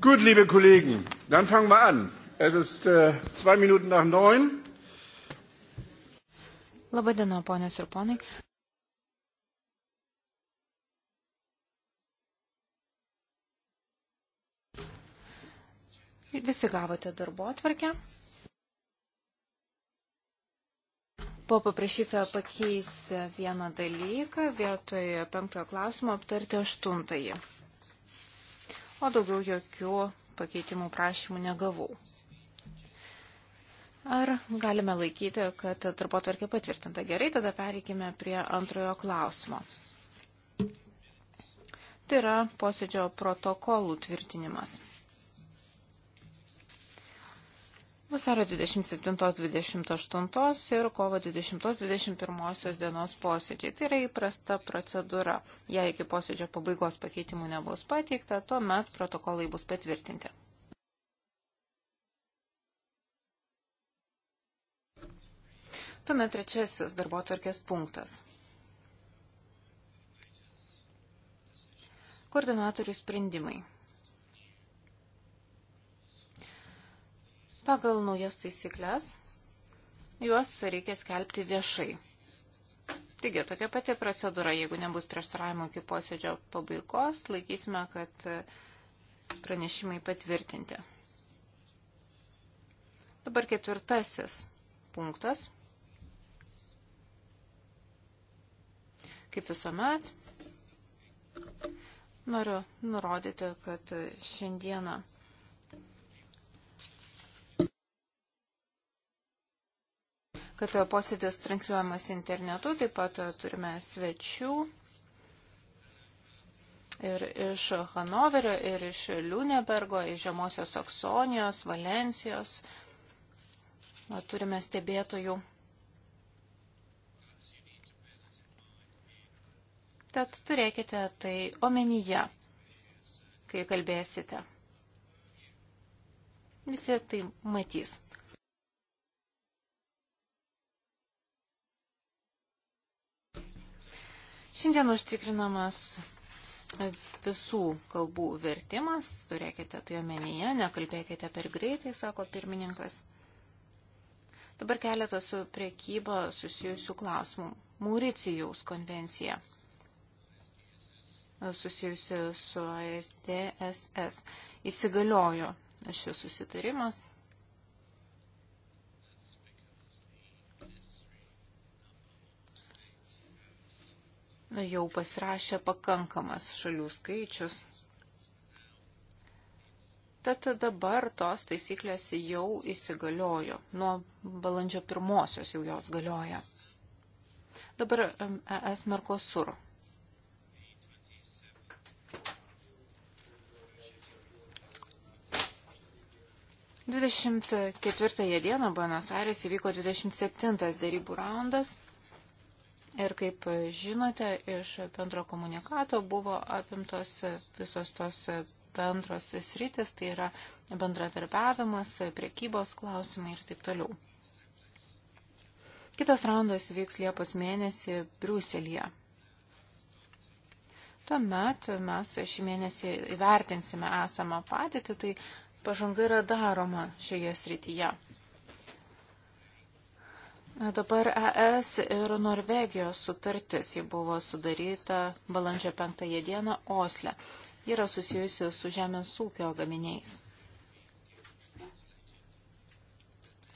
Gut, liebe Kollegen, dann fangen wir an. Es ist äh, zwei Minuten nach neun. Labadiena, ponios ir ponai. Visi gavote darbo atvarkę. Buvo paprašyta pakeisti vieną dalyką, vietoje penktojo klausimo aptarti aštuntąjį o daugiau jokių pakeitimų prašymų negavau. Ar galime laikyti, kad darbo tvarkė patvirtinta? Gerai, tada pereikime prie antrojo klausimo. Tai yra posėdžio protokolų tvirtinimas. vasario 27-28 ir kovo 20-21 dienos posėdžiai. Tai yra įprasta procedūra. Jei iki posėdžio pabaigos pakeitimų nebus pateikta, tuomet protokolai bus patvirtinti. Tuomet trečiasis darbo tvarkės punktas. Koordinatorių sprendimai. Pagal naujas taisyklės juos reikia skelbti viešai. Taigi, tokia pati procedūra, jeigu nebus prieštaravimo iki posėdžio pabaigos, laikysime, kad e, pranešimai patvirtinti. Dabar ketvirtasis punktas. Kaip visuomet, noriu nurodyti, kad šiandieną kad posėdis transliuojamas internetu, taip pat e, turime svečių ir iš Hanoverio, ir iš Liūnebergo, iš Žemosios Saksonijos, Valencijos. Turime stebėtojų. Tad turėkite tai omenyje, kai kalbėsite. Visi tai matys. Šiandien užtikrinamas visų kalbų vertimas, turėkite tai omenyje, nekalbėkite per greitai, sako pirmininkas. Dabar keletas su priekyba susijusių klausimų. Mauricijaus konvencija susijusi su ASDSS įsigaliojo šis susitarimas jau pasirašė pakankamas šalių skaičius. Tad dabar tos taisyklės jau įsigaliojo. Nuo balandžio pirmosios jau jos galioja. Dabar ES e Merkosur. Dvidešimt ketvirtąją dieną Buenos Aires įvyko 27 darybų raundas Ir kaip žinote, iš bendro komunikato buvo apimtos visos tos bendros sritis, tai yra bendradarbiavimas, priekybos klausimai ir taip toliau. Kitas raundas vyks Liepos mėnesį Briuselėje. Tuomet mes šį mėnesį įvertinsime esamą padėtį, tai pažanga yra daroma šioje srityje. Dabar ES ir Norvegijos sutartis, ji buvo sudaryta balandžio 5 dieną Osle, yra susijusi su žemės ūkio gaminiais.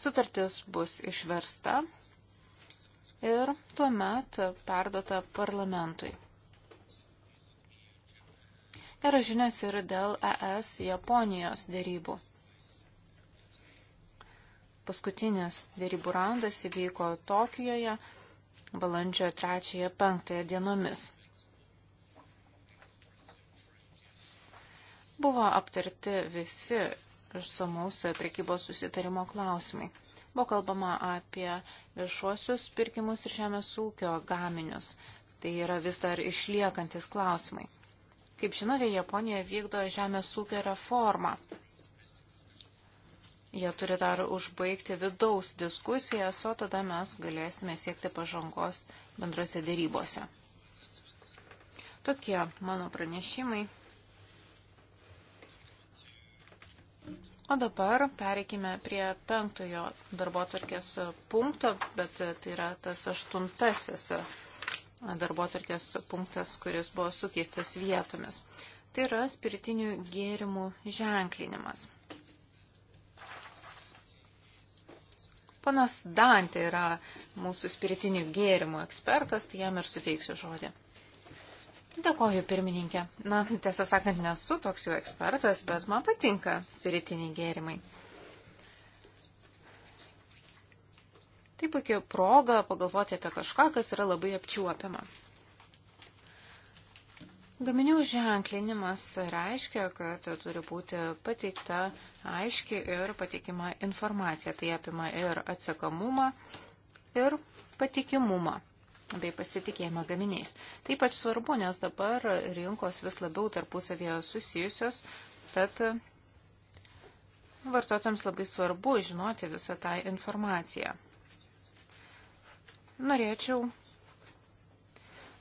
Sutartis bus išversta ir tuomet perdota parlamentui. Geras žinias ir dėl ES Japonijos dėrybų. Paskutinis dėrybų raundas įvyko Tokijoje balandžio 3-5 dienomis. Buvo aptarti visi išsamaus prekybos susitarimo klausimai. Buvo kalbama apie viešuosius pirkimus ir žemės ūkio gaminius. Tai yra vis dar išliekantis klausimai. Kaip žinote, Japonija vykdo žemės ūkio reformą. Jie turi dar užbaigti vidaus diskusijas, o tada mes galėsime siekti pažangos bendrose dėrybose. Tokie mano pranešimai. O dabar pereikime prie penktojo darbo tvarkės punkto, bet tai yra tas aštuntasis darbo tvarkės punktas, kuris buvo sukeistas vietomis. Tai yra spiritinių gėrimų ženklinimas. Panas Dantė yra mūsų spiritinių gėrimų ekspertas, tai jam ir suteiksiu žodį. Dėkoju, pirmininkė. Na, tiesą sakant, nesu toks jau ekspertas, bet man patinka spiritiniai gėrimai. Tai puikia proga pagalvoti apie kažką, kas yra labai apčiuopiama. Gaminių ženklinimas reiškia, kad turi būti pateikta aiški ir patikima informacija. Tai apima ir atsakomumą, ir patikimumą bei pasitikėjimą gaminiais. Tai ypač svarbu, nes dabar rinkos vis labiau tarpusavėje susijusios, tad vartotojams labai svarbu žinoti visą tą informaciją. Norėčiau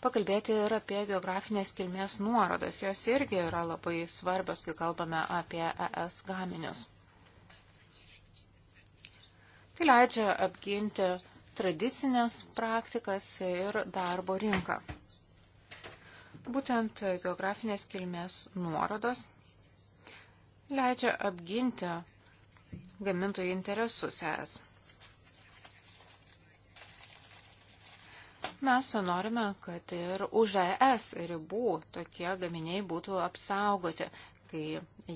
pakalbėti ir apie geografinės kilmės nuorodas. Jos irgi yra labai svarbios, kai kalbame apie ES gaminius. Tai leidžia apginti tradicinės praktikas ir darbo rinką. Būtent geografinės kilmės nuorodos leidžia apginti gamintojų interesus es. Mes norime, kad ir už ES ribų tokie gaminiai būtų apsaugoti, kai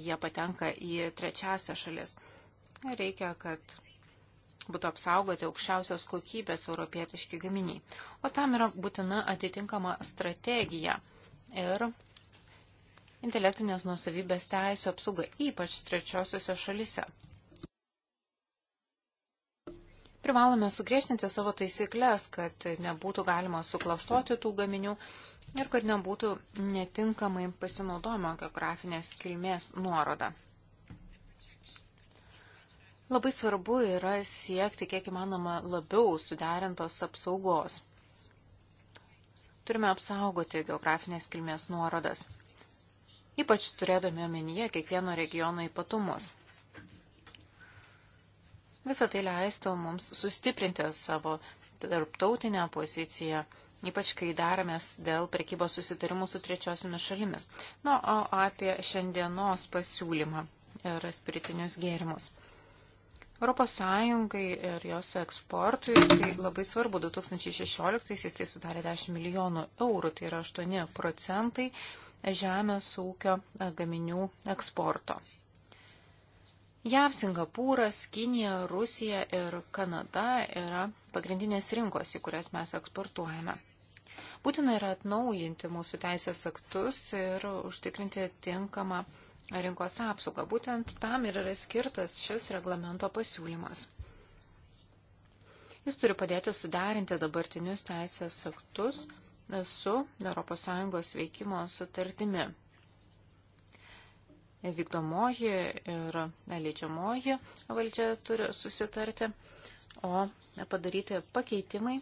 jie patenka į trečiąsią šalis. Reikia, kad būtų apsaugoti aukščiausios kokybės europietiški gaminiai. O tam yra būtina atitinkama strategija ir intelektinės nusavybės teisų apsauga, ypač trečiosiuose šalise. Privalome sugriežtinti savo taisyklės, kad nebūtų galima suklastoti tų gaminių ir kad nebūtų netinkamai pasinaudojama geografinės kilmės nuoroda. Labai svarbu yra siekti kiek įmanoma labiau suderintos apsaugos. Turime apsaugoti geografinės kilmės nuorodas, ypač turėdami omenyje kiekvieno regiono ypatumus. Visą tai leistų mums sustiprinti savo tarptautinę poziciją, ypač kai daromės dėl prekybos susitarimų su trečiosiomis šalimis. Na, nu, o apie šiandienos pasiūlymą ir spiritinius gėrimus. Europos Sąjungai ir jos eksportui tai labai svarbu. 2016-aisiais tai sudarė 10 milijonų eurų, tai yra 8 procentai žemės ūkio gaminių eksporto. JAV, Singapūras, Kinija, Rusija ir Kanada yra pagrindinės rinkos, į kurias mes eksportuojame. Būtina yra atnaujinti mūsų teisės aktus ir užtikrinti tinkamą rinkos apsaugą. Būtent tam ir yra skirtas šis reglamento pasiūlymas. Jis turi padėti sudarinti dabartinius teisės aktus su ES veikimo sutartimi vykdomoji ir leidžiamoji valdžia turi susitarti, o padaryti pakeitimai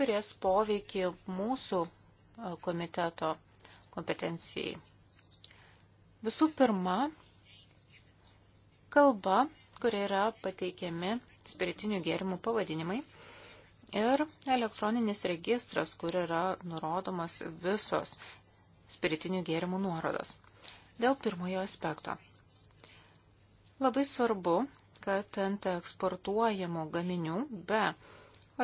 turės poveikį mūsų e, komiteto kompetencijai. Visų pirma, kalba, kuria yra pateikiami spiritinių gėrimų pavadinimai ir elektroninis registras, kur yra nurodomas visos spiritinių gėrimų nuorodos. Dėl pirmojo aspekto. Labai svarbu, kad ant eksportuojamų gaminių be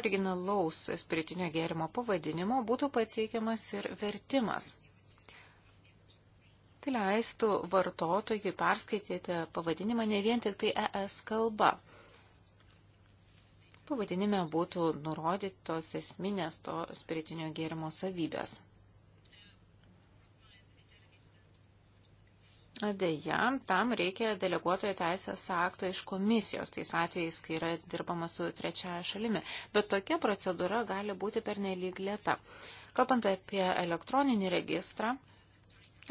originalaus spiritinio gėrimo pavadinimo būtų pateikiamas ir vertimas. Tai leistų vartotojui perskaityti pavadinimą ne vien tik tai ES kalba. Pavadinime būtų nurodytos esminės to spiritinio gėrimo savybės. Deja, tam reikia deleguotojo teisės akto iš komisijos, tais atvejais, kai yra dirbama su trečiaja šalimi. Bet tokia procedūra gali būti pernelyg lėta. Kalbant apie elektroninį registrą,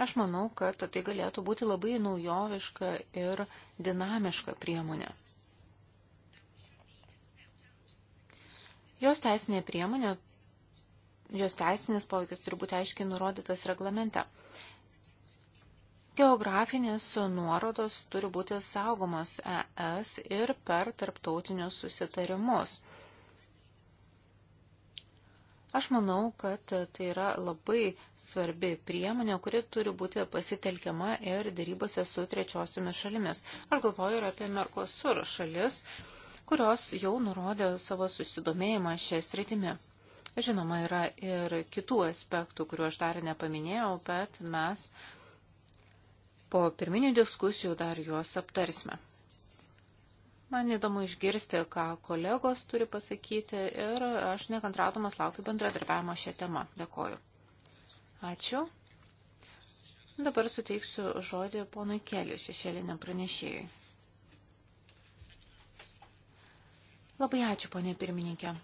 aš manau, kad tai galėtų būti labai naujoviška ir dinamiška priemonė. Jos teisinė priemonė, jos teisinis poveikis turi būti aiškiai nurodytas reglamente. Geografinės nuorodos turi būti saugomos ES ir per tarptautinius susitarimus. Aš manau, kad tai yra labai svarbi priemonė, kuri turi būti pasitelkiama ir dėrybose su trečiosiomis šalimis. Aš galvoju ir apie Merkosur šalis, kurios jau nurodė savo susidomėjimą šią sritimį. Žinoma, yra ir kitų aspektų, kuriuo aš dar nepaminėjau, bet mes Po pirminių diskusijų dar juos aptarsime. Man įdomu išgirsti, ką kolegos turi pasakyti ir aš nekantraudamas laukiu bendradarbiavimo šią temą. Dėkoju. Ačiū. Dabar suteiksiu žodį ponui Keliu šešėliniam pranešėjui. Labai ačiū, ponė pirmininkė.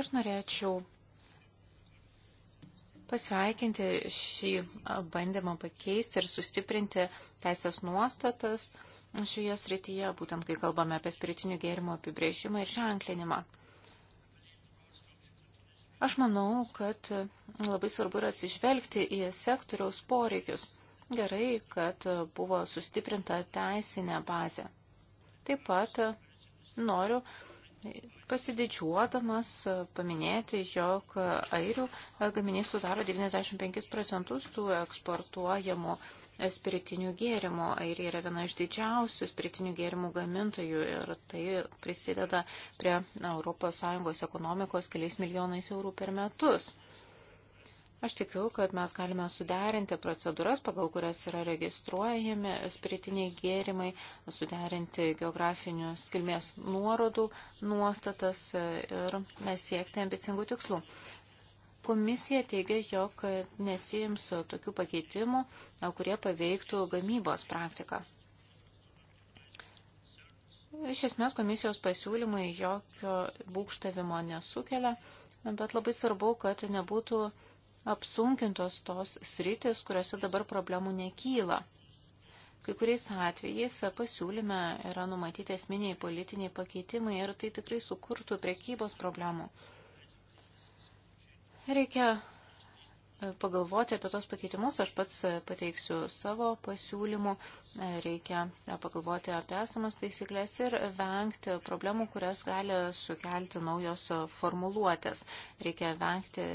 Aš norėčiau pasveikinti šį bandymą pakeisti ir sustiprinti teisės nuostatas šioje srityje, būtent kai kalbame apie spiritinių gėrimų apibrėžimą ir ženklinimą. Aš manau, kad labai svarbu yra atsižvelgti į sektoriaus poreikius. Gerai, kad buvo sustiprinta teisinė bazė. Taip pat noriu pasididžiuodamas paminėti, jog airių gaminiai sudaro 95 procentus tų eksportuojamų spiritinių gėrimų. Airija yra viena iš didžiausių spiritinių gėrimų gamintojų ir tai prisideda prie ES ekonomikos keliais milijonais eurų per metus. Aš tikiu, kad mes galime suderinti procedūras, pagal kurias yra registruojami spiritiniai gėrimai, suderinti geografinius kilmės nuorodų nuostatas ir siekti ambicingų tikslų. Komisija teigia, jog nesijims tokių pakeitimų, kurie paveiktų gamybos praktiką. Iš esmės komisijos pasiūlymai jokio būkštavimo nesukelia, bet labai svarbu, kad nebūtų apsunkintos tos sritis, kuriuose dabar problemų nekyla. Kai kuriais atvejais pasiūlyme yra numatyti esminiai politiniai pakeitimai ir tai tikrai sukurtų priekybos problemų. Reikia pagalvoti apie tos pakeitimus. Aš pats pateiksiu savo pasiūlymų. Reikia pagalvoti apie esamas taisyklės ir vengti problemų, kurias gali sukelti naujos formuluotės. Reikia vengti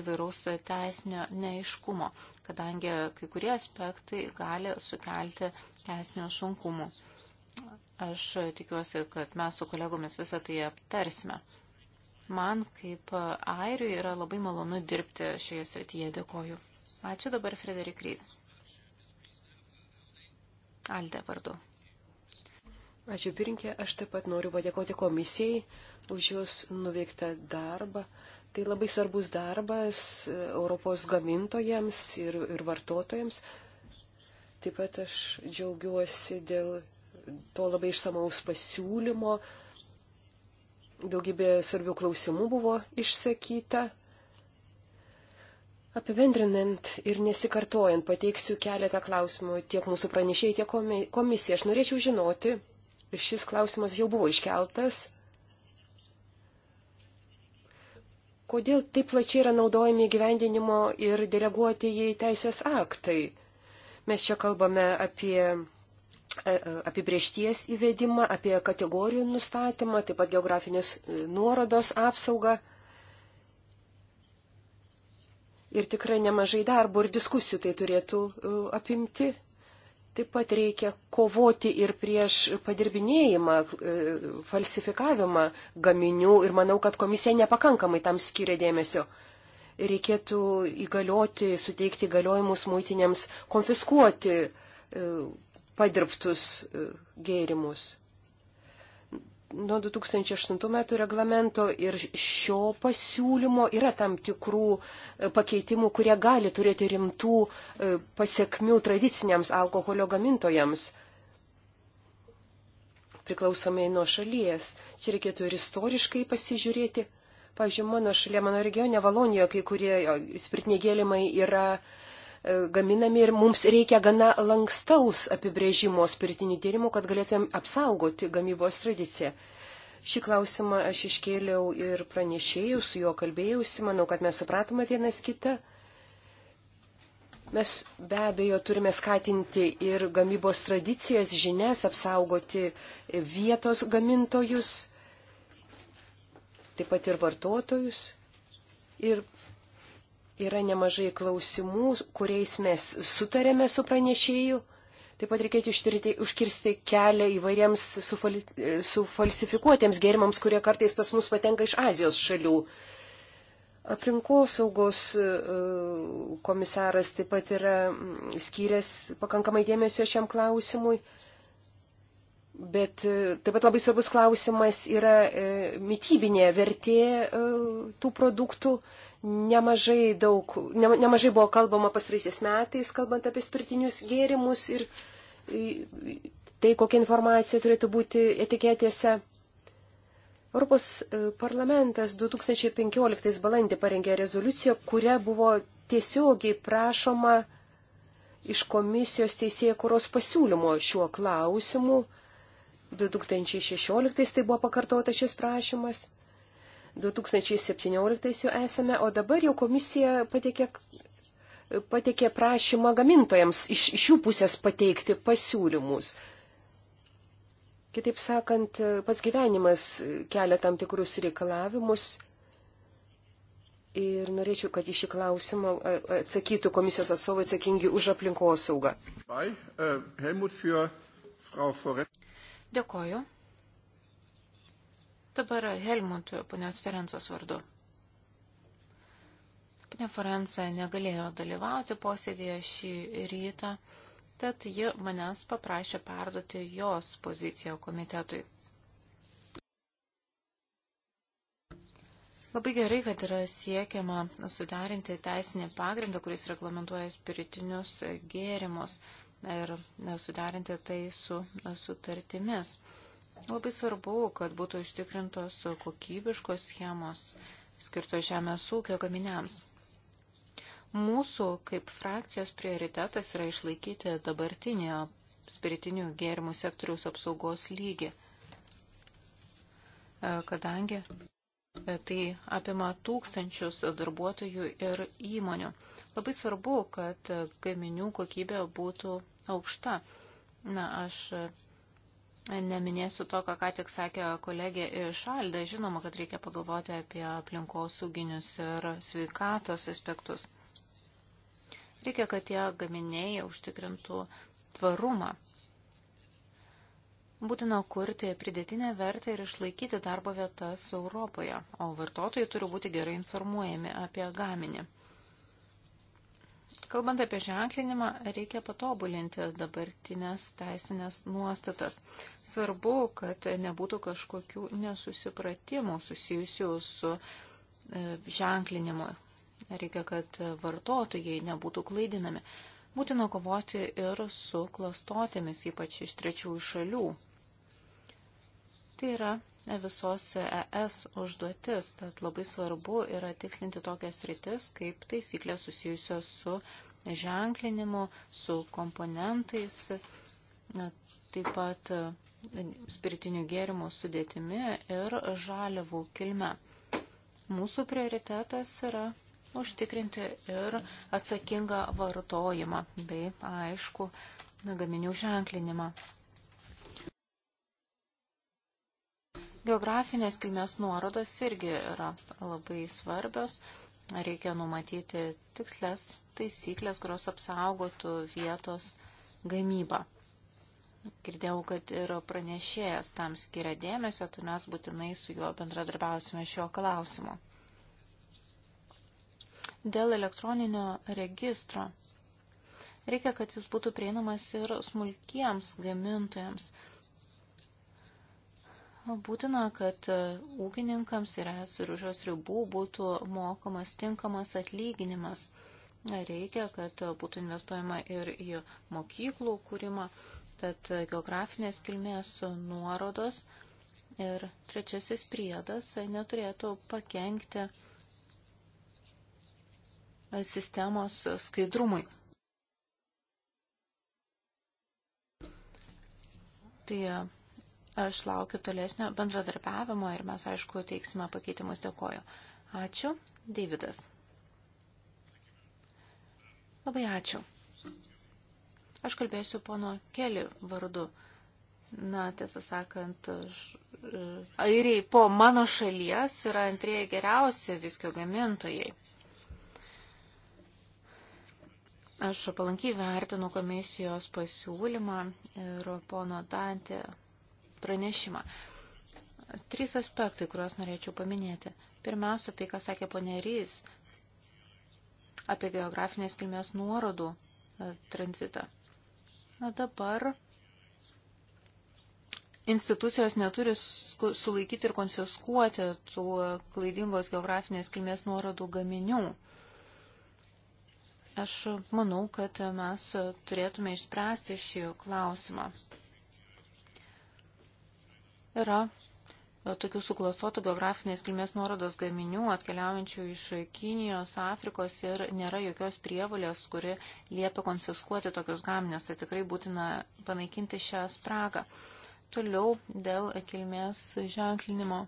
įvairaus teisinio neiškumo, kadangi kai kurie aspektai gali sukelti teisinio sunkumų. Aš tikiuosi, kad mes su kolegomis visą tai aptarsime. Man kaip airiui yra labai malonu dirbti šioje srityje. Dėkoju. Ačiū dabar Frederik Rys. Alde vardu. Ačiū pirinkė, aš taip pat noriu padėkoti komisijai už jos nuveiktą darbą. Tai labai svarbus darbas Europos gamintojams ir, ir vartotojams. Taip pat aš džiaugiuosi dėl to labai išsamaus pasiūlymo, Daugybė svarbių klausimų buvo išsakyta. Apibendrinant ir nesikartojant, pateiksiu keletą klausimų tiek mūsų pranešėjai, tiek komisijai. Aš norėčiau žinoti, šis klausimas jau buvo iškeltas. Kodėl taip plačiai yra naudojami gyvendinimo ir deleguotieji teisės aktai? Mes čia kalbame apie E, e, apibriešties įvedimą, apie kategorijų nustatymą, taip pat geografinės e, nuorodos apsaugą. Ir tikrai nemažai darbo ir diskusijų tai turėtų apimti. Taip pat reikia kovoti ir prieš padirbinėjimą, falsifikavimą gaminių ir manau, kad komisija nepakankamai tam skiria dėmesio. Reikėtų įgalioti, suteikti įgaliojimus muitinėms, konfiskuoti padirbtus e, gėrimus. Nuo 2008 metų reglamento ir šio pasiūlymo yra tam tikrų e, pakeitimų, kurie gali turėti rimtų e, pasiekmių tradiciniams alkoholio gamintojams priklausomai nuo šalies. Čia reikėtų ir istoriškai pasižiūrėti. Pavyzdžiui, mano šalia, mano regione Valonijoje, kai kurie spiritiniai gėlimai yra E, gaminami ir mums reikia gana lankstaus apibrėžimo spiritinių tyrimų, kad galėtumėm apsaugoti gamybos tradiciją. Šį klausimą aš iškėliau ir pranešėjau, su juo kalbėjausi, manau, kad mes supratome vienas kitą. Mes be abejo turime skatinti ir gamybos tradicijas, žinias, apsaugoti vietos gamintojus, taip pat ir vartotojus. Ir Yra nemažai klausimų, kuriais mes sutarėme su pranešėju. Taip pat reikėtų ištirti, užkirsti kelią įvairiems sufali, sufalsifikuotiems gėrimams, kurie kartais pas mus patenka iš Azijos šalių. Aplinkosaugos e, komisaras taip pat yra mm, skyręs pakankamai dėmesio šiam klausimui. Bet e, taip pat labai svarbus klausimas yra e, mytybinė vertė tų produktų nemažai, daug, ne, nemažai buvo kalbama pasraisiais metais, kalbant apie spirtinius gėrimus ir tai, kokia informacija turėtų būti etiketėse. Europos e, parlamentas 2015 balandį parengė rezoliuciją, kuria buvo tiesiogiai prašoma iš komisijos teisėjų kuros pasiūlymo šiuo klausimu. 2016 tai buvo pakartota šis prašymas. 2017 jau esame, o dabar jau komisija pateikė, pateikė prašymą gamintojams iš, iš jų pusės pateikti pasiūlymus. Kitaip sakant, pats gyvenimas kelia tam tikrus reikalavimus. Ir norėčiau, kad į šį klausimą atsakytų komisijos atstovai atsakingi už aplinkosaugą. Äh, Dėkoju. Dabar Helmut ponios Ferencos vardu. Pane Ferenca negalėjo dalyvauti posėdėje šį rytą, tad ji manęs paprašė perduoti jos poziciją komitetui. Labai gerai, kad yra siekiama suderinti teisinį pagrindą, kuris reglamentuoja spiritinius gėrimus ir suderinti tai su sutartimis. Su Labai svarbu, kad būtų ištikrintos kokybiškos schemos skirtos žemės ūkio gaminiams. Mūsų kaip frakcijos prioritetas yra išlaikyti dabartinį spiritinių gėrimų sektoriaus apsaugos lygį, e, kadangi e, tai apima tūkstančius darbuotojų ir įmonių. Labai svarbu, kad e, gaminių kokybė būtų aukšta. Na, aš Neminėsiu to, ką ką tik sakė kolegė iš Alda. Žinoma, kad reikia pagalvoti apie aplinkosauginius ir sveikatos aspektus. Reikia, kad tie gaminiai užtikrintų tvarumą. Būtina kurti pridėtinę vertę ir išlaikyti darbo vietas Europoje, o vartotojai turi būti gerai informuojami apie gaminį. Kalbant apie ženklinimą, reikia patobulinti dabartinės teisinės nuostatas. Svarbu, kad nebūtų kažkokių nesusipratimų susijusių su e, ženklinimu. Reikia, kad vartotojai nebūtų klaidinami. Būtina kovoti ir su klastotėmis, ypač iš trečiųjų šalių. Tai yra visos ES užduotis, tad labai svarbu yra tikslinti tokias rytis, kaip taisyklės susijusios su ženklinimu, su komponentais, taip pat e, spiritinių gėrimų sudėtimi ir žaliavų kilme. Mūsų prioritetas yra užtikrinti ir atsakingą vartojimą bei aišku gaminių ženklinimą. Geografinės kilmės nuorodos irgi yra labai svarbios. Reikia numatyti tikslės taisyklės, kurios apsaugotų vietos gamybą. Girdėjau, kad ir pranešėjas tam skiria dėmesio, tai mes būtinai su juo bendradarbiausime šiuo klausimu. Dėl elektroninio registro. Reikia, kad jis būtų prieinamas ir smulkiems gamintojams būtina, kad e, ūkininkams yra ir už jos ribų būtų mokamas tinkamas atlyginimas. Reikia, kad e, būtų investuojama ir į mokyklų kūrimą, tad e, geografinės kilmės nuorodos ir trečiasis priedas neturėtų pakengti sistemos skaidrumui. Tai Aš laukiu tolesnio bendradarbiavimo ir mes, aišku, teiksime pakeitimus. Dėkoju. Ačiū. Davidas. Labai ačiū. Aš kalbėsiu pono Keli vardu. Na, tiesą sakant, e, airiai po mano šalies yra antrieji geriausi viskio gamintojai. Aš palankiai vertinu komisijos pasiūlymą ir pono Dantė pranešimą. Trys aspektai, kuriuos norėčiau paminėti. Pirmiausia, tai, ką sakė ponė Rys apie geografinės kilmės nuorodų e, tranzitą. Na dabar institucijos neturi sulaikyti ir konfiskuoti tų e, klaidingos geografinės kilmės nuorodų gaminių. Aš manau, kad mes turėtume išspręsti šį klausimą yra e, tokių suklastotų biografinės kilmės nuorodos gaminių atkeliaujančių iš Kinijos, Afrikos ir nėra jokios prievalės, kuri liepia konfiskuoti tokius gaminius. Tai tikrai būtina panaikinti šią spragą. Toliau dėl kilmės ženklinimo.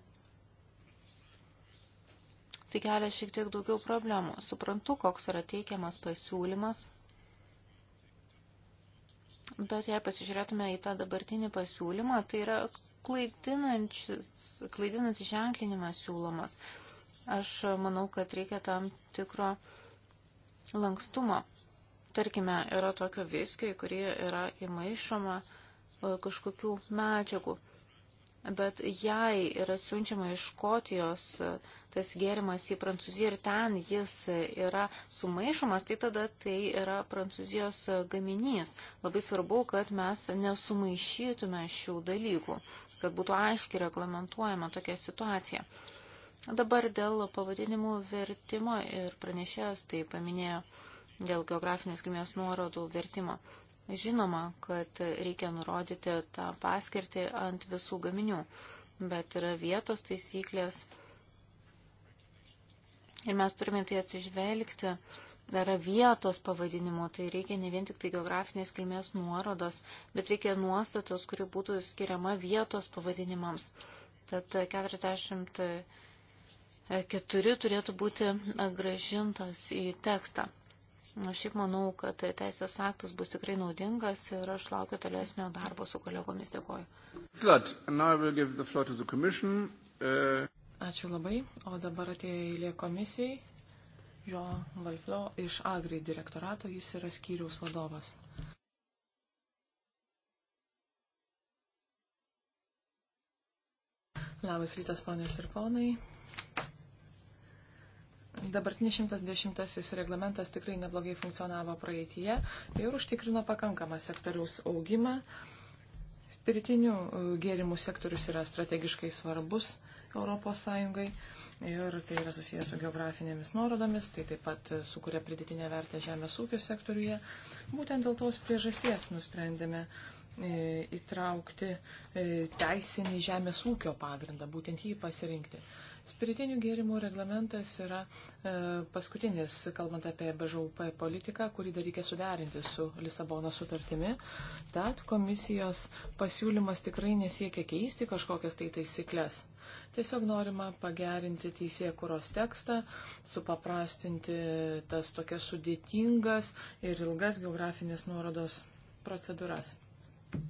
Tai kelia šiek tiek daugiau problemų. Suprantu, koks yra teikiamas pasiūlymas, bet jei pasižiūrėtume į tą dabartinį pasiūlymą, tai yra klaidinantis ženklinimas siūlomas. Aš manau, kad reikia tam tikro lankstumo. Tarkime, yra tokio viskio, į kurį yra įmaišoma e, kažkokių medžiagų. Bet jei yra siunčiama iš Škotijos e, tas gėrimas į Prancūziją ir ten jis yra sumaišomas, tai tada tai yra Prancūzijos gaminys. Labai svarbu, kad mes nesumaišytume šių dalykų kad būtų aiškiai reglamentuojama tokia situacija. Dabar dėl pavadinimų vertimo ir pranešėjas tai paminėjo dėl geografinės kilmės nuorodų vertimo. Žinoma, kad reikia nurodyti tą paskirtį ant visų gaminių, bet yra vietos taisyklės ir mes turime tai atsižvelgti nėra vietos pavadinimo, tai reikia ne vien tik tai geografinės kilmės nuorodos, bet reikia nuostatos, kuri būtų skiriama vietos pavadinimams. Tad 44 turėtų būti gražintas į tekstą. Aš šiaip manau, kad teisės aktas bus tikrai naudingas ir aš laukiu tolesnio darbo su kolegomis. Dėkoju. Uh, Ačiū labai. O dabar atėjo eilė komisijai. Jo Valflo iš Agri direktorato, jis yra skyriaus vadovas. Labas rytas, ponės ir ponai. Dabartinis 110 reglamentas tikrai neblogai funkcionavo praeitie ir užtikrino pakankamą sektoriaus augimą. Spiritinių gėrimų sektorius yra strategiškai svarbus ES ir tai yra susijęs su geografinėmis nuorodomis, tai taip pat sukuria pridėtinę vertę žemės ūkio sektoriuje. Būtent dėl tos priežasties nusprendėme e, įtraukti e, teisinį žemės ūkio pagrindą, būtent jį pasirinkti. Spiritinių gėrimų reglamentas yra e, paskutinis, kalbant apie BŽUP politiką, kurį dar reikia suderinti su Lisabono sutartimi. Tad komisijos pasiūlymas tikrai nesiekia keisti kažkokias tai taisyklės. Tiesiog norima pagerinti teisėkuros tekstą, supaprastinti tas tokias sudėtingas ir ilgas geografinės nuorodos procedūras. E,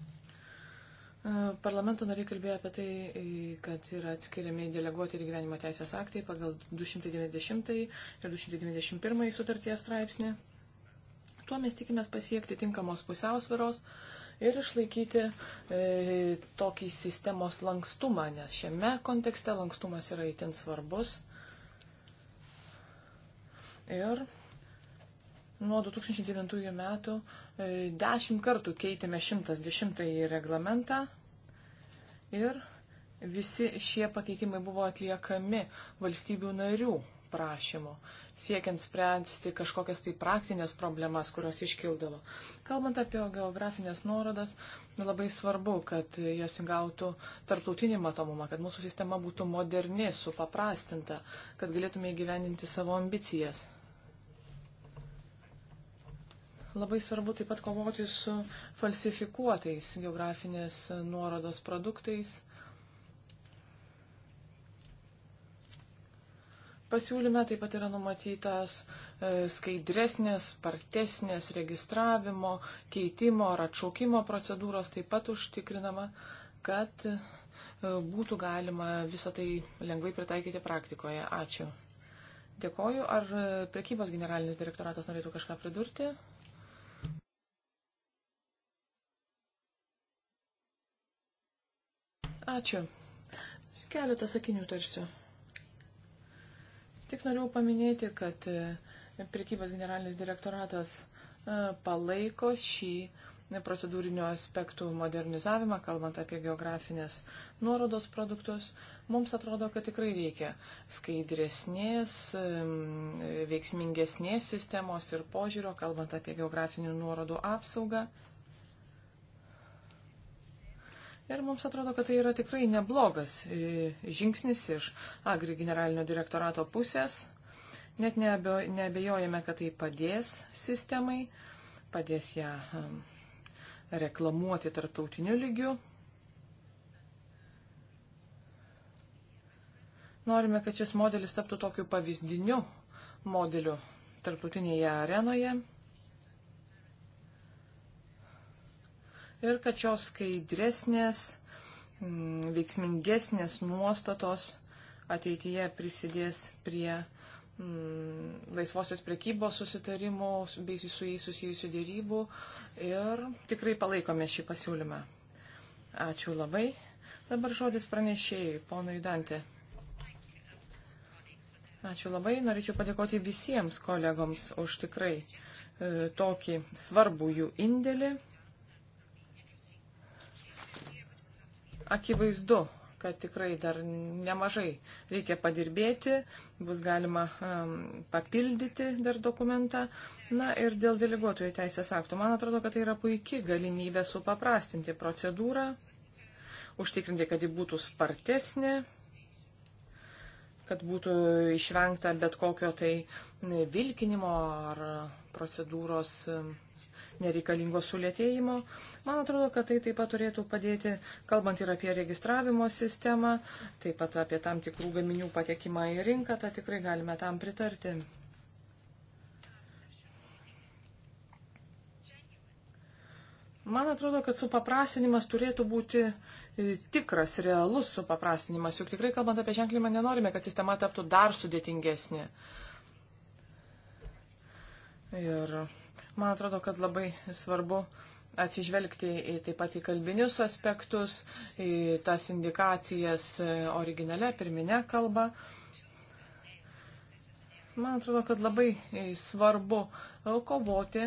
parlamento nariai kalbėjo apie tai, e, kad yra atskiriami deleguoti ir gyvenimo teisės aktai pagal 290 ir 291 sutarties straipsnį. Tuo mes tikimės pasiekti tinkamos pusiausviros ir išlaikyti e, tokį sistemos lankstumą, nes šiame kontekste lankstumas yra itin svarbus. Ir nuo 2009 metų e, dešimt kartų keitėme 110 reglamentą ir visi šie pakeitimai buvo atliekami valstybių narių prašymų, siekiant spręsti kažkokias tai praktinės problemas, kurios iškildavo. Kalbant apie geografinės nuorodas, nu, labai svarbu, kad jos įgautų tarptautinį matomumą, kad mūsų sistema būtų moderni, supaprastinta, kad galėtume įgyvendinti savo ambicijas. Labai svarbu taip pat kovoti su falsifikuotais geografinės nuorodos produktais Pasiūlyme taip pat yra numatytas e, skaidresnės, spartesnės registravimo, keitimo ar atšaukimo procedūros, taip pat užtikrinama, kad e, būtų galima visą tai lengvai pritaikyti praktikoje. Ačiū. Dėkoju. Ar e, prekybos generalinis direktoratas norėtų kažką pridurti? Ačiū. Keletą sakinių tarsiu. Tik norėjau paminėti, kad e, prekybos generalinis direktoratas e, palaiko šį procedūrinio aspektų modernizavimą, kalbant apie geografinės nuorodos produktus. Mums atrodo, kad tikrai reikia skaidresnės, e, veiksmingesnės sistemos ir požiūrio, kalbant apie geografinių nuorodų apsaugą. Ir mums atrodo, kad tai yra tikrai neblogas e, žingsnis iš Agri generalinio direktorato pusės. Net neabejojame, kad tai padės sistemai, padės ją reklamuoti tarptautiniu lygiu. Norime, kad šis modelis taptų tokiu pavyzdiniu modeliu tarptautinėje arenoje. ir kad šios skaidresnės, mm, veiksmingesnės nuostatos ateityje prisidės prie mm, laisvosios prekybos susitarimų bei su jais susijusių dėrybų ir tikrai palaikome šį pasiūlymą. Ačiū labai. Dabar žodis pranešėjai, ponui Dantė. Ačiū labai. Norėčiau padėkoti visiems kolegoms už tikrai e, tokį svarbų jų indėlį. akivaizdu, kad tikrai dar nemažai reikia padirbėti, bus galima um, papildyti dar dokumentą. Na ir dėl deleguotojų teisės aktų, man atrodo, kad tai yra puikia galimybė supaprastinti procedūrą, užtikrinti, kad ji būtų spartesnė kad būtų išvengta bet kokio tai vilkinimo ar procedūros um, nereikalingo sulėtėjimo. Man atrodo, kad tai taip pat turėtų padėti, kalbant ir apie registravimo sistemą, taip pat apie tam tikrų gaminių patekimą į rinką, tą tikrai galime tam pritarti. Man atrodo, kad supaprastinimas turėtų būti e, tikras, realus supaprastinimas, juk tikrai kalbant apie ženklimą nenorime, kad sistema taptų dar sudėtingesnė. Ir Man atrodo, kad labai svarbu atsižvelgti į, taip pat į kalbinius aspektus, į tas indikacijas e, originale, pirminė kalba. Man atrodo, kad labai e, svarbu e, kovoti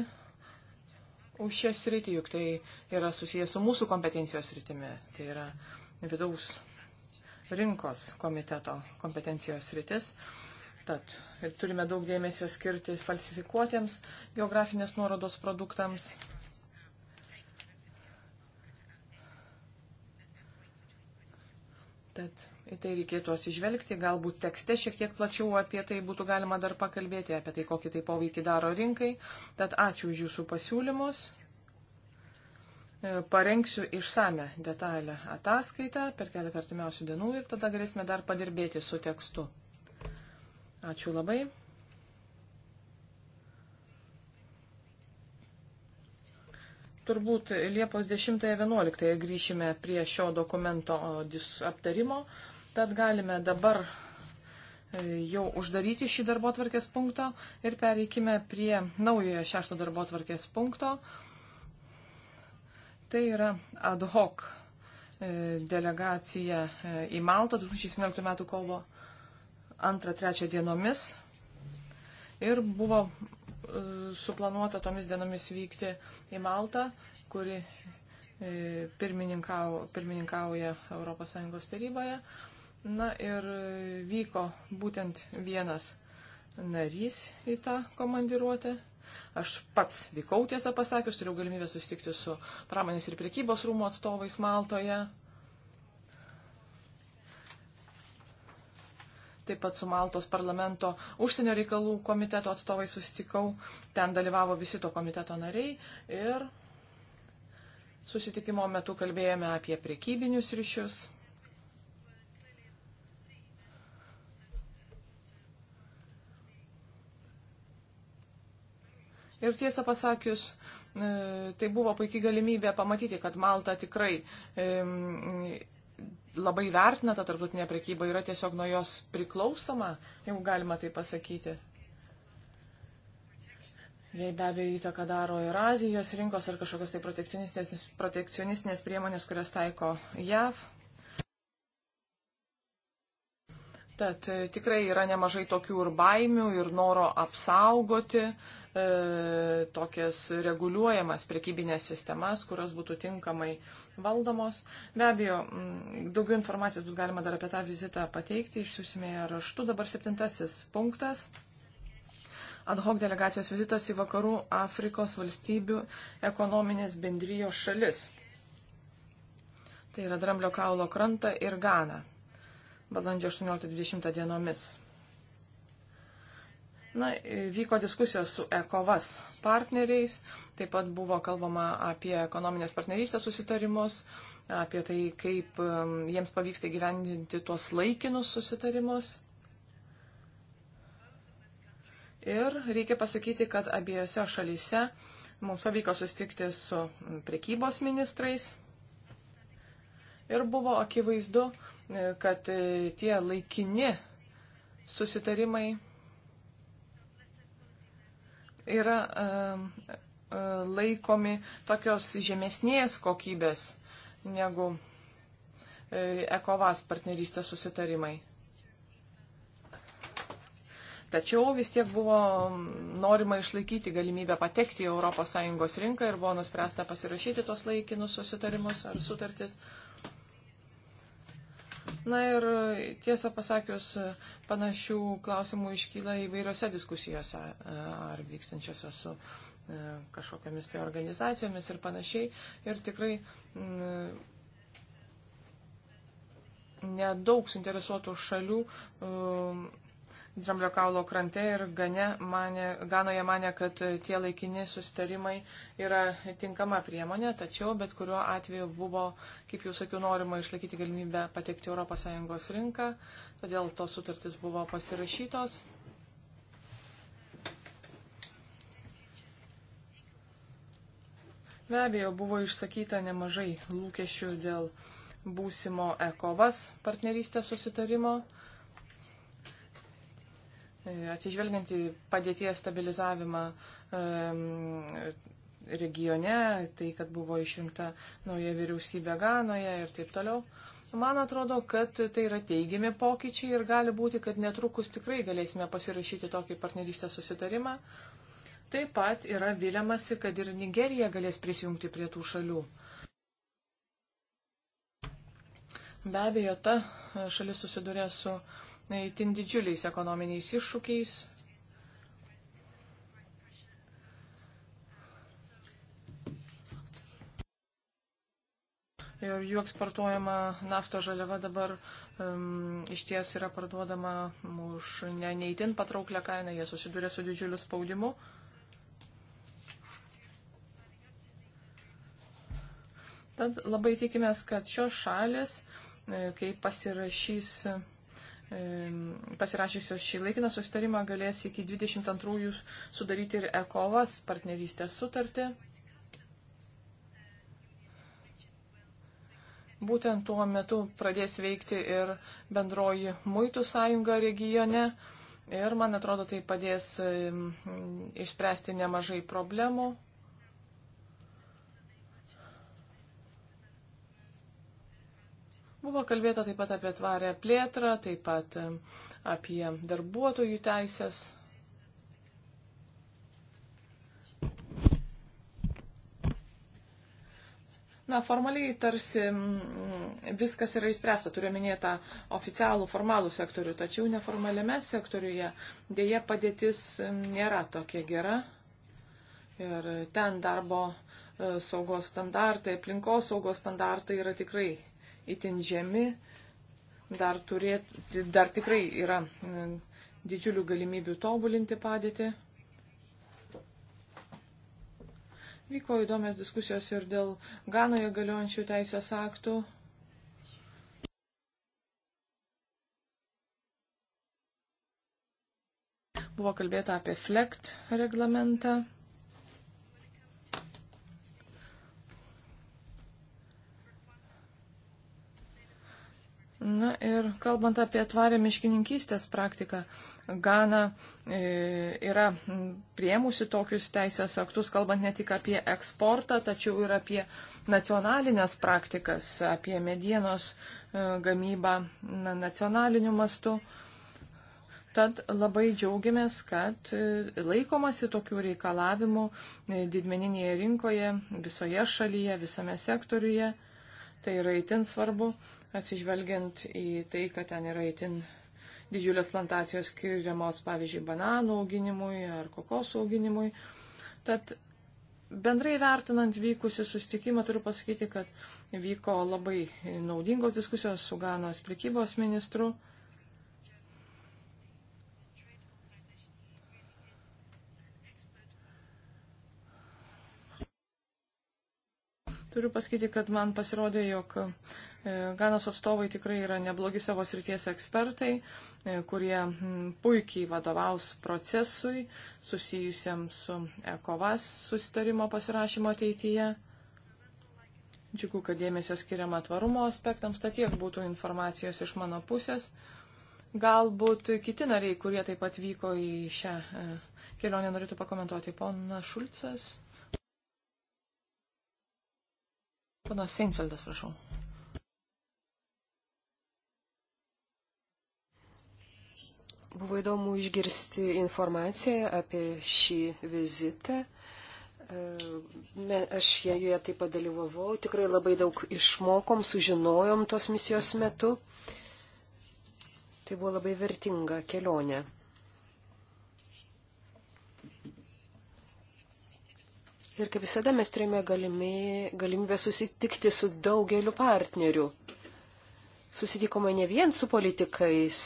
už šią sritį, juk tai yra susijęs su mūsų kompetencijos sritimi, tai yra vidaus rinkos komiteto kompetencijos sritis. Tad ir turime daug dėmesio skirti falsifikuotiems geografinės nuorodos produktams. Tad į tai reikėtų atsižvelgti, galbūt tekste šiek tiek plačiau apie tai būtų galima dar pakalbėti, apie tai, kokį tai poveikį daro rinkai. Tad ačiū už jūsų pasiūlymus. E, parengsiu išsame detalę ataskaitą per keletą artimiausių dienų ir tada galėsime dar padirbėti su tekstu. Ačiū labai. Turbūt Liepos 10-11 grįšime prie šio dokumento aptarimo, tad galime dabar e, jau uždaryti šį darbo tvarkės punktą ir pereikime prie naujojo šešto darbo tvarkės punkto. Tai yra ad hoc e, delegacija e, į Maltą 2017 m. kovo 2-3 dienomis ir buvo e, suplanuota tomis dienomis vykti į Maltą, kuri e, pirmininkau, pirmininkauja ES taryboje. Na ir e, vyko būtent vienas narys į tą komandiruotę. Aš pats vykau tiesą pasakius, turėjau galimybę susitikti su pramonės ir priekybos rūmų atstovais Maltoje. taip pat su Maltos parlamento užsienio reikalų komiteto atstovai susitikau, ten dalyvavo visi to komiteto nariai ir susitikimo metu kalbėjome apie prekybinius ryšius. Ir tiesą pasakius, e, tai buvo puikiai galimybė pamatyti, kad Malta tikrai labai vertina tą tarptautinę prekybą, yra tiesiog nuo jos priklausoma, jeigu galima tai pasakyti. Jei be abejo įtaką daro ir Azijos rinkos ar kažkokios tai protekcionistinės, protekcionistinės priemonės, kurias taiko JAV. Tad e, tikrai yra nemažai tokių ir baimių, ir noro apsaugoti uh, E, tokias reguliuojamas prekybinės sistemas, kurios būtų tinkamai valdomos. Be abejo, daugiau informacijos bus galima dar apie tą vizitą pateikti, išsiusime ją raštu. Dabar septintasis punktas. Ad hoc delegacijos vizitas į vakarų Afrikos valstybių ekonominės bendrijos šalis. Tai yra Dramblio kaulo krantą ir Ganą. Balandžio 18-20 dienomis. Na, vyko diskusijos su ECOVAS partneriais, taip pat buvo kalbama apie ekonominės partnerystės susitarimus, apie tai, kaip um, jiems pavyksta gyvendinti tuos laikinus susitarimus. Ir reikia pasakyti, kad abiejose šalyse mums pavyko susitikti su prekybos ministrais. Ir buvo akivaizdu, kad e, tie laikini susitarimai yra e, laikomi tokios žemesnės kokybės negu e, ECOVAS partnerystės susitarimai. Tačiau vis tiek buvo norima išlaikyti galimybę patekti į ES rinką ir buvo nuspręsta pasirašyti tos laikinus susitarimus ar sutartis. Uh, Na ir tiesą pasakius, panašių klausimų iškyla įvairiose diskusijose, e, ar vykstančiose su e, kažkokiamis tai organizacijomis ir panašiai. Ir tikrai nedaug suinteresuotų šalių um, Dramblio kaulo krante ir Gane mane, Ganoje mane, kad tie laikini sustarimai yra tinkama priemonė, tačiau bet kuriuo atveju buvo, kaip jau sakiau, norima išlaikyti galimybę patekti ES rinką, todėl tos sutartys buvo pasirašytos. Be abejo, buvo išsakyta nemažai lūkesčių dėl būsimo ECOVAS partnerystės susitarimo. E, atsižvelgiant į padėties stabilizavimą e, regione, tai, kad buvo išrinkta nauja vyriausybė Ganoje ir taip toliau. Man atrodo, kad tai yra teigiami pokyčiai ir gali būti, kad netrukus tikrai galėsime pasirašyti tokį partnerystės susitarimą. Taip pat yra viliamasi, kad ir Nigerija galės prisijungti prie tų šalių. Be abejo, ta šalis susidurė su uh, įtin didžiuliais ekonominiais iššūkiais. Ir jų eksportuojama naftos žaliava dabar um, iš ties yra parduodama už ne, neįtin patrauklę kainą, jie susiduria su didžiuliu spaudimu. Tad labai tikimės, kad šios šalis, e, kai pasirašys pasirašysios šį laikiną susitarimą galės iki 22-ųjų sudaryti ir ECOVAS partnerystės sutartį. Būtent tuo metu pradės veikti ir bendroji muitų sąjunga regione ir, man atrodo, tai padės išspręsti nemažai problemų. Buvo kalbėta taip pat apie tvarę plėtrą, taip pat e, apie darbuotojų teisės. Na, formaliai tarsi viskas yra įspręsta, turiu minėtą oficialų, formalų sektorių, tačiau neformaliame sektoriuje dėje padėtis nėra tokia gera. Ir ten darbo e, saugos standartai, aplinkos saugos standartai yra tikrai itin žemi, dar, turėt, dar tikrai yra mm, didžiulių galimybių tobulinti padėtį. Vyko įdomios diskusijos ir dėl Ganoje galiojančių teisės aktų. Buvo kalbėta apie FLECT reglamentą. Na ir kalbant apie tvarę miškininkystės praktiką, Gana e, yra priemusi tokius teisės aktus, kalbant ne tik apie eksportą, tačiau ir apie nacionalinės praktikas, apie medienos e, gamybą na, nacionaliniu mastu. Tad labai džiaugiamės, kad e, laikomasi tokių reikalavimų e, didmeninėje rinkoje, visoje šalyje, visame sektoriuje. Tai yra itin svarbu, atsižvelgiant į tai, kad ten yra itin didžiulės plantacijos skiriamos, pavyzdžiui, bananų auginimui ar kokosų auginimui. Tad bendrai vertinant vykusi sustikimą, turiu pasakyti, kad vyko labai naudingos diskusijos su Ganos prekybos ministru. Turiu pasakyti, kad man pasirodė, jog e, Ganos atstovai tikrai yra neblogi savo srities ekspertai, e, kurie puikiai vadovaus procesui susijusiam su ECOVAS susitarimo pasirašymo ateityje. Džiugu, kad dėmesio skiriama tvarumo aspektams, tad tiek būtų informacijos iš mano pusės. Galbūt kiti nariai, kurie taip pat vyko į šią e, kelionę, norėtų pakomentuoti. Pona Šulcas. Ponas Seinfeldas, prašau. Buvo įdomu išgirsti informaciją apie šį vizitą. E, aš joje taip padalyvavau, tikrai labai daug išmokom, sužinojom tos misijos metu. Tai buvo labai vertinga kelionė. Ir kaip visada mes turime galimybę, galimybę susitikti su daugeliu partnerių. Susitikome ne vien su politikais,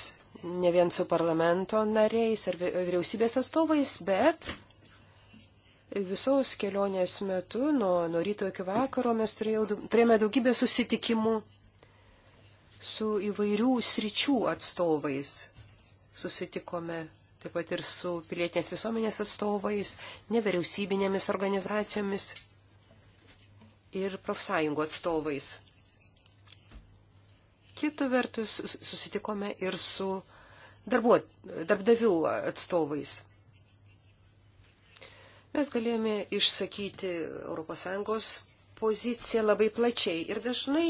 ne vien su parlamento nariais ar vyriausybės atstovais, bet visos kelionės metu, nuo, nuo ryto iki vakaro, mes turėjau, turėjome daugybę susitikimų su įvairių sričių atstovais. Susitikome taip pat ir su pilietinės visuomenės atstovais, nevyriausybinėmis organizacijomis ir profsąjungų atstovais. Kita vertus susitikome ir su darbuo, darbdavių atstovais. Mes galėjome išsakyti ES poziciją labai plačiai ir dažnai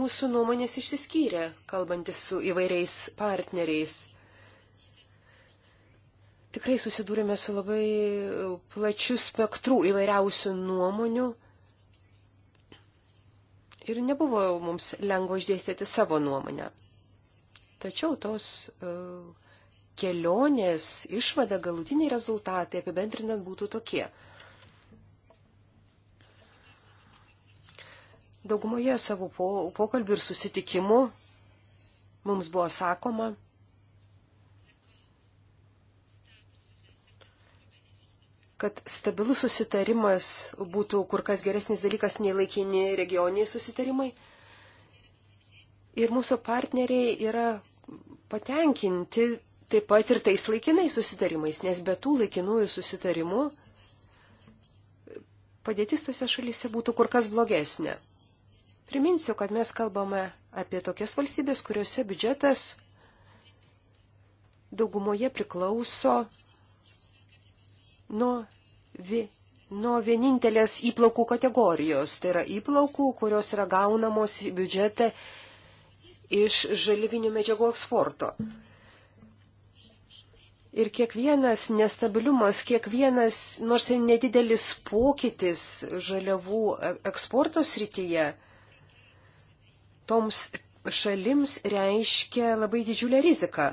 mūsų nuomonės išsiskyrė, kalbantis su įvairiais partneriais. Tikrai susidūrėme su labai e, plačiu spektru įvairiausių nuomonių ir nebuvo mums lengva išdėstyti savo nuomonę. Tačiau tos e, kelionės išvada, galutiniai rezultatai apibendrinant būtų tokie. Daugumoje savo pokalbių ir susitikimų mums buvo sakoma, kad stabilus susitarimas būtų kur kas geresnis dalykas nei laikini regioniniai susitarimai. Ir mūsų partneriai yra patenkinti taip pat ir tais laikinais susitarimais, nes be tų laikinųjų susitarimų padėtis tose šalyse būtų kur kas blogesnė. Priminsiu, kad mes kalbame apie tokias valstybės, kuriuose biudžetas daugumoje priklauso nuo, vi, nuo vienintelės įplaukų kategorijos. Tai yra įplaukų, kurios yra gaunamos į biudžetą iš žalivinių medžiagų eksporto. Ir kiekvienas nestabilumas, kiekvienas nors ir nedidelis pokytis žaliavų e, eksporto srityje toms šalims reiškia labai didžiulę riziką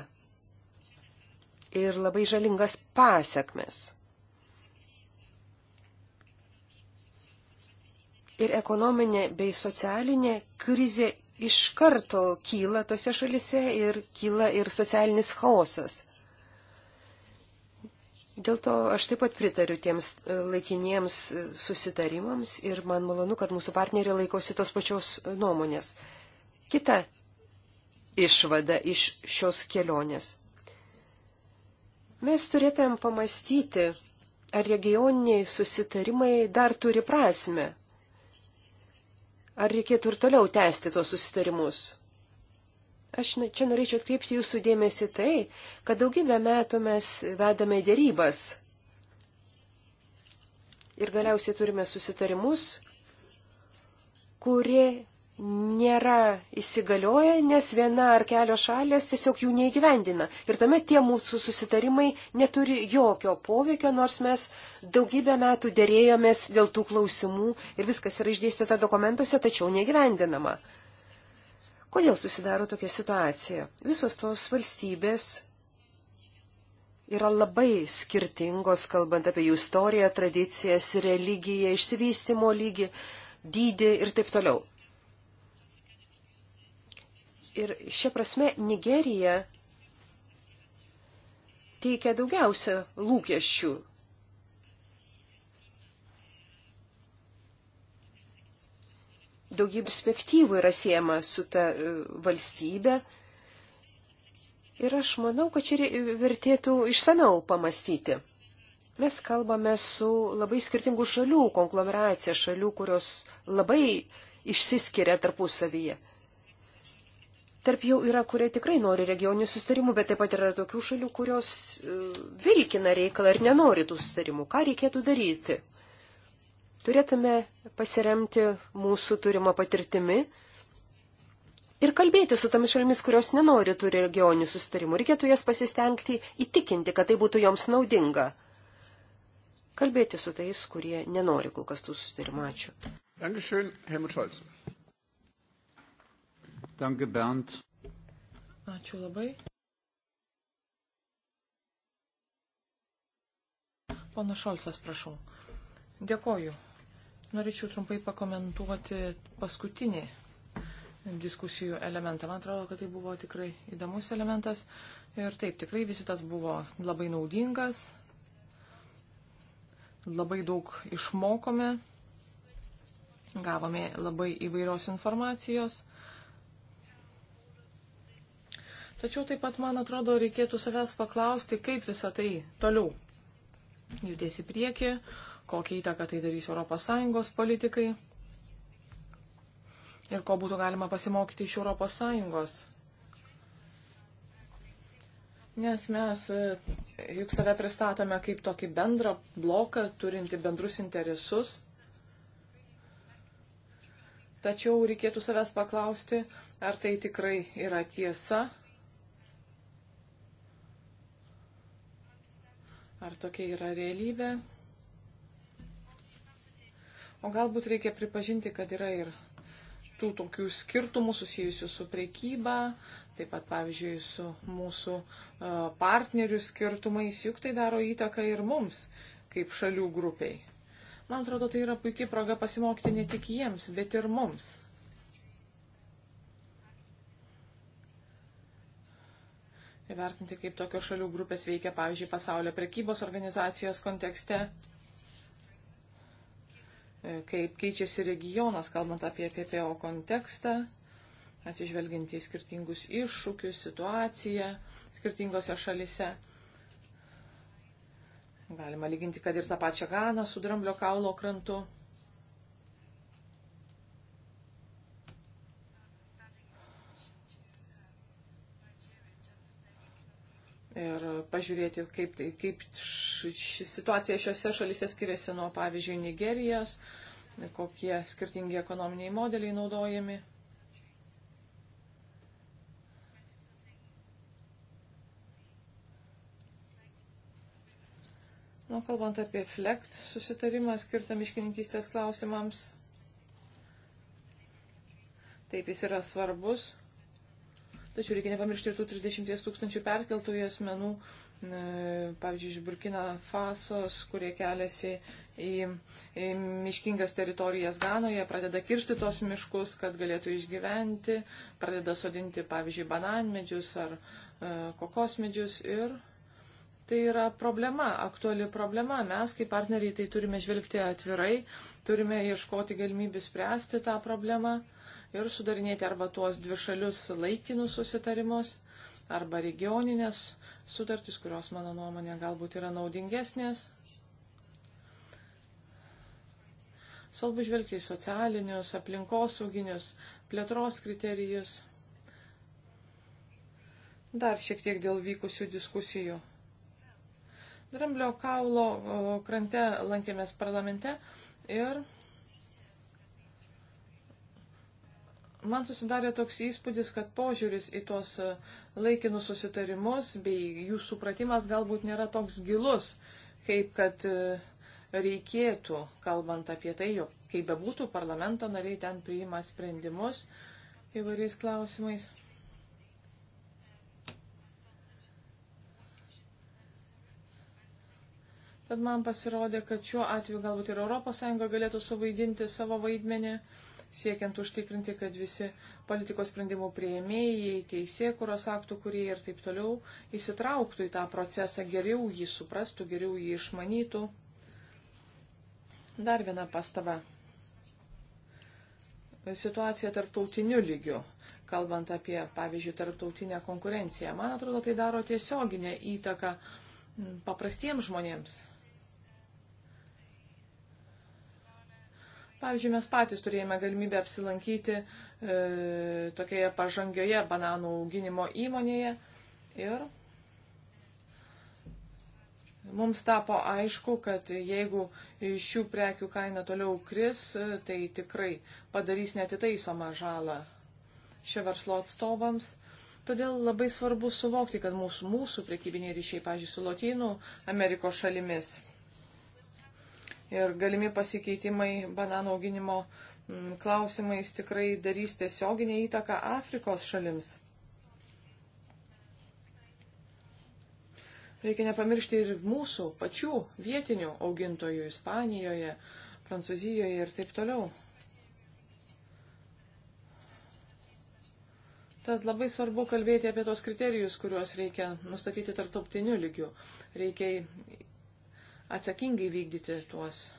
ir labai žalingas pasiekmes. ir ekonominė bei socialinė krizė iš karto kyla tose šalise ir kyla ir socialinis chaosas. Dėl to aš taip pat pritariu tiems e, laikiniems e, susitarimams ir man malonu, kad mūsų partneriai laikosi tos pačios e, nuomonės. Kita išvada iš šios kelionės. Mes turėtumėm pamastyti, ar regioniniai susitarimai dar turi prasme, Ar reikėtų ir toliau tęsti tuos susitarimus? Aš čia norėčiau atkreipti jūsų dėmesį tai, kad daugybę metų mes vedame dėrybas. Ir galiausiai turime susitarimus, kurie nėra įsigalioję, nes viena ar kelios šalės tiesiog jų neįgyvendina. Ir tuomet tie mūsų susitarimai neturi jokio poveikio, nors mes daugybę metų dėrėjomės dėl tų klausimų ir viskas yra išdėstyta dokumentuose, tačiau neįgyvendinama. Kodėl susidaro tokia situacija? Visos tos valstybės yra labai skirtingos, kalbant apie jų istoriją, tradicijas, religiją, išsivystimo lygį, dydį ir taip toliau. Ir šia prasme Nigerija teikia daugiausia lūkesčių. Daugybė perspektyvų yra siema su ta e, valstybė. Ir aš manau, kad čia vertėtų išsameu pamastyti. Mes kalbame su labai skirtingų šalių, konglomeracija šalių, kurios labai išsiskiria tarpusavyje. Tarp jau yra, kurie tikrai nori regioninių sustarimų, bet taip pat yra tokių šalių, kurios e, vilkina reikalą ir nenori tų sustarimų. Ką reikėtų daryti? Turėtume pasiremti mūsų turimą patirtimi ir kalbėti su tomis šalimis, kurios nenori tų regioninių sustarimų. Reikėtų jas pasistengti įtikinti, kad tai būtų joms naudinga. Kalbėti su tais, kurie nenori kol kas tų sustarimų. Ačiū. Dankeschön, Helmut Scholz. Danke, Bernd. Ačiū labai. Pana Šolcas, prašau. Dėkoju. Norėčiau trumpai pakomentuoti paskutinį diskusijų elementą. Man atrodo, kad tai buvo tikrai įdomus elementas. Ir taip, tikrai vizitas buvo labai naudingas. Labai daug išmokome. Gavome labai įvairios informacijos. Tačiau taip pat, man atrodo, reikėtų savęs paklausti, kaip visą tai toliau judės į priekį, kokią įtaką tai darys ES politikai ir ko būtų galima pasimokyti iš ES. Nes mes e, juk save pristatome kaip tokį bendrą bloką, turinti bendrus interesus. Tačiau reikėtų savęs paklausti, ar tai tikrai yra tiesa, Ar tokia yra realybė? O galbūt reikia pripažinti, kad yra ir tų tokių skirtumų susijusių su priekyba, taip pat, pavyzdžiui, su mūsų e, partnerių skirtumais, juk tai daro įtaką ir mums, kaip šalių grupiai. Man atrodo, tai yra puikiai proga pasimokyti ne tik jiems, bet ir mums. įvertinti, kaip tokios šalių grupės veikia, pavyzdžiui, pasaulio prekybos organizacijos kontekste, e, kaip keičiasi regionas, kalbant apie PPO kontekstą, atsižvelgiant į skirtingus iššūkius, situaciją skirtingose šalise. Galima lyginti, kad ir tą pačią Ganą su Dramblio kaulo krantu. ir pažiūrėti, kaip, tai, kaip ši situacija šiuose šalise skiriasi nuo, pavyzdžiui, Nigerijos, kokie skirtingi ekonominiai modeliai naudojami. Nu, kalbant apie FLECT susitarimą skirtą miškininkystės klausimams, taip jis yra svarbus. Tačiau reikia nepamiršti ir tų 30 tūkstančių perkeltųjų asmenų, e, pavyzdžiui, iš Burkina Fasos, kurie keliasi į, į miškingas teritorijas Ganoje, pradeda kirsti tos miškus, kad galėtų išgyventi, pradeda sodinti, pavyzdžiui, bananmedžius ar e, kokosmedžius ir Tai yra problema, aktuali problema. Mes kaip partneriai tai turime žvelgti atvirai, turime ieškoti galimybių spręsti tą problemą ir sudarinėti arba tuos dvišalius laikinus susitarimus, arba regioninės sutartys, kurios mano nuomonė galbūt yra naudingesnės. Svarbu žvelgti į socialinius, aplinkosauginius, plėtros kriterijus. Dar šiek tiek dėl vykusių diskusijų. Dramblio kaulo krante lankėmės parlamente ir Man susidarė toks įspūdis, kad požiūris į tos e, laikinus susitarimus bei jų supratimas galbūt nėra toks gilus, kaip kad e, reikėtų, kalbant apie tai, jog kaip bebūtų, parlamento nariai ten priima sprendimus įvairiais klausimais. Tad man pasirodė, kad šiuo atveju galbūt ir ES galėtų suvaidinti savo vaidmenį siekiant užtikrinti, kad visi politikos sprendimų prieimėjai, teisėkuros aktų kurie ir taip toliau įsitrauktų į tą procesą, geriau jį suprastų, geriau jį išmanytų. Dar viena pastaba. Situacija tarptautiniu lygiu, kalbant apie, pavyzdžiui, tarptautinę konkurenciją. Man atrodo, tai daro tiesioginę įtaką paprastiems žmonėms. Pavyzdžiui, mes patys turėjome galimybę apsilankyti e, tokioje pažangioje bananų auginimo įmonėje ir mums tapo aišku, kad jeigu šių prekių kaina toliau kris, e, tai tikrai padarys netitaisomą žalą šio verslo atstovams. Todėl labai svarbu suvokti, kad mūsų, mūsų prekybiniai ryšiai, pažiūrėjau, su Lotynų Amerikos šalimis ir galimi pasikeitimai bananų auginimo mm, klausimais tikrai darys tiesioginę įtaką Afrikos šalims. Reikia nepamiršti ir mūsų pačių vietinių augintojų Ispanijoje, Prancūzijoje ir taip toliau. Tad labai svarbu kalbėti apie tos kriterijus, kuriuos reikia nustatyti tarptautiniu lygiu. Reikia atsakingai vykdyti tuos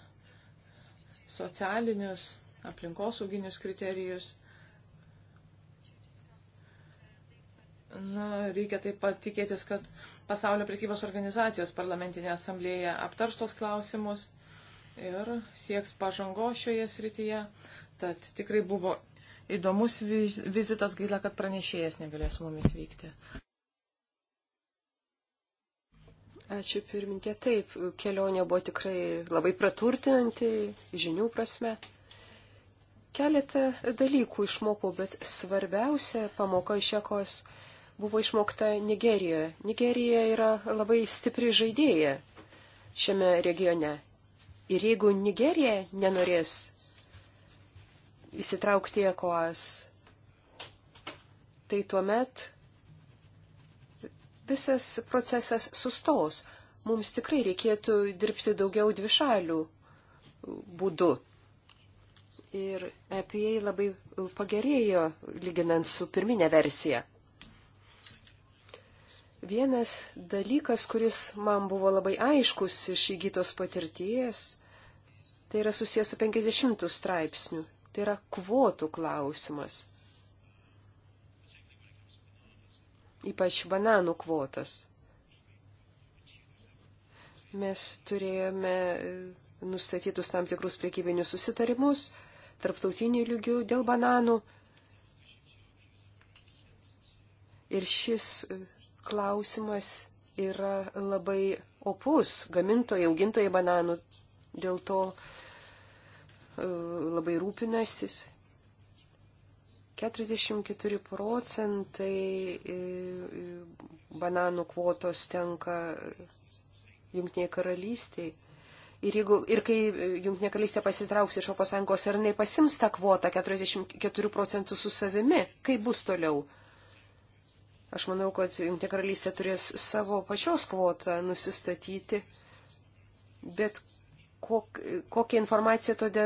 socialinius, aplinkosauginius kriterijus. Na, reikia taip pat tikėtis, kad Pasaulio prekybos organizacijos parlamentinė asamblėja aptarstos klausimus ir sieks pažangos šioje srityje. Tad tikrai buvo įdomus vizitas, gaila, kad pranešėjas negalės su mumis vykti. Ačiū pirminkė. Taip, kelionė buvo tikrai labai praturtinanti žinių prasme. Keletą dalykų išmokau, bet svarbiausia pamoka iš ekos buvo išmokta Nigerijoje. Nigerija yra labai stipri žaidėja šiame regione. Ir jeigu Nigerija nenorės įsitraukti į ekoas, tai tuomet visas procesas sustos. Mums tikrai reikėtų dirbti daugiau dvišalių būdų. Ir EPA labai pagerėjo, lyginant su pirminė versija. Vienas dalykas, kuris man buvo labai aiškus iš įgytos patirties, tai yra susijęs su 50 straipsniu. Tai yra kvotų klausimas. ypač bananų kvotas. Mes turėjome nustatytus tam tikrus priekybinius susitarimus tarptautinių lygių dėl bananų. Ir šis klausimas yra labai opus. Gamintojai, augintojai bananų dėl to e, labai rūpinasis 44 procentai bananų kvotos tenka Junktinėje karalystėje. Ir, jeigu, ir kai Junktinė karalystė pasitrauks iš Europos Sąjungos ir jinai pasims tą kvotą 44 procentų su savimi, kaip bus toliau? Aš manau, kad Junktinė karalystė turės savo pačios kvotą nusistatyti, bet kok, kokią informaciją todė,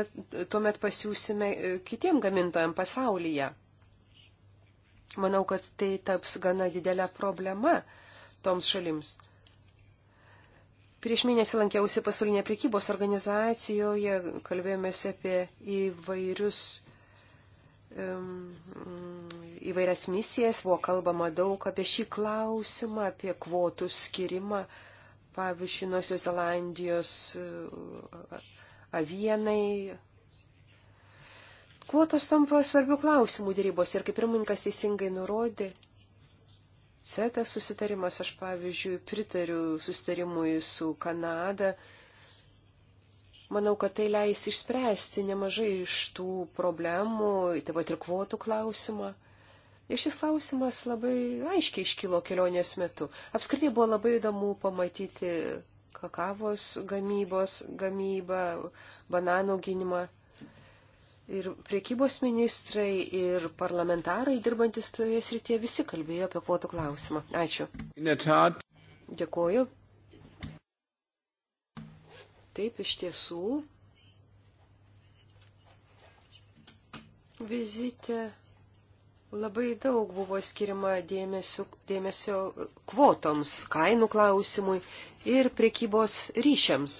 tuomet pasiūsime e, kitiem gamintojams pasaulyje. Manau, kad tai taps gana didelė problema toms šalims. Prieš mėnesį lankiausi pasaulinė priekybos organizacijoje, kalbėjomės apie įvairius, um, įvairias misijas, buvo kalbama daug apie šį klausimą, apie kvotų skirimą. Uh, pavyzdžiui, Nuosios Zelandijos e, avienai. Kuo tos tampa svarbių klausimų dėrybos ir kaip pirmininkas teisingai nurodė, CETA susitarimas, aš pavyzdžiui, pritariu susitarimui su Kanada. Manau, kad tai leis išspręsti nemažai iš tų problemų, taip pat ir kvotų klausimą. Ir šis klausimas labai aiškiai iškilo kelionės metu. Apskritai buvo labai įdomu pamatyti kakavos gamybos gamybą, bananų gynimą. Ir priekybos ministrai, ir parlamentarai dirbantis toje srityje visi kalbėjo apie kvotų klausimą. Ačiū. Dėkuoju. Taip, iš tiesų. Vizite Labai daug buvo skirima dėmesio, dėmesio kvotoms, kainų klausimui ir prekybos ryšiams,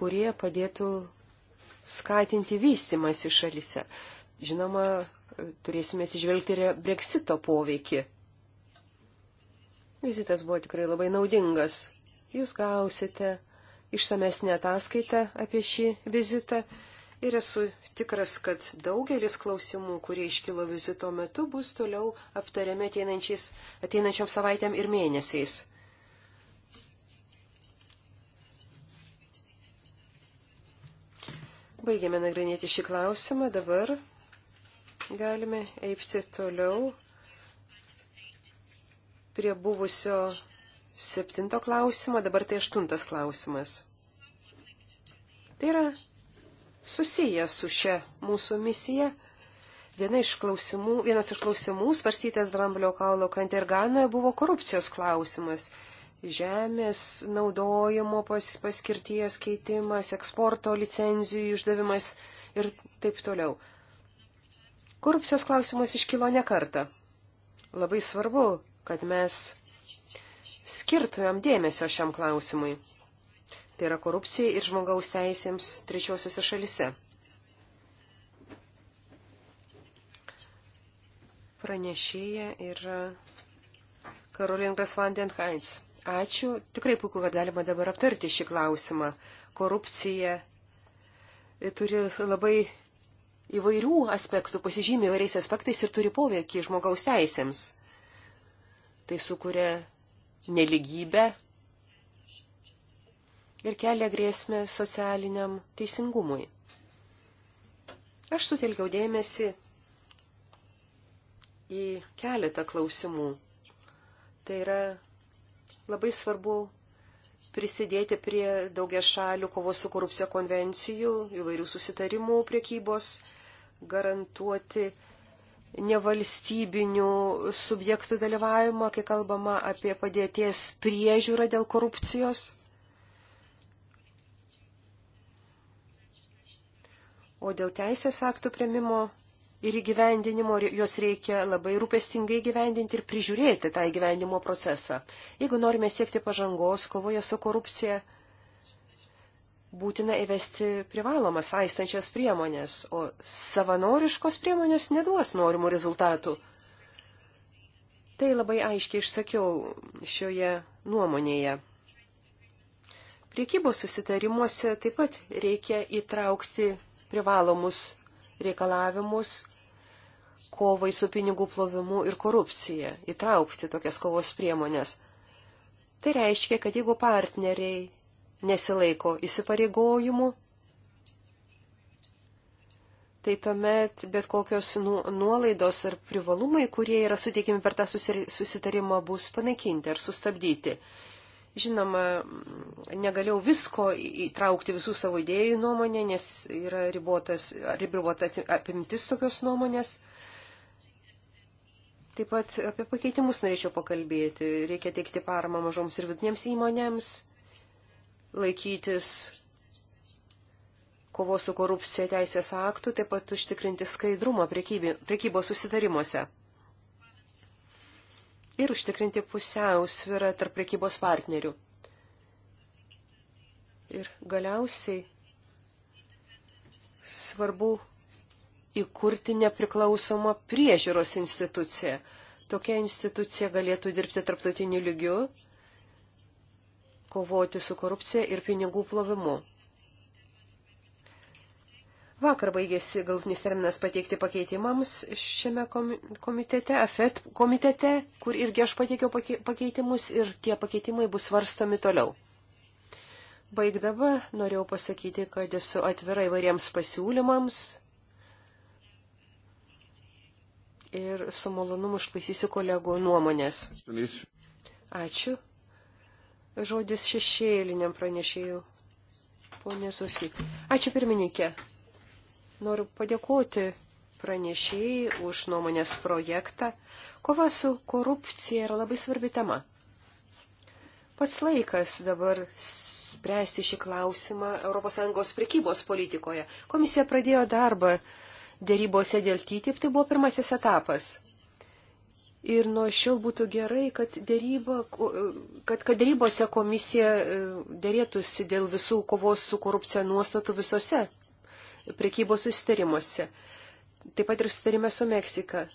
kurie padėtų skatinti vystimasi šalise. Žinoma, turėsime atsižvelgti ir breksito poveikį. Vizitas buvo tikrai labai naudingas. Jūs gausite išsamesnį ataskaitą apie šį vizitą ir esu tikras, kad daugelis klausimų, kurie iškilo vizito metu, bus toliau aptariami ateinančiam savaitėm ir mėnesiais. Baigėme nagrinėti šį klausimą, dabar galime eiti toliau prie buvusio septinto klausimo, dabar tai aštuntas klausimas. Tai yra susijęs su šia mūsų misija. Viena iš klausimų, vienas iš klausimų svarstytas Dramblio kaulo krante ir Ganoje buvo korupcijos klausimas. Žemės naudojimo pas, paskirties keitimas, eksporto licenzijų išdavimas ir taip toliau. Korupcijos klausimas iškilo ne kartą. Labai svarbu, kad mes skirtumėm dėmesio šiam klausimui tai yra korupcijai ir žmogaus teisėms trečiosiuose šalise. Pranešėja yra Karolinkas Vandenkains. Ačiū. Tikrai puiku, kad galima dabar aptarti šį klausimą. Korupcija e, turi labai įvairių aspektų, pasižymė įvairiais aspektais ir turi poveikį žmogaus teisėms. Tai sukuria neligybę, ir kelia grėsmę socialiniam teisingumui. Aš sutelkiau dėmesį į keletą klausimų. Tai yra labai svarbu prisidėti prie daugia šalių kovos su korupcija konvencijų, įvairių susitarimų priekybos, garantuoti nevalstybinių subjektų dalyvavimą, kai kalbama apie padėties priežiūrą dėl korupcijos. O dėl teisės aktų prieimimo ir įgyvendinimo juos reikia labai rūpestingai gyvendinti ir prižiūrėti tą įgyvendinimo procesą. Jeigu norime siekti pažangos kovoje su korupcija, būtina įvesti privalomas aistančias priemonės, o savanoriškos priemonės neduos norimų rezultatų. Tai labai aiškiai išsakiau šioje nuomonėje. Priekybos susitarimuose taip pat reikia įtraukti privalomus reikalavimus kovai su pinigų plovimu ir korupcija, įtraukti tokias kovos priemonės. Tai reiškia, kad jeigu partneriai nesilaiko įsipareigojimų, tai tuomet bet kokios nu, nuolaidos ar privalumai, kurie yra suteikiami per tą susitarimą, bus panaikinti ar sustabdyti. Žinoma, negalėjau visko įtraukti visų savo idėjų nuomonę, nes yra ribotas, ribota apimtis tokios nuomonės. Taip pat apie pakeitimus norėčiau pakalbėti. Reikia teikti paramą mažoms ir vidinėms įmonėms, laikytis kovos su korupcija teisės aktų, taip pat užtikrinti skaidrumą priekybi, priekybos susidarimuose ir užtikrinti pusiausvyrą tarp prekybos partnerių. Ir galiausiai svarbu įkurti nepriklausomą priežiūros instituciją. Tokia institucija galėtų dirbti tarptautiniu lygiu, kovoti su korupcija ir pinigų plovimu. Vakar baigėsi galutinis terminas pateikti pakeitimams šiame komitete, AFET komitete, kur irgi aš pateikiau pakeitimus ir tie pakeitimai bus svarstomi toliau. Baigdama norėjau pasakyti, kad esu atvira įvairiems pasiūlymams ir su malonumu išklausysiu kolegų nuomonės. Ačiū. Žodis šešėliniam pranešėjų. Pone Sofija. Ačiū pirmininkė. Noriu padėkoti pranešėjai už nuomonės projektą. Kova su korupcija yra labai svarbi tema. Pats laikas dabar spręsti šį klausimą ES prekybos politikoje. Komisija pradėjo darbą dėrybose dėl TTIP, tai buvo pirmasis etapas. Ir nuo šiol būtų gerai, kad, dėryba, kad, kad dėrybose komisija e, dėrėtųsi dėl visų kovos su korupcija nuostatų visose prekybos susitarimuose, taip pat ir susitarime su Meksika.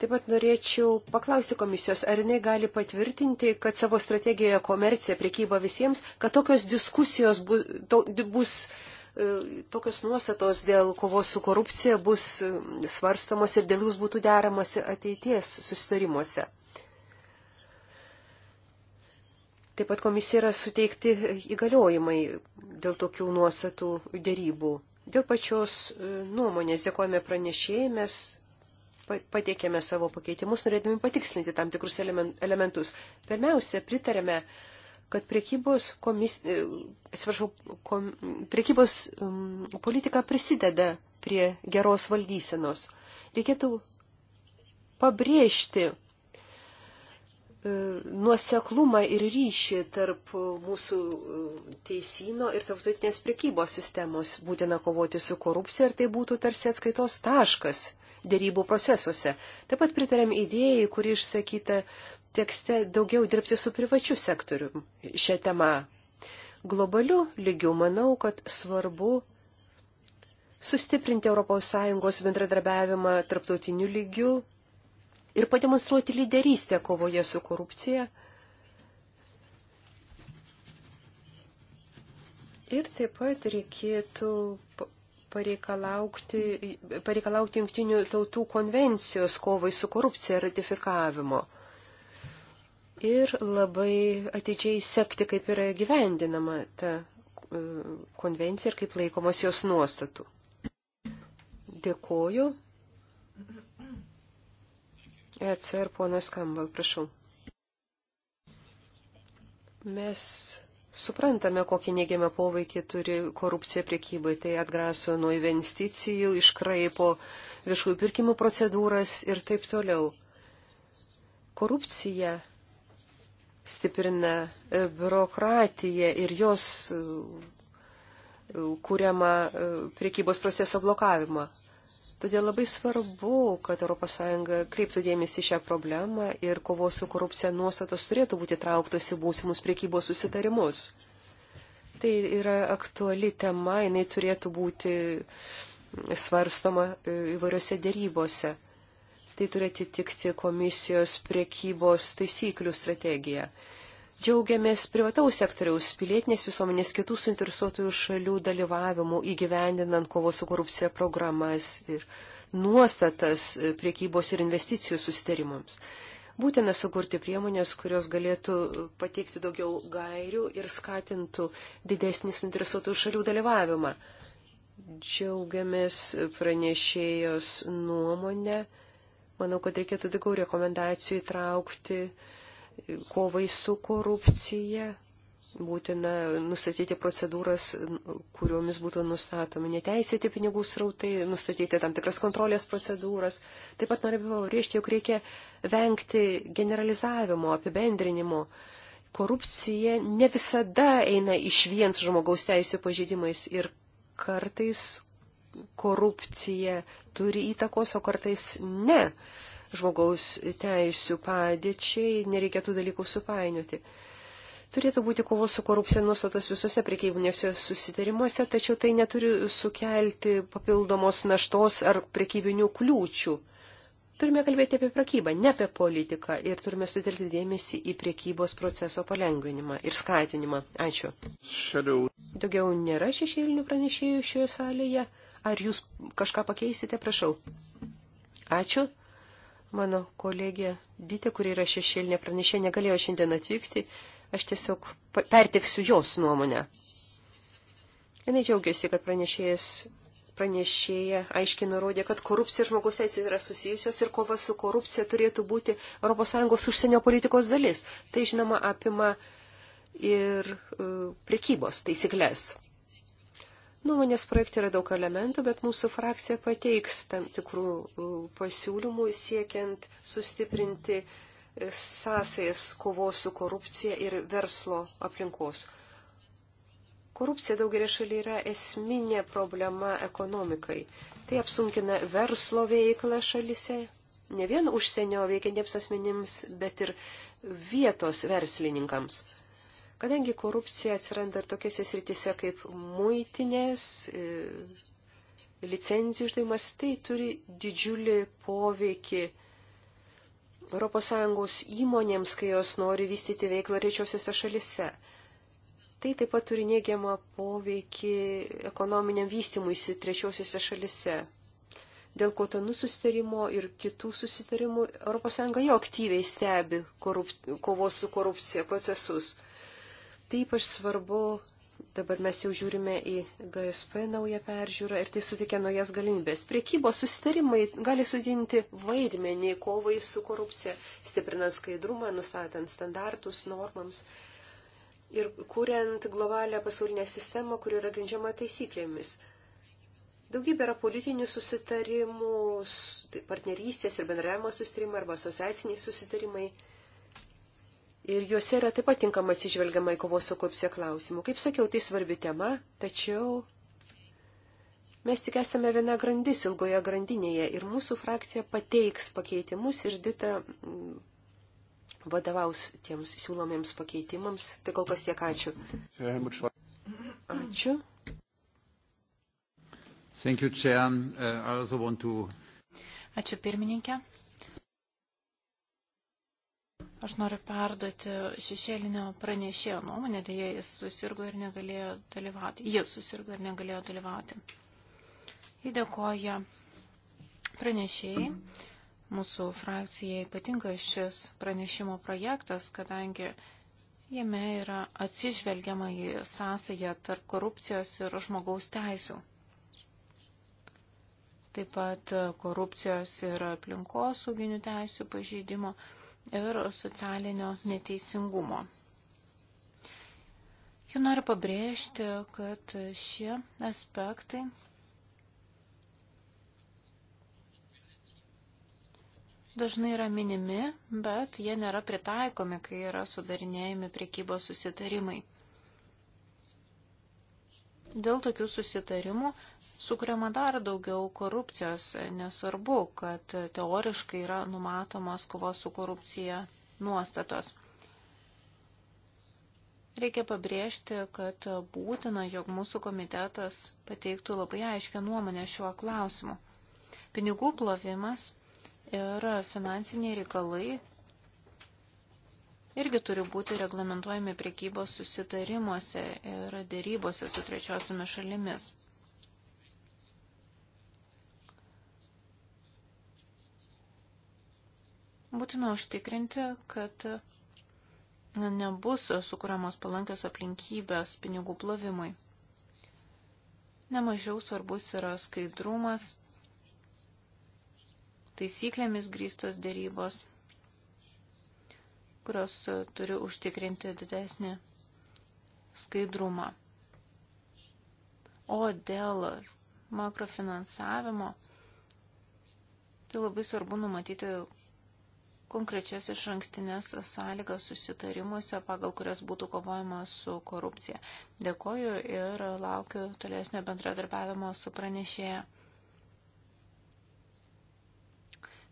Taip pat norėčiau paklausti komisijos, ar jinai gali patvirtinti, kad savo strategijoje komercija, priekyba visiems, kad tokios diskusijos bus, to, e, bus tokios nuostatos dėl kovos su korupcija bus e, svarstamos ir dėl jūs būtų deramasi ateities susitarimuose. Taip pat komisija yra suteikti įgaliojimai dėl tokių nuostatų dėrybų. Dėl pačios e, nuomonės dėkojame pranešėjai, mes patiekėme savo pakeitimus, norėdami patikslinti tam tikrus elementus. Pirmiausia, pritarėme, kad priekybos, komis, e, atsiprašau, kom, priekybos um, politika prisideda prie geros valdysenos. Reikėtų pabrėžti E, nuoseklumą ir ryšį tarp mūsų e, teisino ir tarptautinės prekybos sistemos. Būtina kovoti su korupcija ir tai būtų tarsi atskaitos taškas dėrybų procesuose. Taip pat pritarėm idėjai, kuri išsakyta tekste daugiau dirbti su privačiu sektoriu šią temą. Globaliu lygiu manau, kad svarbu sustiprinti ES bendradarbiavimą tarptautiniu lygiu, ir pademonstruoti lyderystę kovoje su korupcija. Ir taip pat reikėtų pareikalauti, pareikalauti jungtinių tautų konvencijos kovai su korupcija ratifikavimo. Ir labai atidžiai sekti, kaip yra gyvendinama ta e, konvencija ir kaip laikomos jos nuostatų. Dėkoju. ECR ponas Kambal, prašau. Mes suprantame, kokį neigiamą poveikį turi korupcija priekybai. Tai atgraso nuo investicijų, iškraipo viešųjų pirkimų procedūras ir taip toliau. Korupcija stiprina e, biurokratiją ir jos e, kuriamą e, priekybos proceso blokavimą. Todėl labai svarbu, kad ES kreiptų dėmesį šią problemą ir kovos su korupcija nuostatos turėtų būti trauktos į būsimus priekybos susitarimus. Tai yra aktuali tema, jinai turėtų būti svarstoma e, įvairiose dėrybose. Tai turėtų tikti komisijos priekybos taisyklių strategiją. Džiaugiamės privataus sektoriaus, pilietinės visuomenės kitų suinteresuotųjų šalių dalyvavimu įgyvendinant kovos su korupcija programas ir nuostatas priekybos ir investicijų sustarimams. Būtina sukurti priemonės, kurios galėtų pateikti daugiau gairių ir skatintų didesnį suinteresuotų šalių dalyvavimą. Džiaugiamės pranešėjos nuomonę. Manau, kad reikėtų daugiau rekomendacijų įtraukti uh, kovai su korupcija. Būtina nustatyti procedūras, kuriomis būtų nustatomi neteisėti pinigų srautai, nustatyti tam tikras kontrolės procedūras. Taip pat noriu pabrėžti, jog reikia vengti generalizavimo, apibendrinimo. Korupcija ne visada eina iš vien su žmogaus teisų pažydimais ir kartais korupcija turi įtakos, o kartais ne. Uh, žmogaus teisų padėčiai, nereikėtų dalykų supainioti. Turėtų būti kovos su korupcija nustatas visose prekybinėse susitarimuose, tačiau tai neturi sukelti papildomos naštos ar prekybinių kliūčių. Turime kalbėti apie prekybą, ne apie politiką ir turime sutelkti dėmesį į prekybos proceso palengvinimą ir skatinimą. Ačiū. Shadow. Daugiau nėra šešėlinių pranešėjų šioje salėje. Ar jūs kažką pakeisite, prašau? Ačiū. Mano kolegė Ditė, kuri yra šešėlinė pranešė, negalėjo šiandien atvykti. Aš tiesiog pertiksiu jos nuomonę. Jis džiaugiasi, kad pranešėjas pranešėja aiškiai nurodė, kad korupcija ir žmogus teisės yra susijusios ir kova su korupcija turėtų būti ES užsienio politikos dalis. Tai, žinoma, apima ir uh, prekybos taisyklės. Nuomonės projekte yra daug elementų, bet mūsų frakcija pateiks tam tikrų pasiūlymų siekiant sustiprinti e, sąsajas kovos su korupcija ir verslo aplinkos. Korupcija daugelį šalyje yra esminė problema ekonomikai. Tai apsunkina verslo veiklą šalise, ne vien užsienio veikiantiems asmenims, bet ir vietos verslininkams. Kadangi korupcija atsiranda ir tokiuose sritise kaip muitinės, e, licenzijų išdavimas, tai turi didžiulį poveikį ES įmonėms, kai jos nori vystyti veiklą rečiosiuose šalise. Tai taip pat turi neigiamą poveikį ekonominiam vystimuisi trečiosiuose šalise. Dėl kotonų susitarimo ir kitų susitarimų ES jau aktyviai stebi korup... kovos su korupcija procesus. Tai ypač svarbu, dabar mes jau žiūrime į GSP naują peržiūrą ir tai suteikia naujas galimybės. Priekybos susitarimai gali sudinti vaidmenį kovai su korupcija, stiprinant skaidrumą, nustatant standartus, normams ir kuriant globalią pasaulinę sistemą, kuri yra grindžiama taisyklėmis. Daugybė yra politinių susitarimų, tai partnerystės ir bendravimo susitarimai arba asociaciniai susitarimai. Ir juose yra taip pat tinkamai atsižvelgiama į kovos su korupcija klausimų. Kaip sakiau, tai svarbi tema, tačiau mes tik esame viena grandis ilgoje grandinėje ir mūsų frakcija pateiks pakeitimus ir dita mm, vadovaus tiems siūlomiems pakeitimams. Tai kol kas tiek ačiū. Ačiū. Uh, ačiū pirmininkė. Aš noriu perduoti šešėlinio pranešėjo nuomonę, dėja jis susirgo ir negalėjo dalyvauti. Jis susirgo ir negalėjo dalyvauti. Jį dėkoja pranešėjai. Mūsų frakcijai patinka šis pranešimo projektas, kadangi jame yra atsižvelgiama į sąsąją tarp korupcijos ir žmogaus teisų. Taip pat korupcijos ir aplinkosauginių teisų pažeidimo ir socialinio neteisingumo. Jau noriu pabrėžti, kad šie aspektai dažnai yra minimi, bet jie nėra pritaikomi, kai yra sudarinėjami priekybos susitarimai. Dėl tokių susitarimų sukuriama dar daugiau korupcijos, nesvarbu, kad teoriškai yra numatomos kovos su korupcija nuostatos. Reikia pabrėžti, kad būtina, jog mūsų komitetas pateiktų labai aiškę nuomonę šiuo klausimu. Pinigų plovimas ir finansiniai reikalai irgi turi būti reglamentuojami priekybos susitarimuose ir dėrybose su trečiosiomis šalimis. Būtina užtikrinti, kad nebus sukūriamos palankios aplinkybės pinigų plovimui. Nemažiau svarbus yra skaidrumas, taisyklėmis grįstos dėrybos, kurios turi užtikrinti didesnį skaidrumą. O dėl makrofinansavimo, tai labai svarbu numatyti konkrečias iš ankstinės sąlygas susitarimuose, pagal kurias būtų kovojama su korupcija. Dėkoju ir laukiu tolesnio bendradarbiavimo su pranešėja.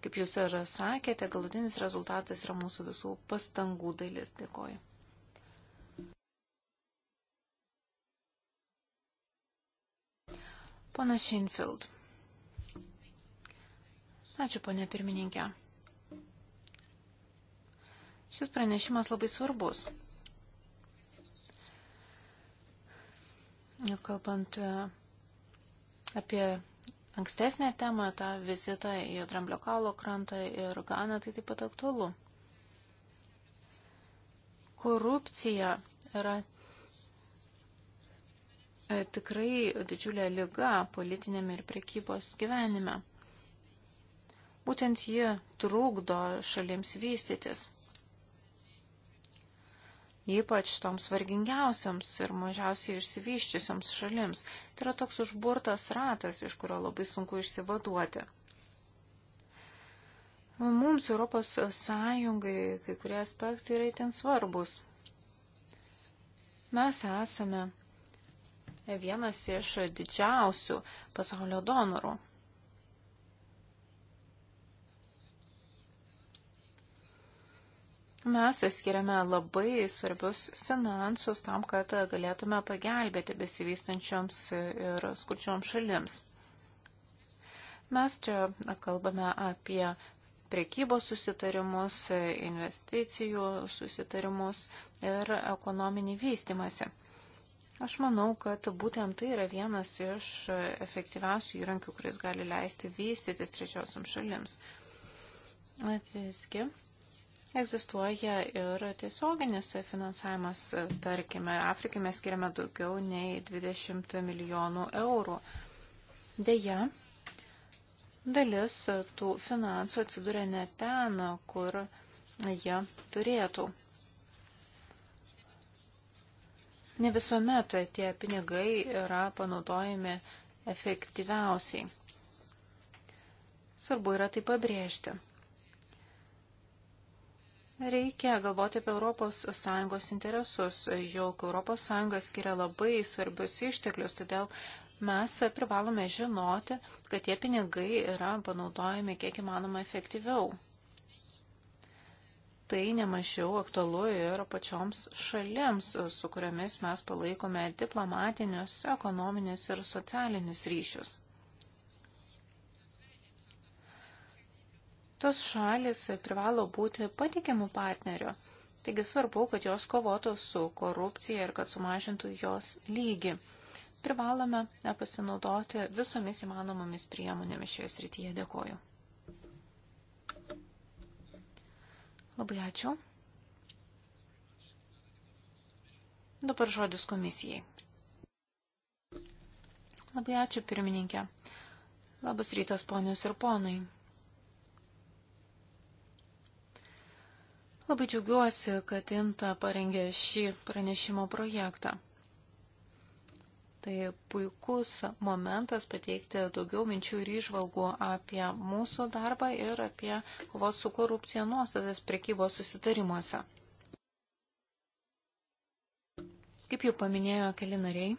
Kaip jūs ir sakėte, galutinis rezultatas yra mūsų visų pastangų dalis. Dėkoju. Pana Šinfield. Ačiū, ponė pirmininkė. Šis pranešimas labai svarbus. Kalbant e, apie ankstesnę temą, tą vizitą į Dramblio kalo krantą ir Ganą, tai taip pat aktualu. Korupcija yra e, tikrai didžiulė lyga politinėme ir prekybos gyvenime. Būtent ji trukdo šalims vystytis ypač toms vargingiausiams ir mažiausiai išsivyščiusiams šalims. Tai yra toks užburtas ratas, iš kurio labai sunku išsivaduoti. Mums Europos Sąjungai kai kurie aspektai yra itin svarbus. Mes esame vienas iš didžiausių pasaulio donorų. Mes skiriame labai svarbius finansus tam, kad galėtume pagelbėti besivystančioms ir skurčioms šalims. Mes čia kalbame apie priekybos susitarimus, investicijų susitarimus ir ekonominį vystimąsi. Aš manau, kad būtent tai yra vienas iš efektyviausių įrankių, kuris gali leisti vystytis trečiosiam šalims. Visgi, egzistuoja ir tiesioginis finansavimas. Tarkime, Afrikai mes skiriame daugiau nei 20 milijonų eurų. Deja, dalis tų finansų atsiduria ne ten, kur jie turėtų. Ne visuomet tie pinigai yra panaudojami efektyviausiai. Svarbu yra tai pabrėžti. Reikia galvoti apie ES interesus, jog ES skiria labai svarbius išteklius, todėl mes privalome žinoti, kad tie pinigai yra panaudojami kiek įmanoma efektyviau. Tai nemažiau aktualu ir pačioms šalims, su kuriamis mes palaikome diplomatinius, ekonominius ir socialinius ryšius. Tos šalis privalo būti patikimų partnerių. Taigi svarbu, kad jos kovotų su korupcija ir kad sumažintų jos lygį. Privalome pasinaudoti visomis įmanomomis priemonėmis šioje srityje. Dėkoju. Labai ačiū. Dabar žodis komisijai. Labai ačiū, pirmininkė. Labas rytas, ponios ir ponai. Labai džiaugiuosi, kad Inta parengė šį pranešimo projektą. Tai puikus momentas pateikti daugiau minčių ir išvalgų apie mūsų darbą ir apie kovos su korupcija nuostatas prekybos susitarimuose. Kaip jau paminėjo keli nariai,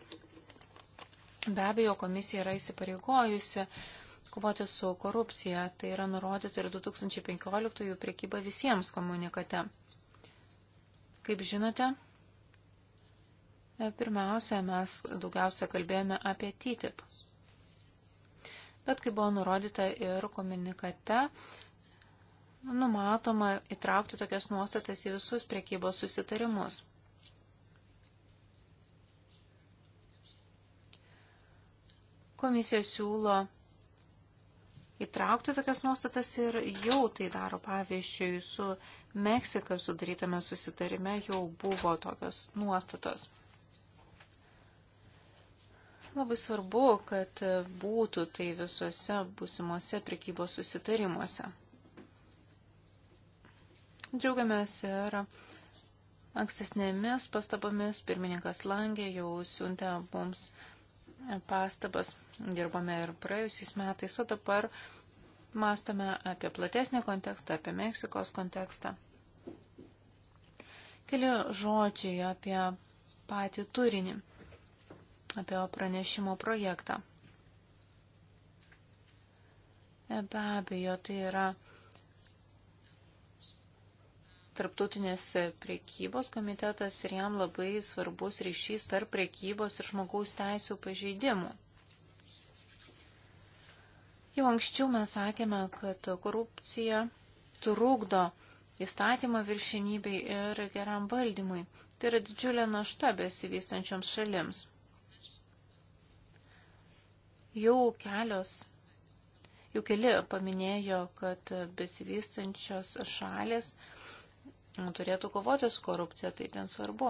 be abejo, komisija yra įsipareigojusi uh, kovoti su korupcija. Tai yra nurodyta ir 2015 priekyba visiems komunikate. Kaip žinote, pirmiausia, mes daugiausia kalbėjome apie TTIP. Bet kaip buvo nurodyta ir komunikate, numatoma įtraukti tokias nuostatas į visus priekybos susitarimus. Komisija siūlo įtraukti tokias nuostatas ir jau tai daro. Pavyzdžiui, su Meksika sudarytame susitarime jau buvo tokios nuostatos. Labai svarbu, kad būtų tai visuose būsimuose prekybos susitarimuose. Džiaugiamės ir ankstesnėmis pastabomis pirmininkas Langė jau siuntė mums pastabas. Dirbome ir praėjusiais metais, o dabar mąstome apie platesnį kontekstą, apie Meksikos kontekstą. Keli žodžiai apie patį turinį, apie pranešimo projektą. E, be abejo, tai yra tarptautinės priekybos komitetas ir jam labai svarbus ryšys tarp priekybos ir žmogaus teisų pažeidimų. Jau anksčiau mes sakėme, kad korupcija trukdo įstatymą viršinybei ir geram valdymui. Tai yra didžiulė našta besivystančioms šalims. Jau kelios Jau keli paminėjo, kad besivystančios šalės turėtų kovoti su korupcija, tai ten svarbu.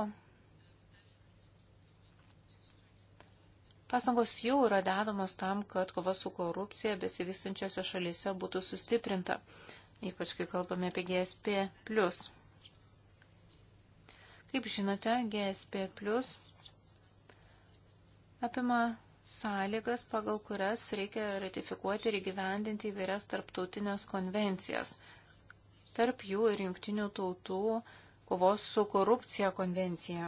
Pastangos jau yra dedamos tam, kad kova su korupcija besivystančiose šalyse būtų sustiprinta, ypač kai kalbame apie GSP. Kaip žinote, GSP apima sąlygas, pagal kurias reikia ratifikuoti ir įgyvendinti įvairias tarptautinės konvencijas – tarp jų ir jungtinių tautų kovos su korupcija konvencija.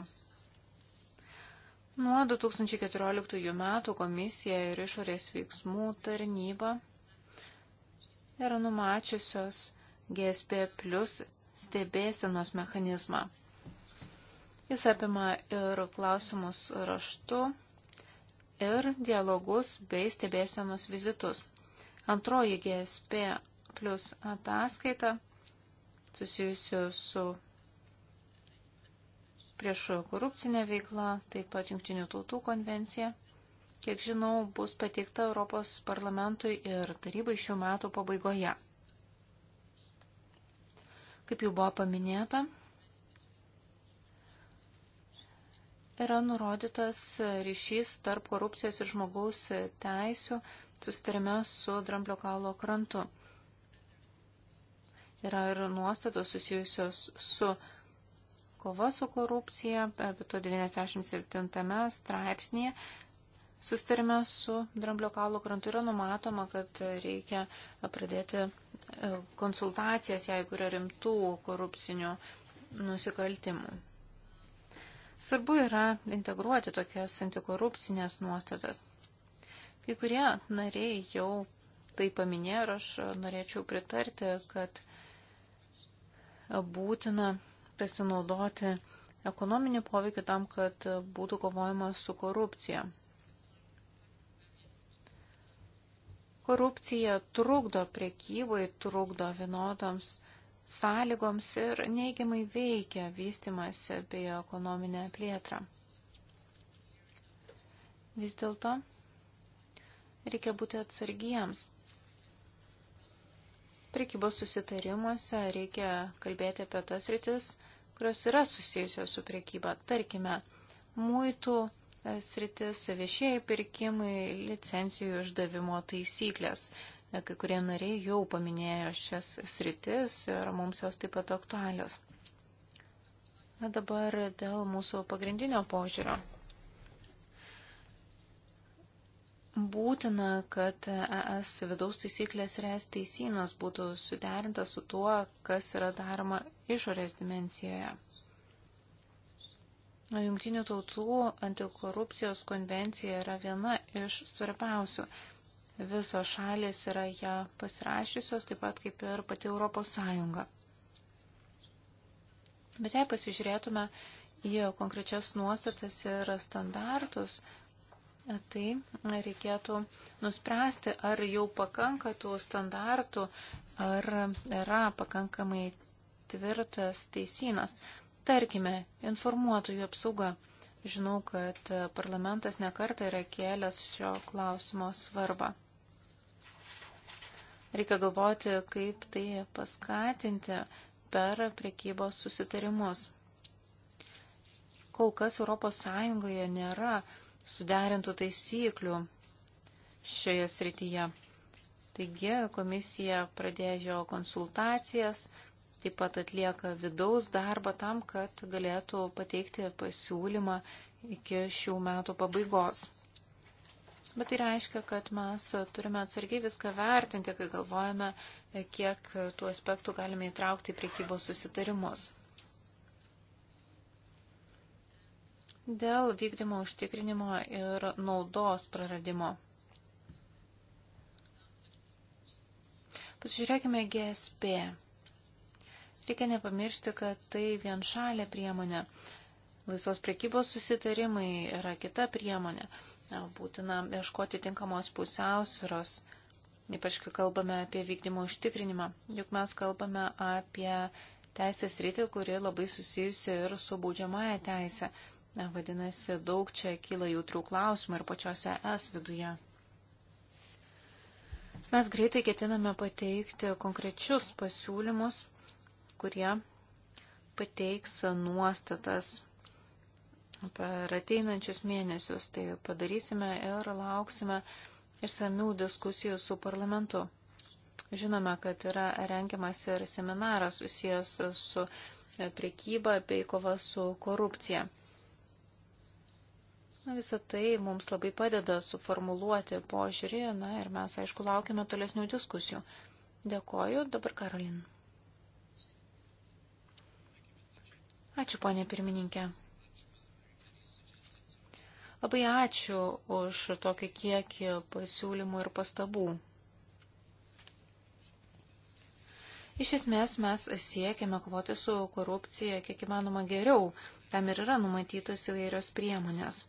Nuo 2014 metų komisija ir išorės veiksmų tarnyba yra numačiusios GSP plus stebėsenos mechanizmą. Jis apima ir klausimus raštu, ir dialogus bei stebėsenos vizitus. Antroji GSP plus ataskaita susijusių su prieš korupcinę veiklą, taip pat Junktinių tautų konvencija. Kiek žinau, bus pateikta Europos parlamentui ir tarybai šių metų pabaigoje. Kaip jau buvo paminėta, yra nurodytas ryšys tarp korupcijos ir žmogaus teisių sustarime su Dramblio kalo krantu. Yra ir nuostatos susijusios su kova su korupcija, apie to 97 straipsnėje sustarime su Dramblio kaulo krantu yra numatoma, kad reikia pradėti e, konsultacijas, jeigu yra rimtų korupcinių nusikaltimų. Svarbu yra integruoti tokias antikorupcinės nuostatas. Kai kurie nariai jau tai paminėjo ir aš norėčiau pritarti, kad būtina pasinaudoti ekonominį poveikį tam, kad būtų kovojama su korupcija. Korupcija trukdo priekybai, trukdo vienodams sąlygoms ir neigiamai veikia vystimasi bei ekonominę plėtrą. Vis dėlto reikia būti atsargiems, prekybos susitarimuose reikia kalbėti apie tas rytis, kurios yra susijusios su prekyba. Tarkime, muitų e, sritis, viešieji pirkimai, licencijų išdavimo taisyklės. E, kai kurie nariai jau paminėjo šias sritis ir mums jos taip pat aktualios. Na dabar dėl mūsų pagrindinio požiūrio. būtina, kad ES vidaus taisyklės res teisynas būtų suderinta su tuo, kas yra daroma išorės dimencijoje. Jungtinių tautų antikorupcijos konvencija yra viena iš svarbiausių. Visos šalis yra ją pasirašysios, taip pat kaip ir pati Europos Sąjunga. Bet jei pasižiūrėtume į konkrečias nuostatas ir standartus, tai reikėtų nuspręsti, ar jau pakanka tų standartų, ar yra pakankamai tvirtas teisinas. Tarkime, informuotojų apsauga. Žinau, kad parlamentas nekartą yra kėlęs šio klausimo svarbą. Reikia galvoti, kaip tai paskatinti per prekybos susitarimus. Kol kas ES nėra suderintų taisyklių šioje srityje. Taigi komisija pradėjo konsultacijas, taip pat atlieka vidaus darbą tam, kad galėtų pateikti pasiūlymą iki šių metų pabaigos. Bet tai reiškia, kad mes turime atsargiai viską vertinti, kai galvojame, kiek tų aspektų galime įtraukti į priekybos susitarimus. dėl vykdymo užtikrinimo ir naudos praradimo. Pasižiūrėkime GSP. Reikia nepamiršti, kad tai vienšalė priemonė. Laisvos prekybos susitarimai yra kita priemonė. Būtina ieškoti tinkamos pusiausviros, ypač kai kalbame apie vykdymo užtikrinimą. Juk mes kalbame apie teisės rytį, kuri labai susijusi ir su baudžiamąją teisę. Vadinasi, daug čia kyla jautrų klausimų ir pačiose es viduje. Mes greitai ketiname pateikti konkrečius pasiūlymus, kurie pateiks nuostatas per ateinančius mėnesius. Tai padarysime ir lauksime išsamių diskusijų su parlamentu. Žinome, kad yra rengiamas ir seminaras susijęs su priekyba bei kova su korupcija. Na, visą tai mums labai padeda suformuluoti požiūrį, na ir mes, aišku, laukime tolesnių diskusijų. Dėkoju, dabar Karolin. Ačiū, ponė pirmininkė. Labai ačiū už tokį kiekį pasiūlymų ir pastabų. Iš esmės mes siekiame kovoti su korupcija kiek įmanoma geriau, tam ir yra numatytos įvairios priemonės.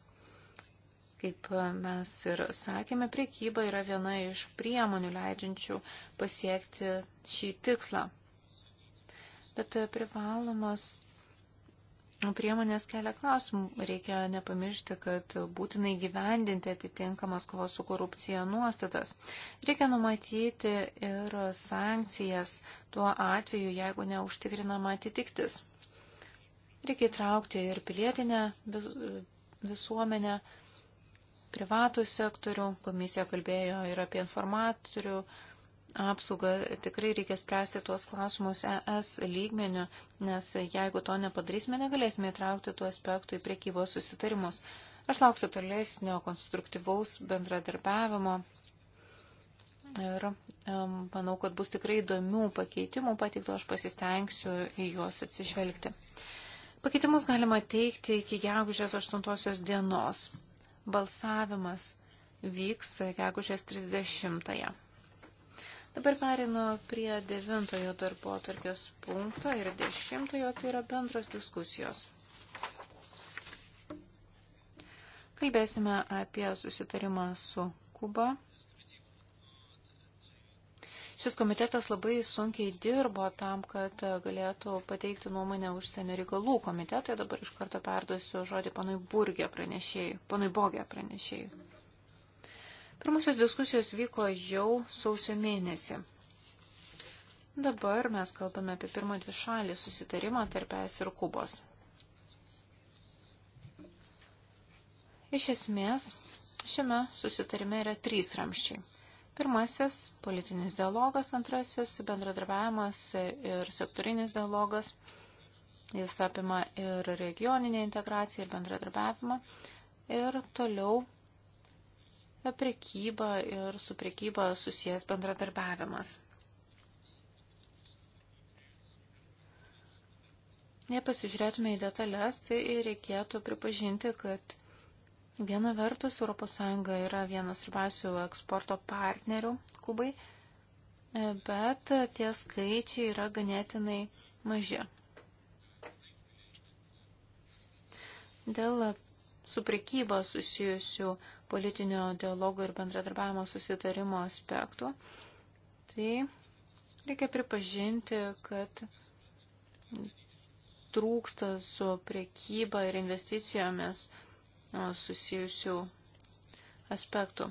Kaip e, mes ir sakėme, priekyba yra viena iš priemonių leidžiančių pasiekti šį tikslą. Bet e, privalomas priemonės kelia klausimų. Reikia nepamiršti, kad būtinai gyvendinti atitinkamas kovos su korupcija nuostatas. Reikia numatyti ir sankcijas tuo atveju, jeigu neužtikrinama atitiktis. Reikia įtraukti ir pilietinę visuomenę privatų sektorių, komisija kalbėjo ir apie informatorių apsaugą. Tikrai reikia spręsti tuos klausimus ES lygmeniu, nes jeigu to nepadarysime, negalėsime įtraukti tų aspektų į priekybos susitarimus. Aš lauksiu tolesnio konstruktyvaus bendradarbiavimo. Ir um, manau, kad bus tikrai įdomių pakeitimų pateiktų, aš pasistengsiu į juos atsižvelgti. Pakeitimus galima teikti iki gegužės 8 dienos. Balsavimas vyks gegužės 30-ąją. Dabar perinu prie devintojo darbo atvarkės punkto ir dešimtojo, tai yra bendros diskusijos. Kalbėsime apie susitarimą su Kuba Šis komitetas labai sunkiai dirbo tam, kad galėtų pateikti nuomonę užsienio reikalų komitetui. Dabar iš karto perduosiu žodį panui Burgė pranešėjai, panui Bogė pranešėjai. Pirmasis diskusijos vyko jau sausio mėnesį. Dabar mes kalbame apie pirmą dvišalį susitarimą tarp ES ir Kubos. Iš esmės, šiame susitarime yra trys ramščiai. Pirmasis - politinis dialogas, antrasis - bendradarbiavimas ir sektorinis dialogas. Jis apima ir regioninę integraciją, ir bendradarbiavimą. Ir toliau prekyba ir su prekyba susijęs bendradarbiavimas. Jei pasižiūrėtume į detalės, tai reikėtų pripažinti, kad Viena vertus, ES yra vienas svarbiausių eksporto partnerių Kubai, bet tie skaičiai yra ganėtinai maži. Dėl su prekyba susijusių politinio dialogo ir bendradarbiavimo susitarimo aspektų, tai reikia pripažinti, kad trūksta su prekyba ir investicijomis susijusių aspektų.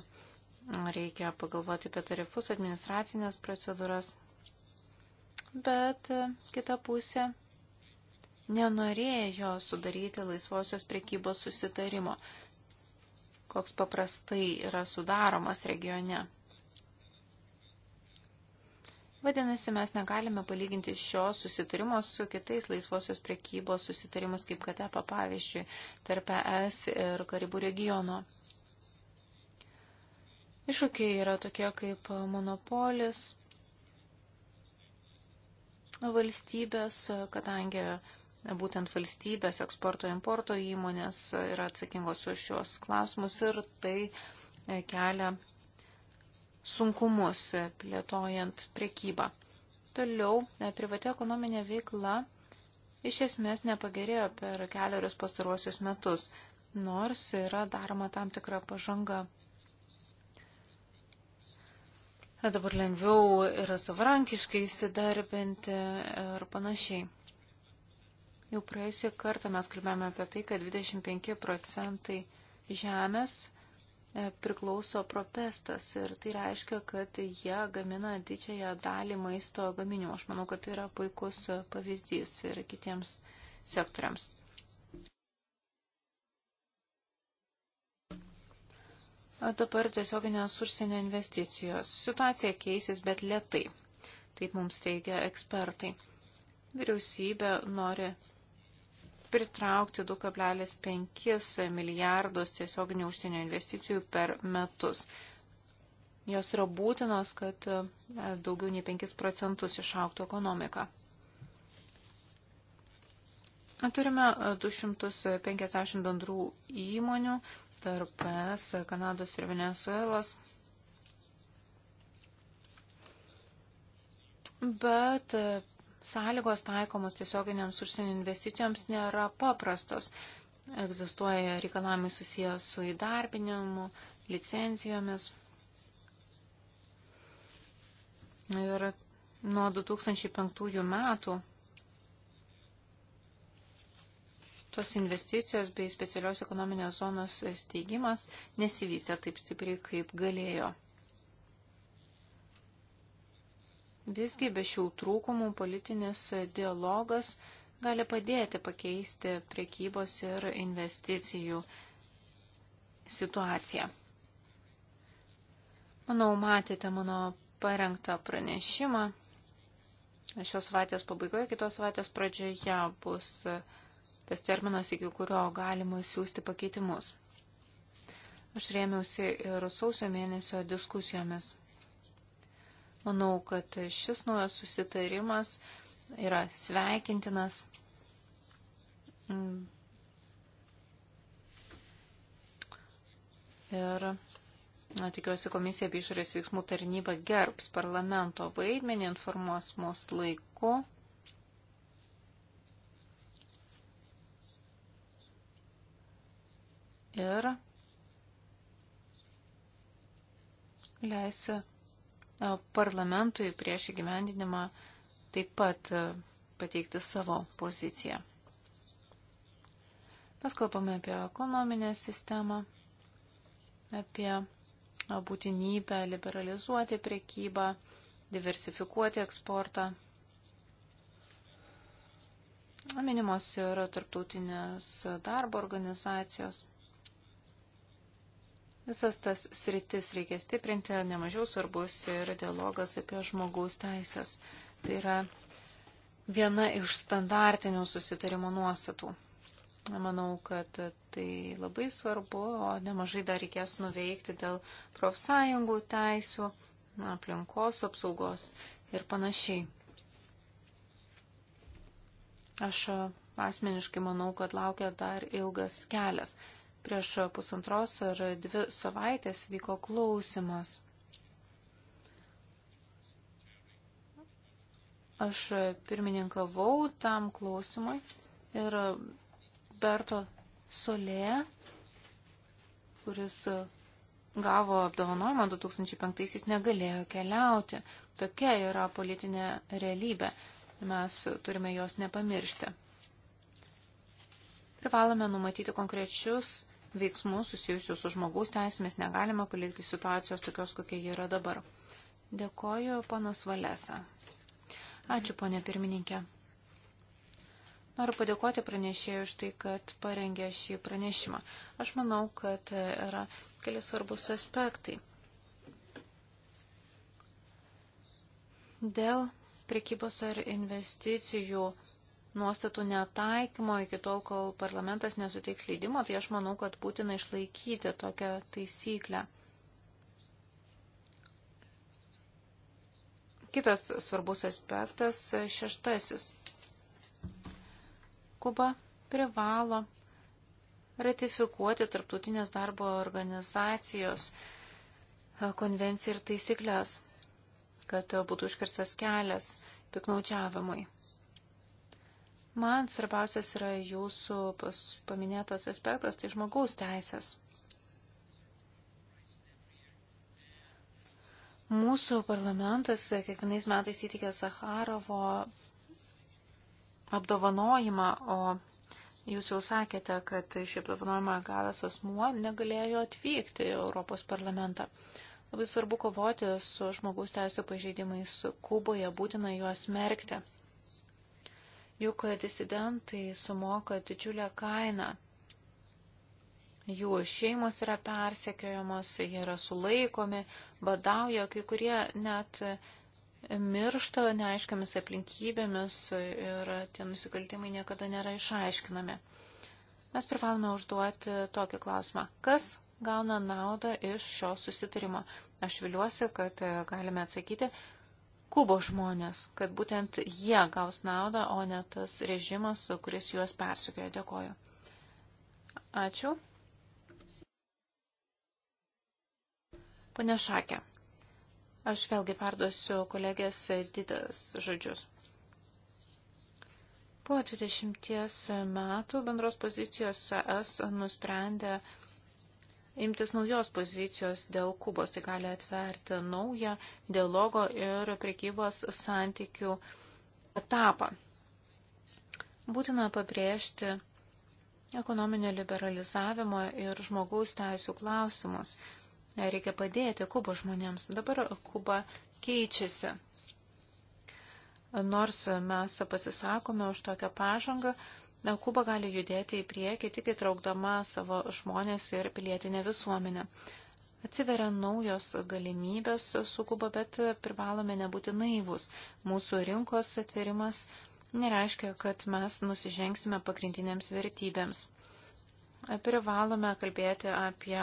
Reikia pagalvoti apie tarifus, administracinės procedūras. Bet kita pusė nenorėjo sudaryti laisvosios priekybos susitarimo, koks paprastai yra sudaromas regione. Vadinasi, mes negalime palyginti šio susitarimo su kitais laisvosios priekybos susitarimus, kaip Katepa pavyzdžiui, tarp ES ir Karibų regiono. Iššūkiai yra tokie kaip monopolis valstybės, kadangi būtent valstybės eksporto importo įmonės yra atsakingos už šios klausimus ir tai kelia sunkumus plėtojant prekybą. Toliau, e, privati ekonominė veikla iš esmės nepagerėjo per keliarius pastaruosius metus, nors yra daroma tam tikra pažanga. E, dabar lengviau yra savarankiškai įsidarbinti ir panašiai. Jau praėjusį kartą mes kalbėjome apie tai, kad 25 procentai žemės E, priklauso propestas ir tai reiškia, kad jie gamina didžiąją dalį maisto gaminių. Aš manau, kad tai yra puikus pavyzdys ir kitiems sektoriams. Dabar tiesioginės užsienio investicijos. Situacija keisis, bet lietai. Taip mums teigia ekspertai. Vyriausybė nori pritraukti 2,5 milijardus tiesioginių užsienio investicijų per metus. Jos yra būtinos, kad e, daugiau nei 5 procentus išauktų ekonomika. Turime 250 e, bendrų įmonių tarp ES, Kanados ir Venezuelos. Bet e, sąlygos taikomos tiesioginiams užsienio investicijoms nėra paprastos. Egzistuoja reikalavimai susijęs su įdarbinimu, licencijomis. Ir nuo 2005 metų tos investicijos bei specialios ekonominės zonos steigimas nesivystė taip stipriai, kaip galėjo. Visgi be šių trūkumų politinis dialogas gali padėti pakeisti prekybos ir investicijų situaciją. Manau, matėte mano parengtą pranešimą. Šios savaitės pabaigoje, kitos savaitės pradžioje bus tas terminas, iki kurio galima siūsti pakeitimus. Aš rėmiausi ir sausio mėnesio diskusijomis. Manau, kad šis naujas susitarimas yra sveikintinas. Ir na, tikiuosi komisija apie išorės veiksmų tarnybą gerbs parlamento vaidmenį, informuos mus laiku. Ir leisiu parlamentui prieš įgyvendinimą taip pat pateikti savo poziciją. Mes kalbame apie ekonominę sistemą, apie būtinybę liberalizuoti prekybą, diversifikuoti eksportą. Minimos ir tarptautinės darbo organizacijos. Visas tas sritis reikia stiprinti, nemažiau svarbus ir dialogas apie žmogaus teisės. Tai yra viena iš standartinių susitarimo nuostatų. Manau, kad tai labai svarbu, o nemažai dar reikės nuveikti dėl profsąjungų teisų, aplinkos apsaugos ir panašiai. Aš asmeniškai manau, kad laukia dar ilgas kelias. Prieš pusantros ar dvi savaitės vyko klausimas. Aš pirmininkavau tam klausimui ir Berto Solė, kuris gavo apdovanojimą 2005-aisiais, negalėjo keliauti. Tokia yra politinė realybė. Mes turime jos nepamiršti. Privalome numatyti konkrečius veiksmų susijusių su žmogaus teisėmis negalima palikti situacijos tokios, kokia ji yra dabar. Dėkoju, panas Valesa. Ačiū, ponė pirmininkė. Noriu padėkoti pranešėjui už tai, kad parengė šį pranešimą. Aš manau, kad yra keli svarbus aspektai. Dėl prekybos ar investicijų nuostatų netaikymo iki tol, kol parlamentas nesuteiks leidimo, tai aš manau, kad būtina išlaikyti tokią taisyklę. Kitas svarbus aspektas - šeštasis. Kuba privalo ratifikuoti tarptautinės darbo organizacijos konvenciją ir taisyklės, kad būtų užkirstas kelias piknaudžiavimui. Man svarbiausias yra jūsų paminėtas aspektas, tai žmogaus teisės. Mūsų parlamentas kiekvienais metais įtikė Sakharovo apdovanojimą, o jūs jau sakėte, kad šį apdovanojimą gavęs asmuo negalėjo atvykti į Europos parlamentą. Labai svarbu kovoti su žmogaus teisų pažeidimais Kuboje, būtina juos merkti. Juk disidentai sumoka didžiulę kainą. Jų šeimos yra persekiojamos, jie yra sulaikomi, badauja, kai kurie net miršta neaiškiamis aplinkybėmis ir tie nusikaltimai niekada nėra išaiškinami. Mes privalome užduoti tokį klausimą. Kas gauna naudą iš šio susitarimo? Aš viliuosi, kad galime atsakyti, Kubos žmonės, kad būtent jie gaus naudą, o ne tas režimas, kuris juos persikėjo. Dėkoju. Ačiū. Pane Šakė, aš vėlgi perduosiu kolegės Didas žodžius. Po 20 metų bendros pozicijos ES nusprendė imtis naujos pozicijos dėl Kubos. Tai gali atverti naują dialogo ir prekybos santykių etapą. Būtina pabrėžti ekonominio liberalizavimo ir žmogaus teisų klausimus. Reikia padėti Kubos žmonėms. Dabar Kuba keičiasi. Nors mes pasisakome už tokią pažangą, Kuba gali judėti į priekį tik įtraukdama savo žmonės ir pilietinę visuomenę. Atsiveria naujos galimybės su Kuba, bet privalome nebūti naivus. Mūsų rinkos atvirimas nereiškia, kad mes nusižengsime pagrindinėms vertybėms. Privalome kalbėti apie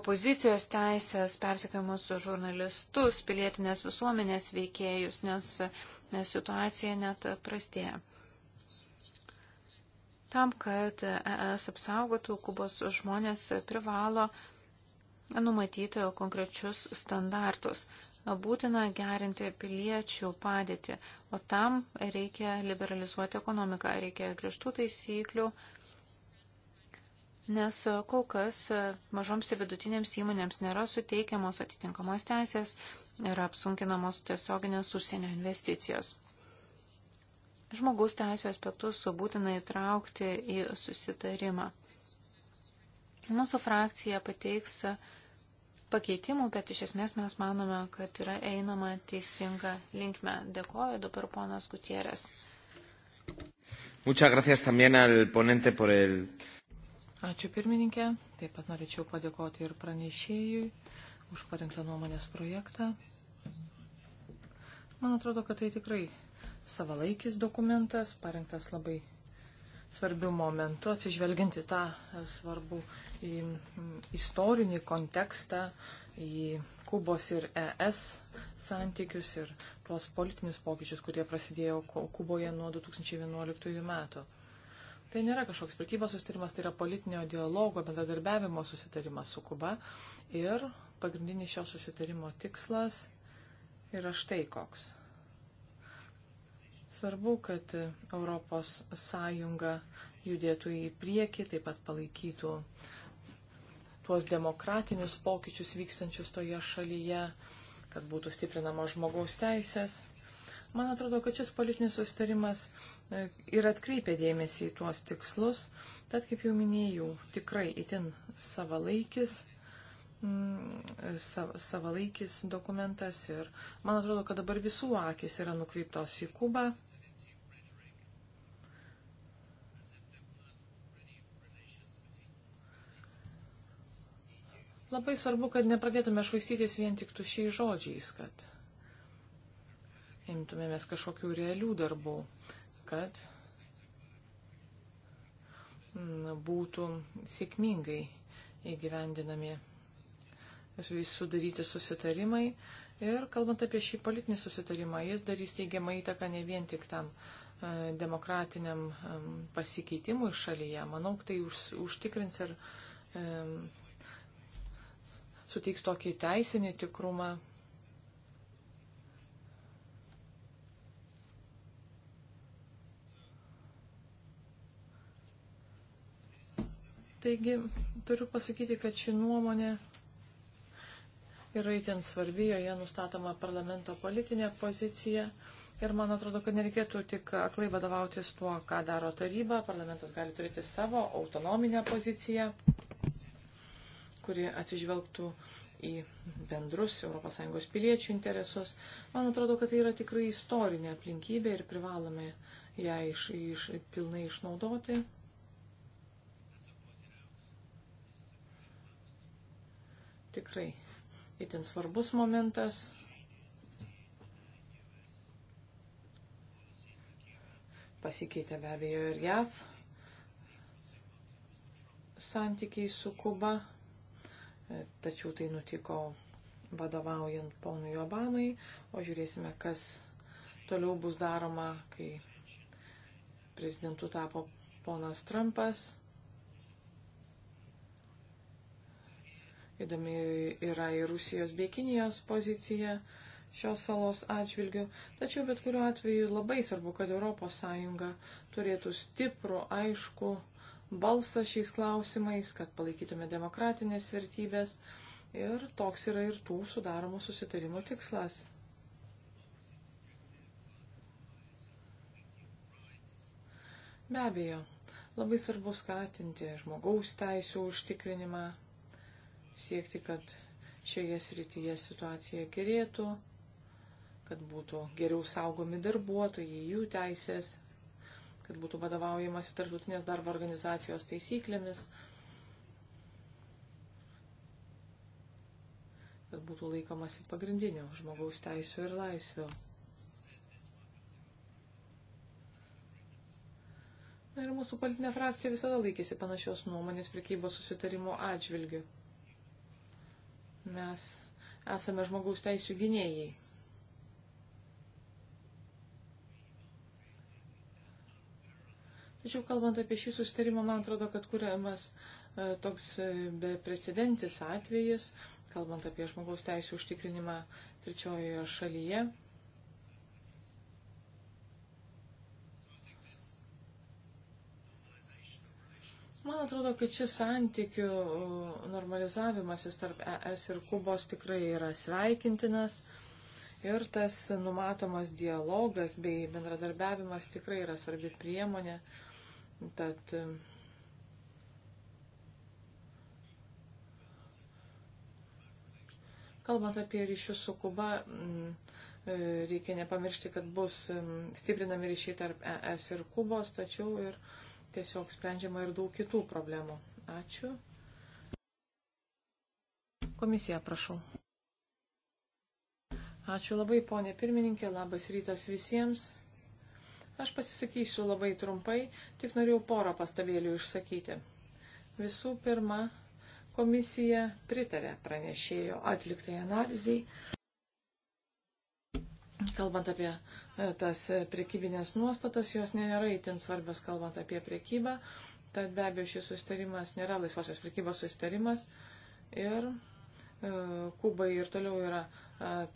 opozicijos teisės, persikėjimus žurnalistus, pilietinės visuomenės veikėjus, nes situacija net prastėja. Tam, kad ES apsaugotų Kubos žmonės, privalo numatyti konkrečius standartus. Būtina gerinti piliečių padėtį, o tam reikia liberalizuoti ekonomiką, reikia griežtų taisyklių, nes kol kas mažoms ir vidutinėms įmonėms nėra suteikiamos atitinkamos teisės, yra apsunkinamos tiesioginės užsienio investicijos. Žmogus teisų aspektus būtina įtraukti į susitarimą. Mūsų frakcija pateiks pakeitimų, bet iš esmės mes manome, kad yra einama teisinga linkme. Dėkoju dabar ponas Gutierės. Muchas gracias también al ponente por el. Ačiū pirmininkė. Taip pat norėčiau padėkoti ir pranešėjui už parengtą nuomonės projektą. Man atrodo, kad tai tikrai savalaikis dokumentas, parengtas labai svarbių momentų, atsižvelginti tą svarbų į istorinį kontekstą, į Kubos ir ES santykius ir tuos politinius pokyčius, kurie prasidėjo Kuboje nuo 2011 metų. Tai nėra kažkoks prekybos susitarimas, tai yra politinio dialogo, bendradarbiavimo susitarimas su Kuba. Ir pagrindinis šio susitarimo tikslas yra štai koks Svarbu, kad ES judėtų į priekį, taip pat palaikytų tuos demokratinius pokyčius vykstančius toje šalyje, kad būtų stiprinamos žmogaus teisės. Man atrodo, kad šis politinis sustarimas e, ir atkreipia dėmesį į tuos tikslus, tad, kaip jau minėjau, tikrai itin savalaikis Mm, savalaikis dokumentas ir man atrodo, kad dabar visų akis yra nukreiptos į Kubą. Labai svarbu, kad nepradėtume švaistytis vien tik tušiai žodžiais, kad imtumėmės kažkokių realių darbų, kad mm, būtų sėkmingai įgyvendinami sudaryti susitarimai. Ir kalbant apie šį politinį susitarimą, jis darys teigiamą įtaką ne vien tik tam e, demokratiniam pasikeitimui šalyje. Manau, tai už, užtikrins ir e, suteiks tokį teisinį tikrumą. Taigi, turiu pasakyti, kad ši nuomonė yra įtin svarbi, joje nustatoma parlamento politinė pozicija. Ir man atrodo, kad nereikėtų tik aklai vadovautis tuo, ką daro taryba. Parlamentas gali turėti savo autonominę poziciją, kuri atsižvelgtų į bendrus ES piliečių interesus. Man atrodo, kad tai yra tikrai istorinė aplinkybė ir privalome ją iš, iš, pilnai išnaudoti. Tikrai itin svarbus momentas. Pasikeitė be abejo ir JAV santykiai su Kuba, tačiau tai nutiko vadovaujant ponui Obamai, o žiūrėsime, kas toliau bus daroma, kai prezidentu tapo ponas Trumpas. Įdomi yra ir Rusijos bei Kinijos pozicija šios salos atžvilgių. Tačiau bet kuriuo atveju labai svarbu, kad ES turėtų stiprų, aišku balsą šiais klausimais, kad palaikytume demokratinės vertybės. Ir toks yra ir tų sudaromų susitarimų tikslas. Be abejo, labai svarbu skatinti žmogaus teisų užtikrinimą, siekti, kad šioje srityje situacija gerėtų, kad būtų geriau saugomi darbuotojai, jų teisės, kad būtų vadovaujamasi tarptautinės darbo organizacijos taisyklėmis, kad būtų laikomasi pagrindinių žmogaus teisų ir laisvių. Na ir mūsų politinė frakcija visada laikėsi panašios nuomonės prekybos susitarimo atžvilgių. Mes esame žmogaus teisų gynėjai. Tačiau kalbant apie šį susitarimą, man atrodo, kad kuriamas e, toks e, beprecedentis atvejis, kalbant apie žmogaus teisų užtikrinimą trečiojoje šalyje. Man atrodo, kad šis santykių normalizavimasis tarp ES ir Kubos tikrai yra sveikintinas ir tas numatomas dialogas bei bendradarbiavimas tikrai yra svarbi priemonė. Tad kalbant apie ryšius su Kuba, e, reikia nepamiršti, kad bus stiprinami ryšiai tarp ES ir Kubos, tačiau ir tiesiog sprendžiama ir daug kitų problemų. Ačiū. Komisija, prašau. Ačiū labai, ponė pirmininkė, labas rytas visiems. Aš pasisakysiu labai trumpai, tik norėjau porą pastabėlių išsakyti. Visų pirma, komisija pritarė pranešėjo atliktai analizai Kalbant apie e, tas e, prekybinės nuostatas, jos nėra įtin svarbios, kalbant apie prekybą. Tad be abejo, šis sustarimas nėra laisvosios prekybos sustarimas. Ir e, Kubai ir toliau yra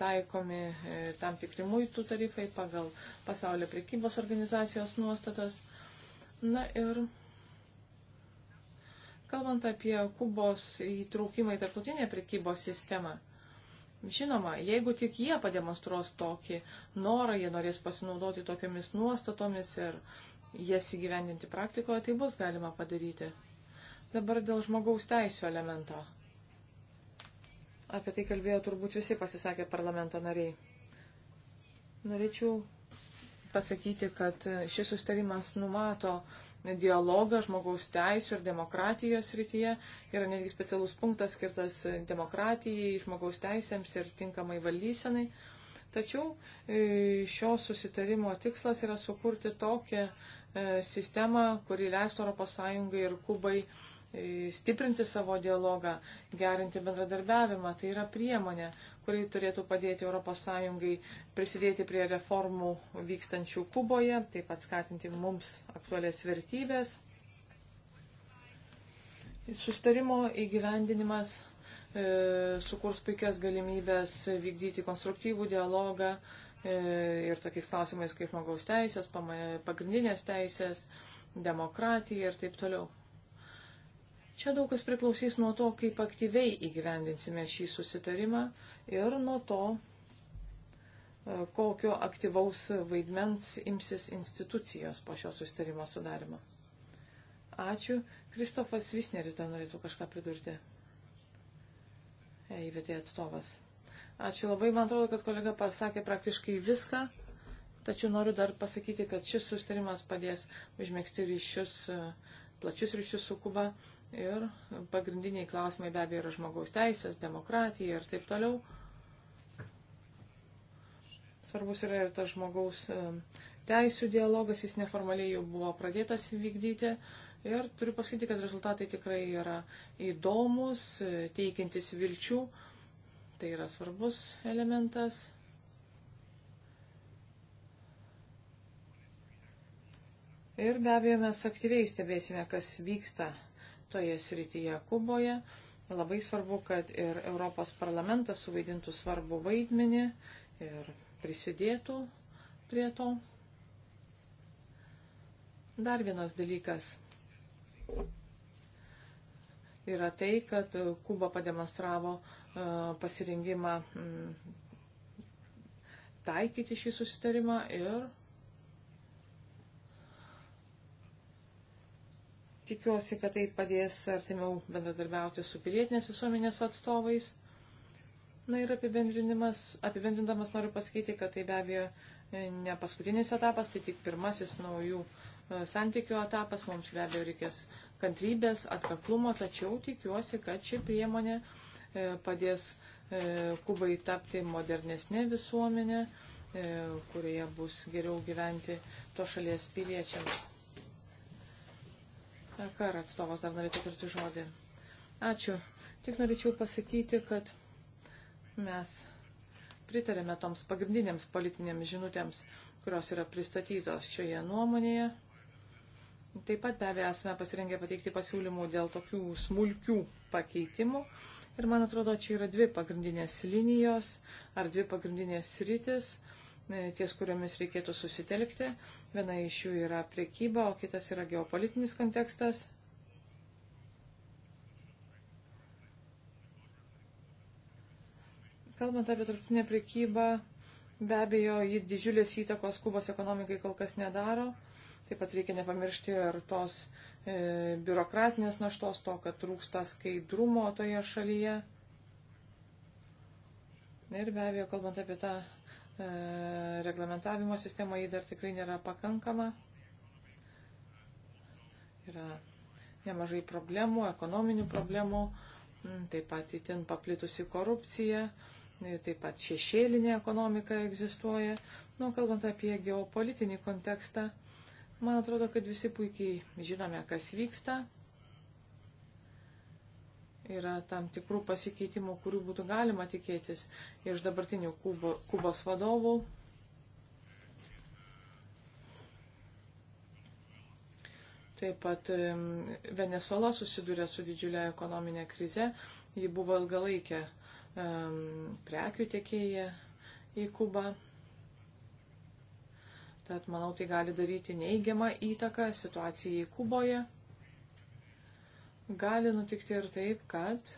taikomi tam tikri muitų tarifai pagal pasaulio prekybos organizacijos nuostatas. Na ir kalbant apie Kubos įtraukimą į tarptautinę prekybos sistemą, Žinoma, jeigu tik jie pademonstruos tokį norą, jie norės pasinaudoti tokiamis nuostatomis ir jas įgyvendinti praktikoje, tai bus galima padaryti. Dabar dėl žmogaus teisų elemento. Apie tai kalbėjo turbūt visi pasisakė parlamento nariai. Norėčiau pasakyti, kad šis sustarimas numato uh, dialogą žmogaus teisų ir demokratijos rytyje. Yra netgi specialus punktas skirtas demokratijai, žmogaus teisėms ir tinkamai valdysenai. Tačiau e, šio susitarimo tikslas yra sukurti tokią e, sistemą, kuri leistų ES ir Kubai stiprinti savo dialogą, gerinti bendradarbiavimą. Tai yra priemonė, kuri turėtų padėti ES prisidėti prie reformų vykstančių Kuboje, taip pat skatinti mums aktualias vertybės. Sustarimo įgyvendinimas e, sukurs puikias galimybės vykdyti konstruktyvų dialogą e, ir tokiais klausimais kaip žmogaus teisės, pagrindinės teisės, demokratija ir taip toliau. Čia daug kas priklausys nuo to, kaip aktyviai įgyvendinsime šį susitarimą ir nuo to, e, kokio aktyvaus vaidmens imsis institucijos po šio susitarimo sudarimo. Ačiū. Kristofas Visneris dar norėtų kažką pridurti. EIVT atstovas. Ačiū labai, man atrodo, kad kolega pasakė praktiškai viską, tačiau noriu dar pasakyti, kad šis sustarimas padės užmėgsti ryšius, e, plačius ryšius su Kuba Ir pagrindiniai klausimai be abejo yra žmogaus teisės, demokratija ir taip toliau. Svarbus yra ir tas žmogaus e, teisų dialogas, jis neformaliai jau buvo pradėtas vykdyti. Ir turiu pasakyti, kad rezultatai tikrai yra įdomus, e, teikiantis vilčių. Tai yra svarbus elementas. Ir be abejo mes aktyviai stebėsime, kas vyksta toje srityje Kuboje. Labai svarbu, kad ir Europos parlamentas suvaidintų svarbu vaidmenį ir prisidėtų prie to. Dar vienas dalykas yra tai, kad Kuba pademonstravo e, pasirinkimą mm, taikyti šį susitarimą ir Tikiuosi, kad tai padės artimiau bendradarbiauti su pilietinės visuomenės atstovais. Na ir apibendrindamas noriu pasakyti, kad tai be abejo e, ne paskutinis etapas, tai tik pirmasis naujų e, santykių etapas. Mums be abejo reikės kantrybės, atkaklumo, tačiau tikiuosi, kad ši priemonė e, padės Kubai tapti modernesnė visuomenė, kurioje bus geriau gyventi to šalies piliečiams. Kar atstovas dar norėtų tarti žodį. Ačiū. Tik norėčiau pasakyti, kad mes pritarėme toms pagrindinėms politinėms žinutėms, kurios yra pristatytos šioje nuomonėje. Taip pat be abejo esame pasirengę pateikti pasiūlymų dėl tokių smulkių pakeitimų. Ir man atrodo, čia yra dvi pagrindinės linijos ar dvi pagrindinės rytis, E, ties kuriomis reikėtų susitelkti. Viena iš jų yra priekyba, o kitas yra geopolitinis kontekstas. Kalbant apie tarptautinę priekybą, be abejo, ji didžiulės įtakos Kubos ekonomikai kol kas nedaro. Taip pat reikia nepamiršti ir tos e, biurokratinės naštos, to, kad trūksta skaidrumo toje šalyje. Ir be abejo, kalbant apie tą E, reglamentavimo sistema jį dar tikrai nėra pakankama. Yra nemažai problemų, ekonominių problemų, taip pat įtin paplitusi korupcija, e, taip pat šešėlinė ekonomika egzistuoja. Nu, kalbant apie geopolitinį kontekstą, man atrodo, kad visi puikiai žinome, kas vyksta yra tam tikrų pasikeitimų, kurių būtų galima tikėtis iš dabartinių Kubo, Kubos vadovų. Taip pat Venezuela susidūrė su didžiulė ekonominė krize. Ji buvo ilgalaikė um, prekių tiekėja į Kubą. Tad manau, tai gali daryti neįgiamą įtaką situacijai Kuboje gali nutikti ir taip, kad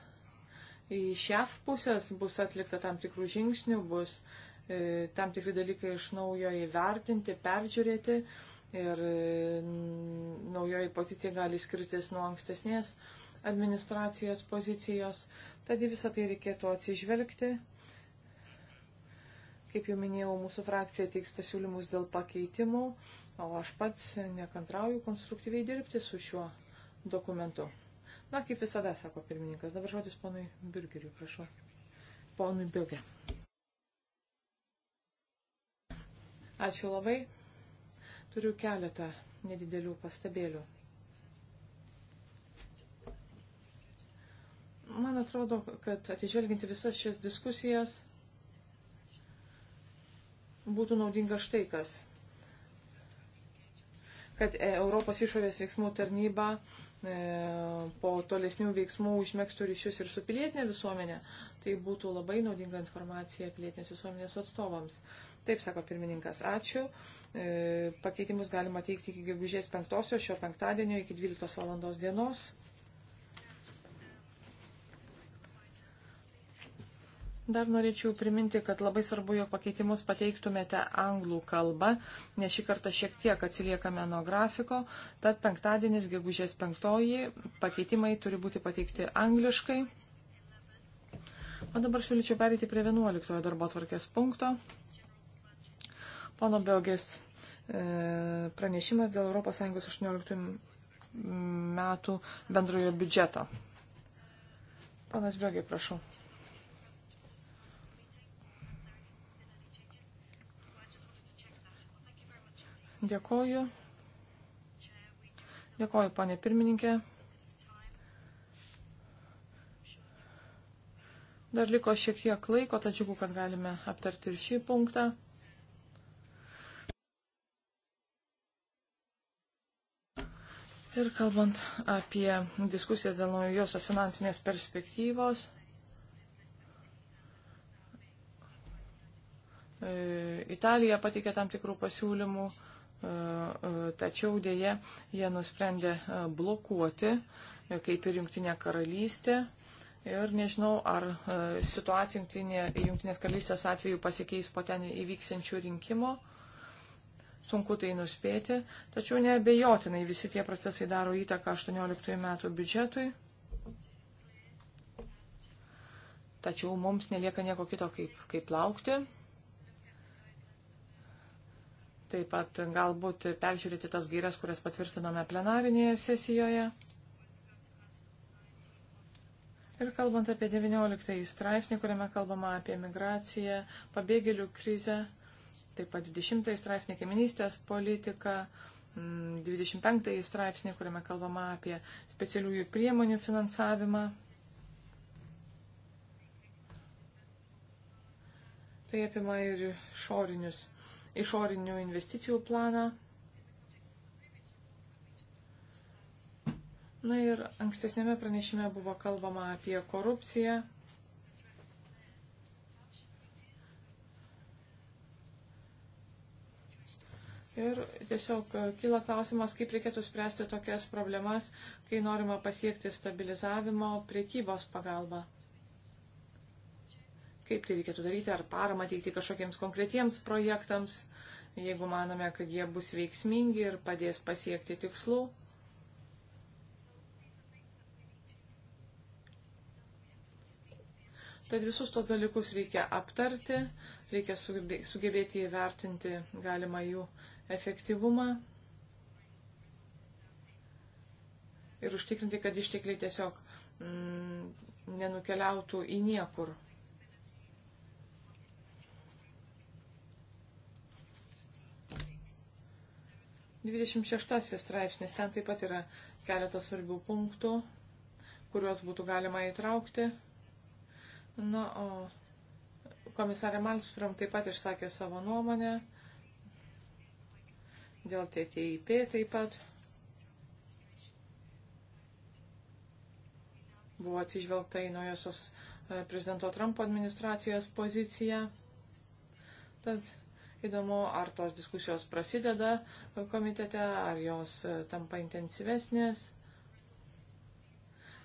iš JAV pusės bus atlikta tam tikrų žingsnių, bus e, tam tikri dalykai iš naujo įvertinti, peržiūrėti ir e, naujoji pozicija gali skirtis nuo ankstesnės administracijos pozicijos. Tad į visą tai reikėtų atsižvelgti. Kaip jau minėjau, mūsų frakcija teiks pasiūlymus dėl pakeitimų, o aš pats nekantrauju konstruktyviai dirbti su šiuo dokumentu. Na, kaip visada, sako pirmininkas. Dabar žodis ponui Birgeriui, prašau. Ponui Birgė. Ačiū labai. Turiu keletą nedidelių pastabėlių. Man atrodo, kad atižvelginti visas šias diskusijas būtų naudinga štai kas. Kad e, Europos išorės veiksmų tarnyba E, po tolesnių veiksmų užmėgstų ryšius ir su pilietinė visuomenė, tai būtų labai naudinga informacija pilietinės visuomenės atstovams. Taip sako pirmininkas, ačiū. E, pakeitimus galima teikti iki gegužės 5 šio penktadienio iki 12 valandos dienos. Dar norėčiau priminti, kad labai svarbu, jog pakeitimus pateiktumėte anglų kalbą, nes šį kartą šiek tiek atsiliekame nuo grafiko, tad penktadienis, gegužės penktoji, pakeitimai turi būti pateikti angliškai. O dabar siūlyčiau perėti prie 11 darbo tvarkės punkto. Pono Biogės e, pranešimas dėl ES 18 metų bendrojo biudžeto. Ponas Biogė, prašau. Dėkoju. Dėkoju, ponė pirmininkė. Dar liko šiek tiek laiko, tačiau, kad galime aptarti ir šį punktą. Ir kalbant apie diskusijas dėl naujosios finansinės perspektyvos, e, Italija patikė tam tikrų pasiūlymų, tačiau dėje jie nusprendė e, blokuoti, e, kaip ir Junktinė karalystė. Ir nežinau, ar e, situacija Junktinė, Junktinės karalystės atveju pasikeis po ten įvyksiančių rinkimų. Sunku tai nuspėti, tačiau neabejotinai visi tie procesai daro įtaką 18 metų biudžetui. Tačiau mums nelieka nieko kito, kaip, kaip laukti. Taip pat galbūt peržiūrėti tas gairias, kurias patvirtinome plenarinėje sesijoje. Ir kalbant apie 19 straipsnį, kuriame kalbama apie migraciją, pabėgėlių krizę, taip pat 20 straipsnį kaiminystės politiką, 25 mm, straipsnį, kuriame kalbama apie specialiųjų priemonių finansavimą. Tai apima ir šorinius išorinių investicijų planą. Na ir ankstesnėme pranešime buvo kalbama apie korupciją. Ir tiesiog kyla klausimas, kaip reikėtų spręsti tokias problemas, kai norima pasiekti stabilizavimo priekybos pagalbą kaip tai reikėtų daryti, ar paramą teikti kažkokiems konkretiems projektams, jeigu manome, kad jie bus veiksmingi ir padės pasiekti tikslų. Tad visus tos dalykus reikia aptarti, reikia sugebėti įvertinti galimą jų efektyvumą ir užtikrinti, kad ištekliai tiesiog mm, nenukeliautų į niekur. 26 straipsnis, ten taip pat yra keletas svarbių punktų, kuriuos būtų galima įtraukti. Na, o komisarė Malmström taip pat išsakė savo nuomonę dėl TTIP taip pat. Buvo atsižvelgta į naujosios e, prezidento Trumpo administracijos poziciją. Tad Įdomu, ar tos diskusijos prasideda komitete, ar jos e, tampa intensyvesnės.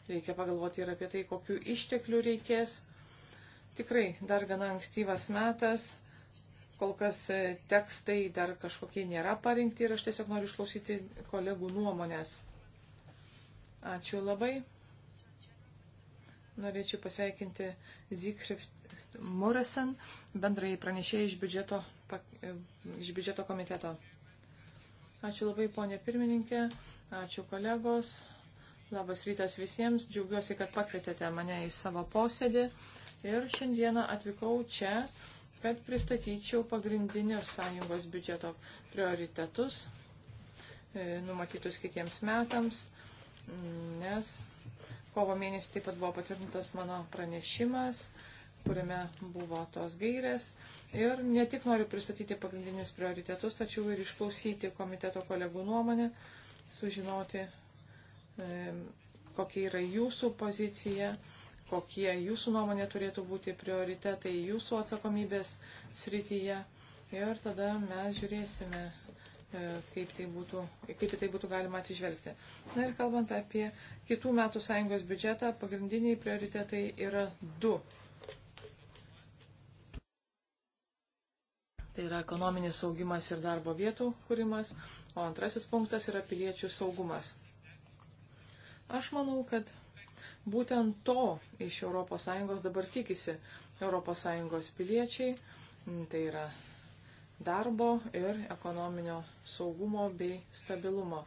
Reikia pagalvoti ir apie tai, kokiu išteklių reikės. Tikrai dar gana ankstyvas metas, kol kas e, tekstai dar kažkokie nėra parinkti ir aš tiesiog noriu išklausyti kolegų nuomonės. Ačiū labai. Norėčiau pasveikinti Zikrift Morrison, bendrai pranešėjai iš biudžeto E, iš biudžeto komiteto. Ačiū labai, ponė pirmininkė, ačiū kolegos, labas rytas visiems, džiaugiuosi, kad pakvietėte mane į savo posėdį ir šiandieną atvykau čia, kad pristatyčiau pagrindinius sąjungos biudžeto prioritetus e, numatytus kitiems metams, nes kovo mėnesį taip pat buvo patvirtintas mano pranešimas kuriame buvo tos gairės. Ir ne tik noriu pristatyti pagrindinius prioritetus, tačiau ir išklausyti komiteto kolegų nuomonę, sužinoti, e, kokia yra jūsų pozicija, kokie jūsų nuomonė turėtų būti prioritetai jūsų atsakomybės srityje. Ir tada mes žiūrėsime, e, kaip, tai būtų, kaip į tai būtų galima atsižvelgti. Na ir kalbant apie kitų metų sąjungos biudžetą, pagrindiniai prioritetai yra du. Tai yra ekonominis saugimas ir darbo vietų kūrimas. O antrasis punktas yra piliečių saugumas. Aš manau, kad būtent to iš ES dabar tikisi ES piliečiai. Tai yra darbo ir ekonominio saugumo bei stabilumo.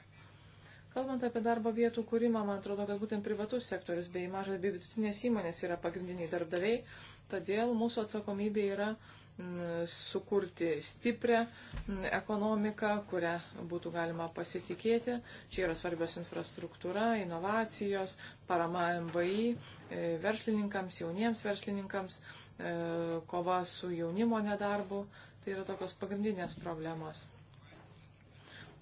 Kalbant apie darbo vietų kūrimą, man atrodo, kad būtent privatus sektorius bei mažas bei vidutinės įmonės yra pagrindiniai darbdaviai, todėl mūsų atsakomybė yra sukurti stiprią ekonomiką, kurią būtų galima pasitikėti. Čia yra svarbios infrastruktūra, inovacijos, parama MVI, e, verslininkams, jauniems verslininkams, e, kova su jaunimo nedarbu. Tai yra tokios pagrindinės problemos.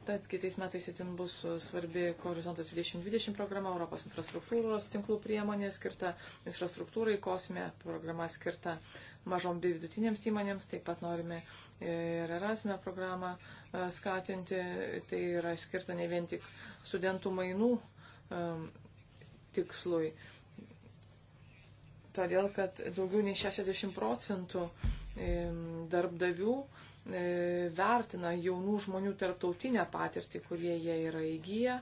Tad kitais metais itin bus svarbi Horizontas 2020 programa, Europos infrastruktūros tinklų priemonė skirta infrastruktūrai, kosmė programa skirta mažom bei vidutinėms įmonėms, taip pat norime ir Erasme programą e, skatinti, tai yra skirta ne vien tik studentų mainų e, tikslui, todėl kad daugiau nei 60 procentų e, darbdavių vertina jaunų žmonių tarptautinę patirtį, kurie jie yra įgyję.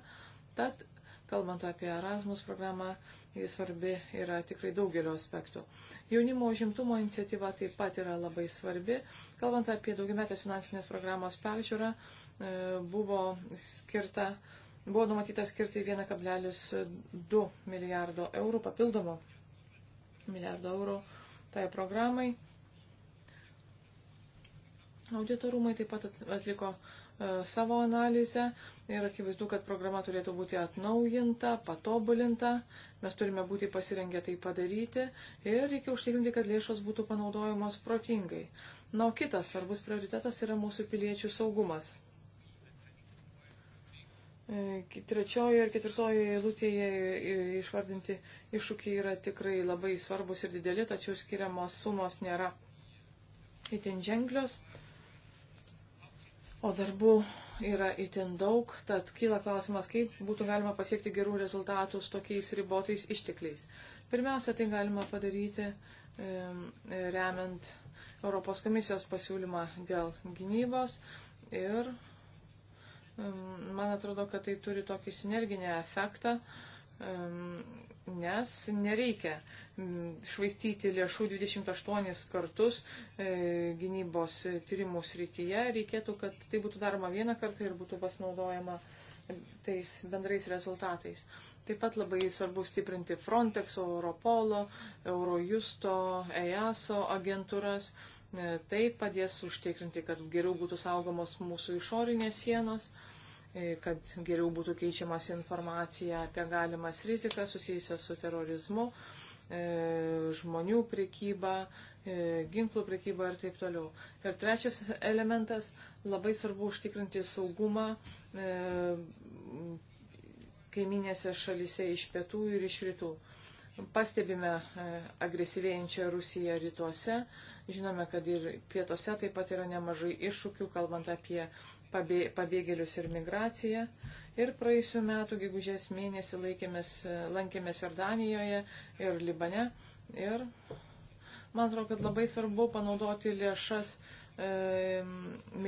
Tad, kalbant apie Erasmus programą, jis svarbi yra tikrai daugelio aspektų. Jaunimo užimtumo iniciatyva taip pat yra labai svarbi. Kalbant apie daugiametės finansinės programos peržiūrą, e, buvo skirta, buvo numatyta skirti 1,2 milijardo eurų papildomo milijardo eurų tai programai. Auditorumai taip pat atliko E, savo analizę ir akivaizdu, kad programa turėtų būti atnaujinta, patobulinta, mes turime būti pasirengę tai padaryti ir reikia užtikrinti, kad lėšos būtų panaudojamos protingai. Na, o kitas svarbus prioritetas yra mūsų piliečių saugumas. E, Trečiojo ir ketvirtojo eilutėje išvardinti iššūkiai yra tikrai labai svarbus ir dideli, tačiau skiriamos sumos nėra itin ženklios. O darbų yra itin daug, tad kyla klausimas, kaip būtų galima pasiekti gerų rezultatų su tokiais ribotais ištekliais. Pirmiausia, tai galima padaryti remiant Europos komisijos pasiūlymą dėl gynybos ir man atrodo, kad tai turi tokį sinerginį efektą nes nereikia švaistyti lėšų 28 kartus e, gynybos tyrimų srityje. Reikėtų, kad tai būtų daroma vieną kartą ir būtų pasinaudojama tais bendrais rezultatais. Taip pat labai svarbu stiprinti Frontexo, Europolo, Eurojusto, EASO agentūras. E, tai padės užtikrinti, kad geriau būtų saugomos mūsų išorinės sienos. E, kad geriau būtų keičiamas informacija apie galimas rizikas susijusias su terorizmu, e, žmonių prekyba, e, ginklų prekyba ir taip toliau. Ir trečias elementas - labai svarbu užtikrinti saugumą kaiminėse šalyse iš pietų ir iš rytų. Pastebime agresyvėjančią Rusiją rytuose, žinome, kad ir pietuose taip pat yra nemažai iššūkių, kalbant apie pabėgėlius ir migraciją. Ir praėjusiu metu, gegužės mėnesį, laikėmės, lankėmės Jordanijoje ir Libane. Ir man atrodo, kad labai svarbu panaudoti lėšas e,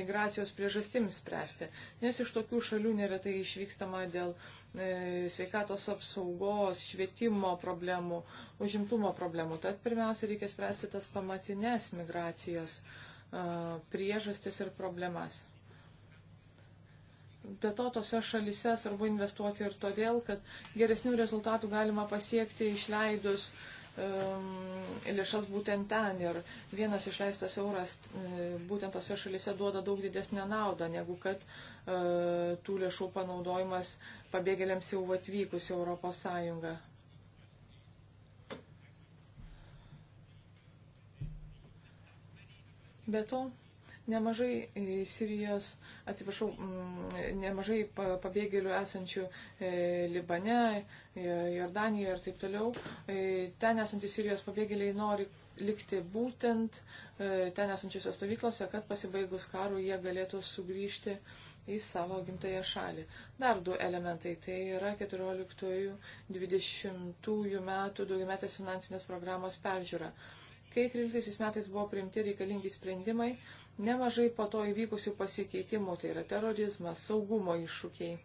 migracijos priežastims spręsti, nes iš tokių šalių neretai išvykstama dėl e, sveikatos apsaugos, švietimo problemų, užimtumo problemų. Tad pirmiausia, reikia spręsti tas pamatinės migracijos e, priežastis ir problemas. Be to, tose šalise svarbu investuoti ir todėl, kad geresnių rezultatų galima pasiekti išleidus um, lėšas būtent ten. Ir vienas išleistas euras e, būtent tose šalise duoda daug didesnę naudą, negu kad uh, tų lėšų panaudojimas pabėgėliams jau atvykus į Europos Sąjungą. Be to, Nemažai Sirijos, atsiprašau, mm, nemažai pabėgėlių esančių e, Libane, e, Jordanijoje ir taip toliau. E, ten esantys Sirijos pabėgėliai nori likti būtent ten esančiose stovyklose, kad pasibaigus karų jie galėtų sugrįžti į savo gimtąją šalį. Dar du elementai - tai yra 14-20 metų daugiametės finansinės programos peržiūra. Kai 13 metais buvo priimti reikalingi sprendimai, nemažai po to įvykusių pasikeitimų, tai yra terorizmas, saugumo iššūkiai,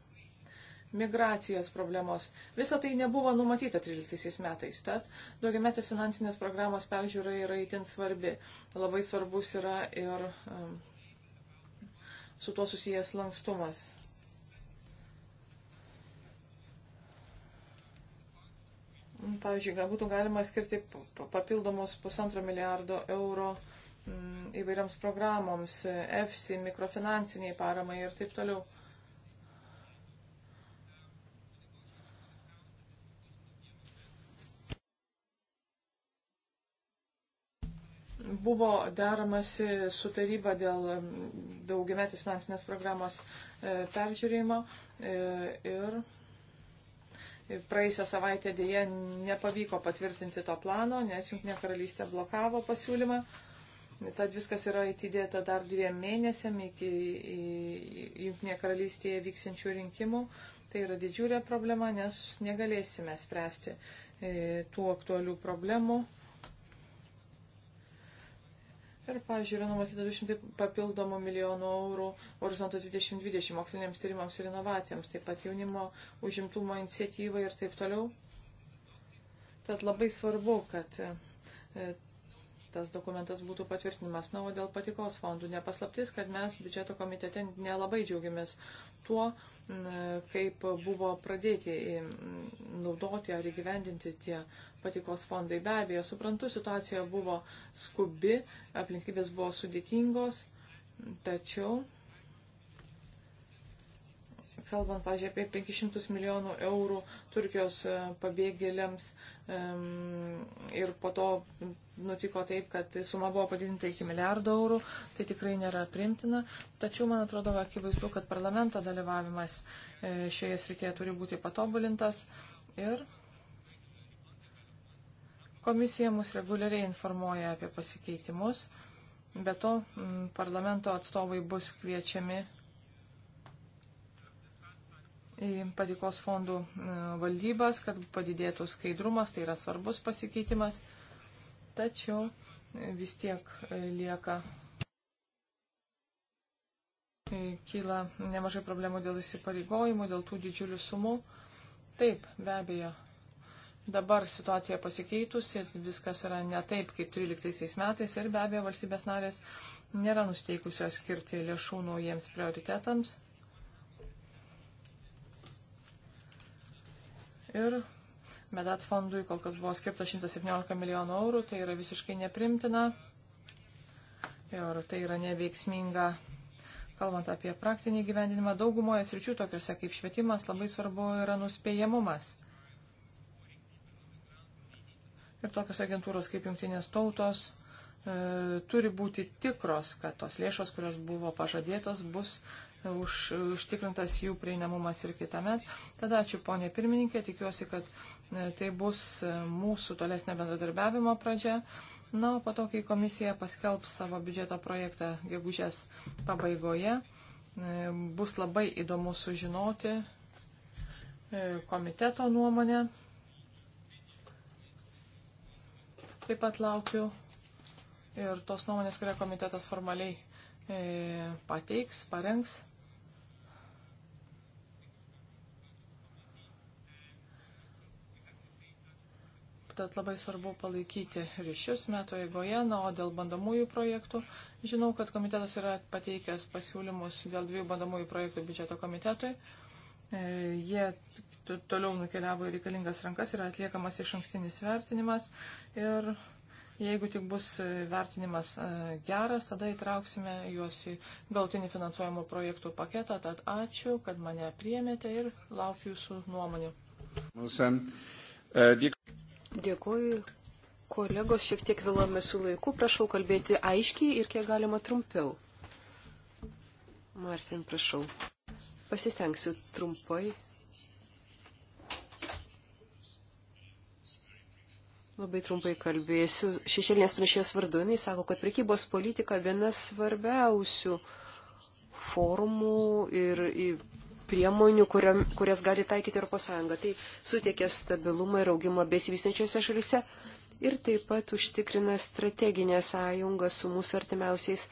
migracijos problemos. Visa tai nebuvo numatyta 13 metais, tad daugiametės finansinės programos peržiūra yra itin svarbi. Labai svarbus yra ir um, su tuo susijęs lankstumas. Pavyzdžiui, galbūt galima skirti papildomus pusantro milijardo eurų mm, įvairioms programoms, EFSI, mikrofinansiniai paramai ir taip toliau. Buvo deramasi su taryba dėl daugiametės finansinės programos e, peržiūrėjimo e, ir praėjusią savaitę dėje nepavyko patvirtinti to plano, nes Junktinė karalystė blokavo pasiūlymą. Tad viskas yra atidėta dar dviem mėnesiam iki Junktinėje karalystėje vyksiančių rinkimų. Tai yra didžiulė problema, nes negalėsime spręsti e, tų aktualių problemų. Ir, pavyzdžiui, yra numatyta 200 papildomų milijonų eurų horizontas 2020 moksliniams tyrimams ir inovacijams, taip pat jaunimo užimtumo iniciatyvai ir taip toliau. Tad labai svarbu, kad e, tas dokumentas būtų patvirtinimas. Na, o dėl patikos fondų nepaslaptis, kad mes biudžeto komitete nelabai džiaugiamės tuo, kaip buvo pradėti naudoti ar įgyvendinti tie patikos fondai. Be abejo, suprantu, situacija buvo skubi, aplinkybės buvo sudėtingos, tačiau kalbant, pažiūrėjau, apie 500 milijonų eurų Turkijos e, pabėgėliams ir po to nutiko taip, kad suma buvo padidinta iki milijardo eurų, tai tikrai nėra primtina. Tačiau, man atrodo, akivaizdu, kad parlamento dalyvavimas e, šioje srityje turi būti patobulintas ir komisija mus reguliariai informuoja apie pasikeitimus. Be to, parlamento atstovai bus kviečiami patikos fondų e, valdybas, kad padidėtų skaidrumas, tai yra svarbus pasikeitimas. Tačiau e, vis tiek e, lieka. Kyla nemažai problemų dėl įsipareigojimų, dėl tų didžiulių sumų. Taip, be abejo. Dabar situacija pasikeitusi, viskas yra ne taip kaip 13 metais ir be abejo valstybės narės nėra nusteikusios skirti lėšų naujiems prioritetams. Ir Medat fondui kol kas buvo skirta 117 milijonų eurų, tai yra visiškai neprimtina ir tai yra neveiksminga, kalbant apie praktinį gyvendinimą. Daugumoje sričių, tokiuose kaip švietimas, labai svarbu yra nuspėjamumas. Ir tokios agentūros kaip Junktinės tautos e, turi būti tikros, kad tos lėšos, kurios buvo pažadėtos, bus už, užtikrintas jų prieinamumas ir kitame. Tada ačiū ponė pirmininkė, tikiuosi, kad e, tai bus e, mūsų tolesnė bendradarbiavimo pradžia. Na, o po to, kai komisija paskelbs savo biudžeto projektą gegužės pabaigoje, e, bus labai įdomu sužinoti komiteto nuomonę. Taip pat laukiu ir tos nuomonės, kurią komitetas formaliai pateiks, parengs. Tad labai svarbu palaikyti ryšius metų eigoje, na, o dėl bandomųjų projektų, žinau, kad komitetas yra pateikęs pasiūlymus dėl dviejų bandomųjų projektų biudžeto komitetui. E, jie toliau nukeliavo į reikalingas rankas, yra atliekamas iš ankstinis vertinimas ir jeigu tik bus e, vertinimas e, geras, tada įtrauksime juos į gautinį finansuojamo projektų paketą. Tad ačiū, kad mane priemėte ir laukiu jūsų nuomonių. Mūsų. Dėkuoju. Kolegos, šiek tiek vėlame su laiku. Prašau kalbėti aiškiai ir kiek galima trumpiau. Martin, prašau. Pasistengsiu trumpai. Labai trumpai kalbėsiu. Šešėlinės priešės vardu, jis sako, kad prekybos politika viena svarbiausių formų ir priemonių, kuriam, kurias gali taikyti ES. Tai sutiekia stabilumą ir augimą besivystančiose šalise ir taip pat užtikrina strateginę sąjungą su mūsų artimiausiais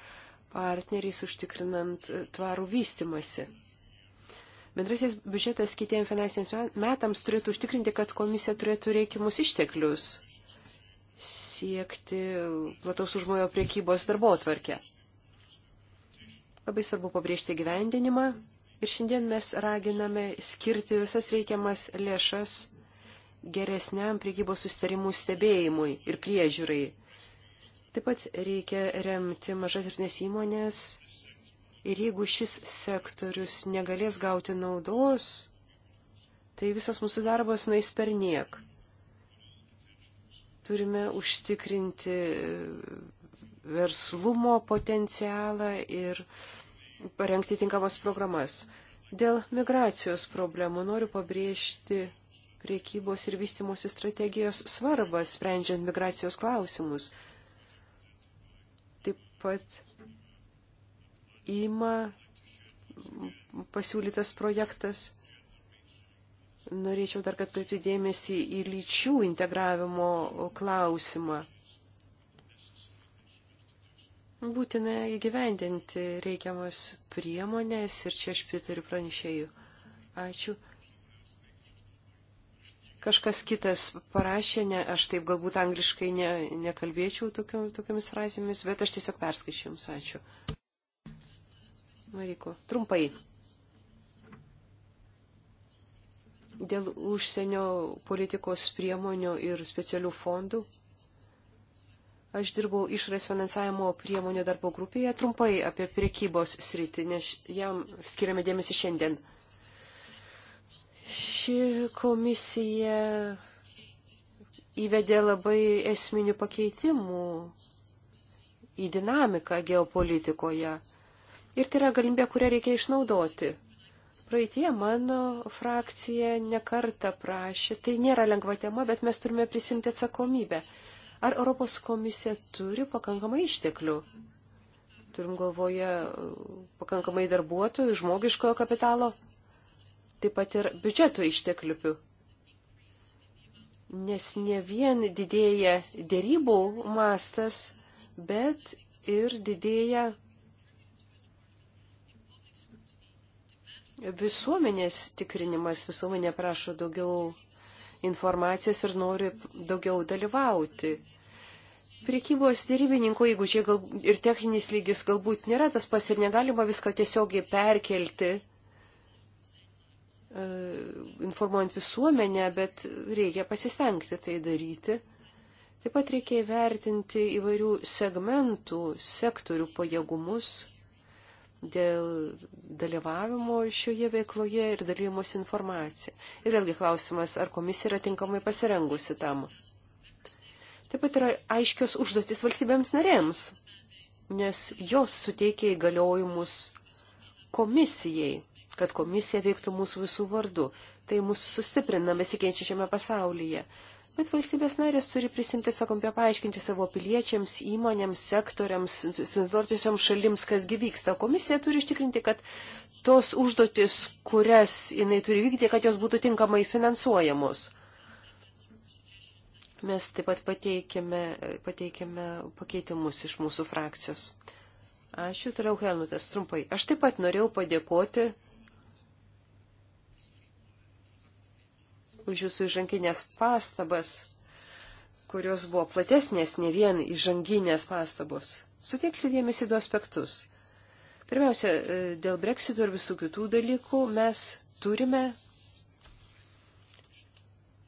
partneriais, užtikrinant e, tvarų vystimasi. Bendrasis biudžetas kitiems finansiniams metams turėtų užtikrinti, kad komisija turėtų reikiamus išteklius siekti plataus užmojo priekybos darbo atvarkę. Labai svarbu pabrėžti gyvendinimą Ir šiandien mes raginame skirti visas reikiamas lėšas geresniam priekybos sustarimų stebėjimui ir priežiūrai. Taip pat reikia remti mažas ir nes įmonės. Ir jeigu šis sektorius negalės gauti naudos, tai visas mūsų darbas nais per niek. Turime užtikrinti verslumo potencialą ir uh, parengti tinkamas programas. Dėl migracijos problemų noriu pabrėžti priekybos ir vystimosi strategijos svarbą sprendžiant migracijos klausimus. Taip pat įma pasiūlytas projektas. Norėčiau dar kad kreipti dėmesį į lyčių integravimo klausimą būtina įgyvendinti reikiamas priemonės ir čia aš pritariu pranešėjų. Ačiū. Kažkas kitas parašė, ne, aš taip galbūt angliškai ne, nekalbėčiau tokiam, tokiamis frazėmis, bet aš tiesiog perskaičiu jums. Ačiū. Mariko, trumpai. Dėl užsienio politikos priemonių ir specialių fondų Aš dirbau išorės finansavimo priemonių darbo grupėje trumpai apie priekybos sritį, nes jam skiriame dėmesį šiandien. Ši komisija įvedė labai esminių pakeitimų į dinamiką geopolitikoje. Ir tai yra galimybė, kurią reikia išnaudoti. Praeitie mano frakcija nekarta prašė, tai nėra lengva tema, bet mes turime prisimti atsakomybę. Ar Europos komisija turi pakankamai išteklių? Turim galvoje uh, pakankamai darbuotojų, žmogiškojo kapitalo, taip pat ir biudžeto išteklių. Nes ne vien didėja dėrybų mastas, bet ir didėja visuomenės tikrinimas. Visuomenė prašo daugiau informacijos ir nori daugiau dalyvauti. Priekybos dėrybininkų įgūdžiai gal, ir techninis lygis galbūt nėra tas pas ir negalima visko tiesiogiai perkelti, e, informuojant visuomenę, bet reikia pasistengti tai daryti. Taip pat reikia įvertinti įvairių segmentų, sektorių pajėgumus dėl dalyvavimo šioje veikloje ir dalymosi informacija. Ir vėlgi klausimas, ar komisija yra tinkamai pasirengusi tam. Taip pat yra aiškios užduotis valstybėms narėms, nes jos suteikia įgaliojimus komisijai, kad komisija veiktų mūsų visų vardu. Tai mūsų sustiprina besikeičiančiame pasaulyje. Bet valstybės narės turi prisimti atsakomybę paaiškinti savo piliečiams, įmonėms, sektoriams, suintuotusioms šalims, kas gyvyksta. Komisija turi ištikrinti, kad tos užduotis, kurias jinai turi vykdyti, kad jos būtų tinkamai finansuojamos. Mes taip pat pateikėme, pateikėme pakeitimus iš mūsų frakcijos. Ačiū, toliau Helmutas, trumpai. Aš taip pat norėjau padėkoti už jūsų įžanginės pastabas, kurios buvo platesnės, ne vien įžanginės pastabos. Suteiksiu dėmesį du aspektus. Pirmiausia, e, dėl breksito ir visų kitų dalykų mes turime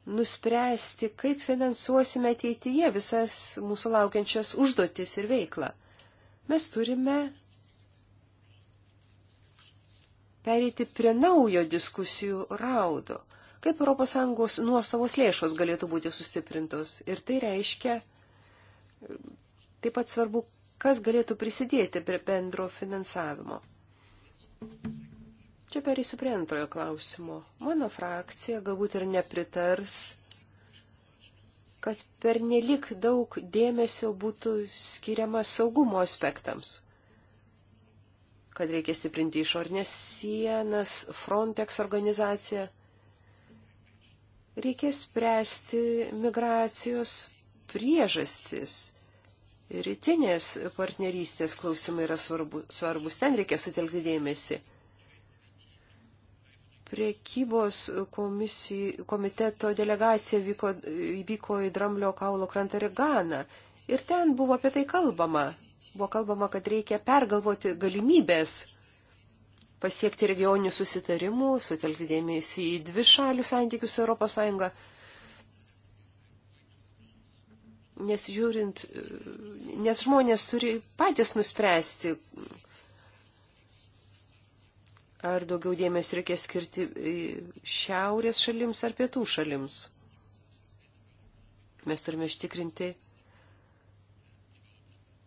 nuspręsti, kaip finansuosime ateityje visas mūsų laukiančias užduotis ir veiklą. Mes turime pereiti prie naujo diskusijų raudo, kaip ES nuosavos lėšos galėtų būti sustiprintos. Ir tai reiškia taip pat svarbu, kas galėtų prisidėti prie bendro finansavimo. Čia perėsiu prie antrojo klausimo. Mano frakcija galbūt ir nepritars, kad pernelik daug dėmesio būtų skiriama saugumo aspektams. Kad reikia stiprinti išornės sienas, Frontex organizaciją. Reikia spręsti migracijos priežastis. Rytinės partnerystės klausimai yra svarbus, svarbus. ten reikia sutelkti dėmesį Priekybos komisijų, komiteto delegacija vyko, vyko į Dramblio kaulo krantą Reganą ir ten buvo apie tai kalbama. Buvo kalbama, kad reikia pergalvoti galimybės pasiekti regioninių susitarimų, sutelkti dėmesį į dvi šalių santykius Europos Sąjungą. Nes žiūrint, nes žmonės turi patys nuspręsti, Ar daugiau dėmesio reikia skirti šiaurės šalims ar pietų šalims? Mes turime ištikrinti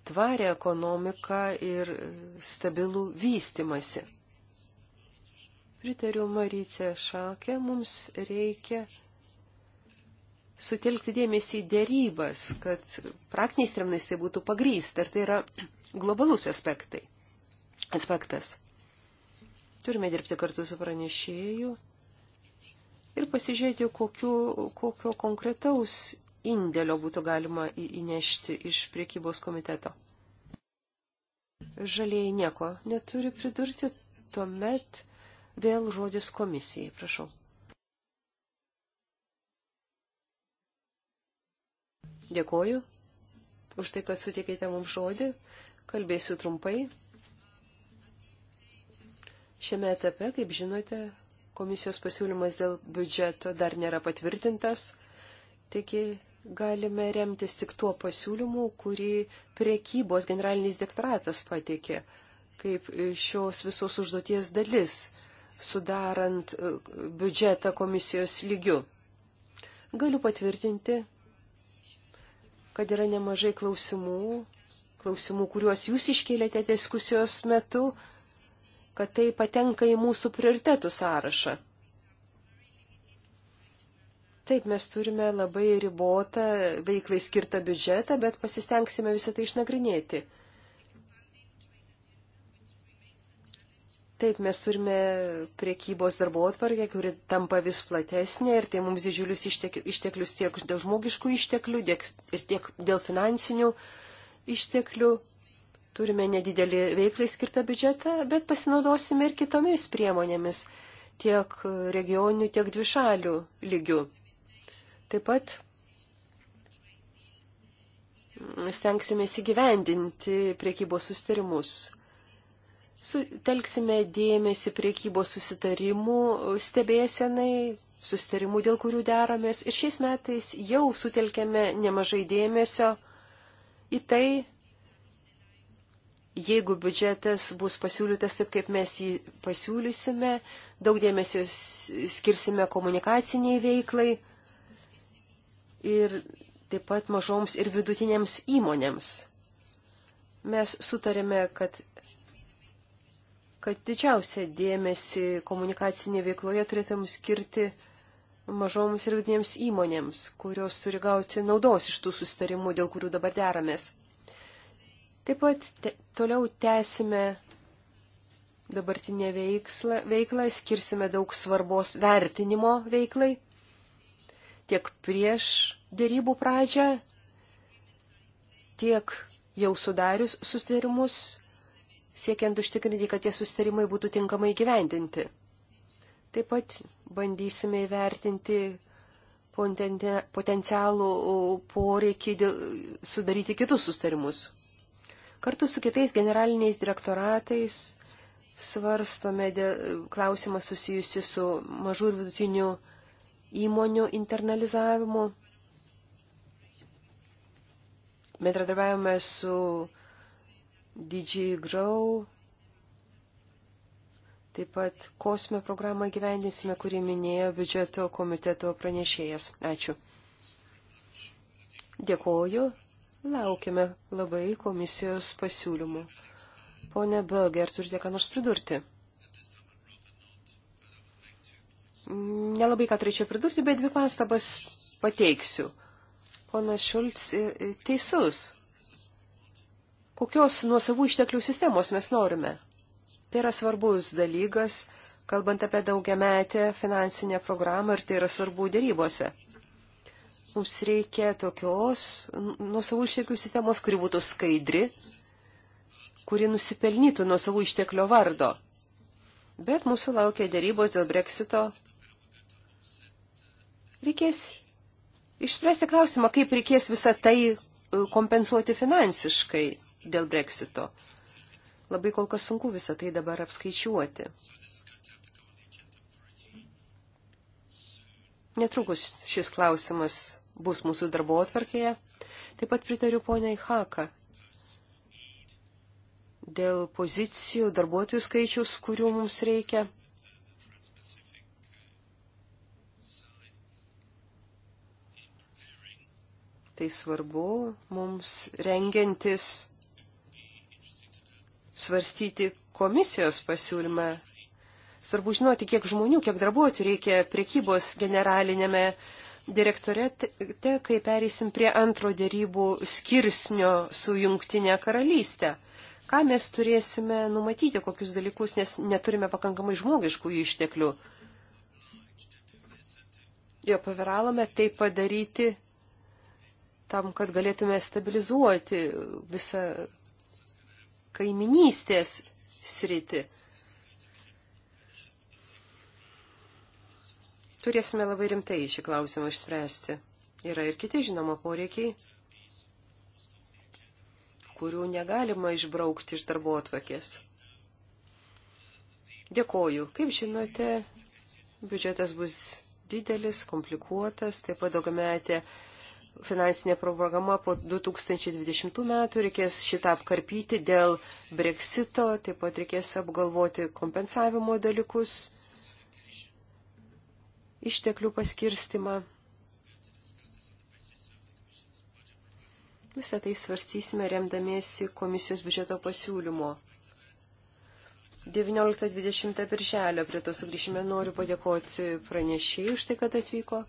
tvarę ekonomiką ir stabilų vystimasi. Pritariu Marycė Šakė, mums reikia sutelkti dėmesį į dėrybas, kad praktiniais terminais tai būtų pagrysta ir tai yra globalus aspektai. aspektas. Turime dirbti kartu su pranešėju ir pasižiūrėti, kokio, kokio konkretaus indėlio būtų galima įnešti iš priekybos komiteto. Žalieji nieko neturi pridurti, tuomet vėl žodis komisijai, prašau. Dėkoju už tai, kad sutikėte mums žodį. Kalbėsiu trumpai. Šiame etape, kaip žinote, komisijos pasiūlymas dėl biudžeto dar nėra patvirtintas, taigi galime remtis tik tuo pasiūlymu, kurį priekybos generalinis dektoratas pateikė, kaip šios visos užduoties dalis, sudarant e, biudžetą komisijos lygiu. Galiu patvirtinti, kad yra nemažai klausimų, klausimų, kuriuos jūs iškėlėte diskusijos metu kad tai patenka į mūsų prioritetų sąrašą. Taip, mes turime labai ribotą veiklai skirtą biudžetą, bet pasistengsime visą tai išnagrinėti. Taip, mes turime priekybos darbo atvarkę, kuri tampa vis platesnė ir tai mums didžiulius išteklius tiek dėl žmogiškų išteklių tiek ir tiek dėl finansinių išteklių. Turime nedidelį veiklai skirtą biudžetą, bet pasinaudosime ir kitomis priemonėmis, tiek regioninių, tiek dvišalių lygių. Taip pat stengsime įsigyvendinti priekybos sustarimus. Sutelksime dėmesį priekybos susitarimų stebėsenai, susitarimų, dėl kurių deramės. Ir šiais metais jau sutelkėme nemažai dėmesio į tai, jeigu biudžetas bus pasiūlytas taip, kaip mes jį pasiūlysime, daug dėmesio skirsime komunikaciniai veiklai ir taip pat mažoms ir vidutinėms įmonėms. Mes sutarėme, kad, kad didžiausia dėmesį komunikacinėje veikloje turėtum skirti mažoms ir vidutinėms įmonėms, kurios turi gauti naudos iš tų sustarimų, dėl kurių dabar deramės. Taip pat te, toliau tęsime dabartinę veiklą, veiklą, skirsime daug svarbos vertinimo veiklai tiek prieš dėrybų pradžią, tiek jau sudarius sustarimus, siekiant užtikrinti, kad tie sustarimai būtų tinkamai gyvendinti. Taip pat bandysime įvertinti potencialų poreikį sudaryti kitus sustarimus. Kartu su kitais generaliniais direktoratais svarstome klausimą susijusi su mažų ir vidutinių įmonių internalizavimu. Bendradarbiavome su DJ Grow, taip pat kosme programą gyvendinsime, kurį minėjo biudžeto komiteto pranešėjas. Ačiū. Dėkoju. Laukime labai komisijos pasiūlymų. Pone Böge, ar turite ką nors pridurti? Nelabai ką turėčiau pridurti, bet dvi pastabas pateiksiu. Pona Šulc teisus. Kokios nuosavų išteklių sistemos mes norime? Tai yra svarbus dalykas, kalbant apie daugiametę finansinę programą ir tai yra svarbu dėrybose. Mums reikia tokios nuosavų išteklių sistemos, kuri būtų skaidri, kuri nusipelnytų nuosavų išteklio vardo. Bet mūsų laukia dėrybos dėl breksito. Reikės išspręsti klausimą, kaip reikės visą tai e, kompensuoti finansiškai dėl breksito. Labai kol kas sunku visą tai dabar apskaičiuoti. Netrukus šis klausimas bus mūsų darbo atvarkėje. Taip pat pritariu poniai Haka dėl pozicijų, darbuotojų skaičius, kurių mums reikia. Tai svarbu mums rengiantis svarstyti komisijos pasiūlymą. Svarbu žinoti, kiek žmonių, kiek darbuotojų reikia priekybos generalinėme uh, direktorete, kai pereisim prie antro dėrybų skirsnio su jungtinė karalystė. Ką mes turėsime numatyti, kokius dalykus, nes neturime pakankamai žmogiškų išteklių. Jo paviralome tai padaryti tam, kad galėtume stabilizuoti visą kaiminystės sritį. turėsime labai rimtai šį klausimą išspręsti. Yra ir kiti žinoma poreikiai, kurių negalima išbraukti iš darbo atvarkės. Dėkoju. Kaip žinote, biudžetas bus didelis, komplikuotas, taip pat daugiametė finansinė programa po 2020 metų, reikės šitą apkarpyti dėl breksito, taip pat reikės apgalvoti kompensavimo dalykus išteklių paskirstimą. Visą tai svarstysime remdamiesi komisijos biudžeto pasiūlymo. 19.20 birželio prie to sugrįžime. Noriu padėkoti pranešėjai už tai, kad atvyko.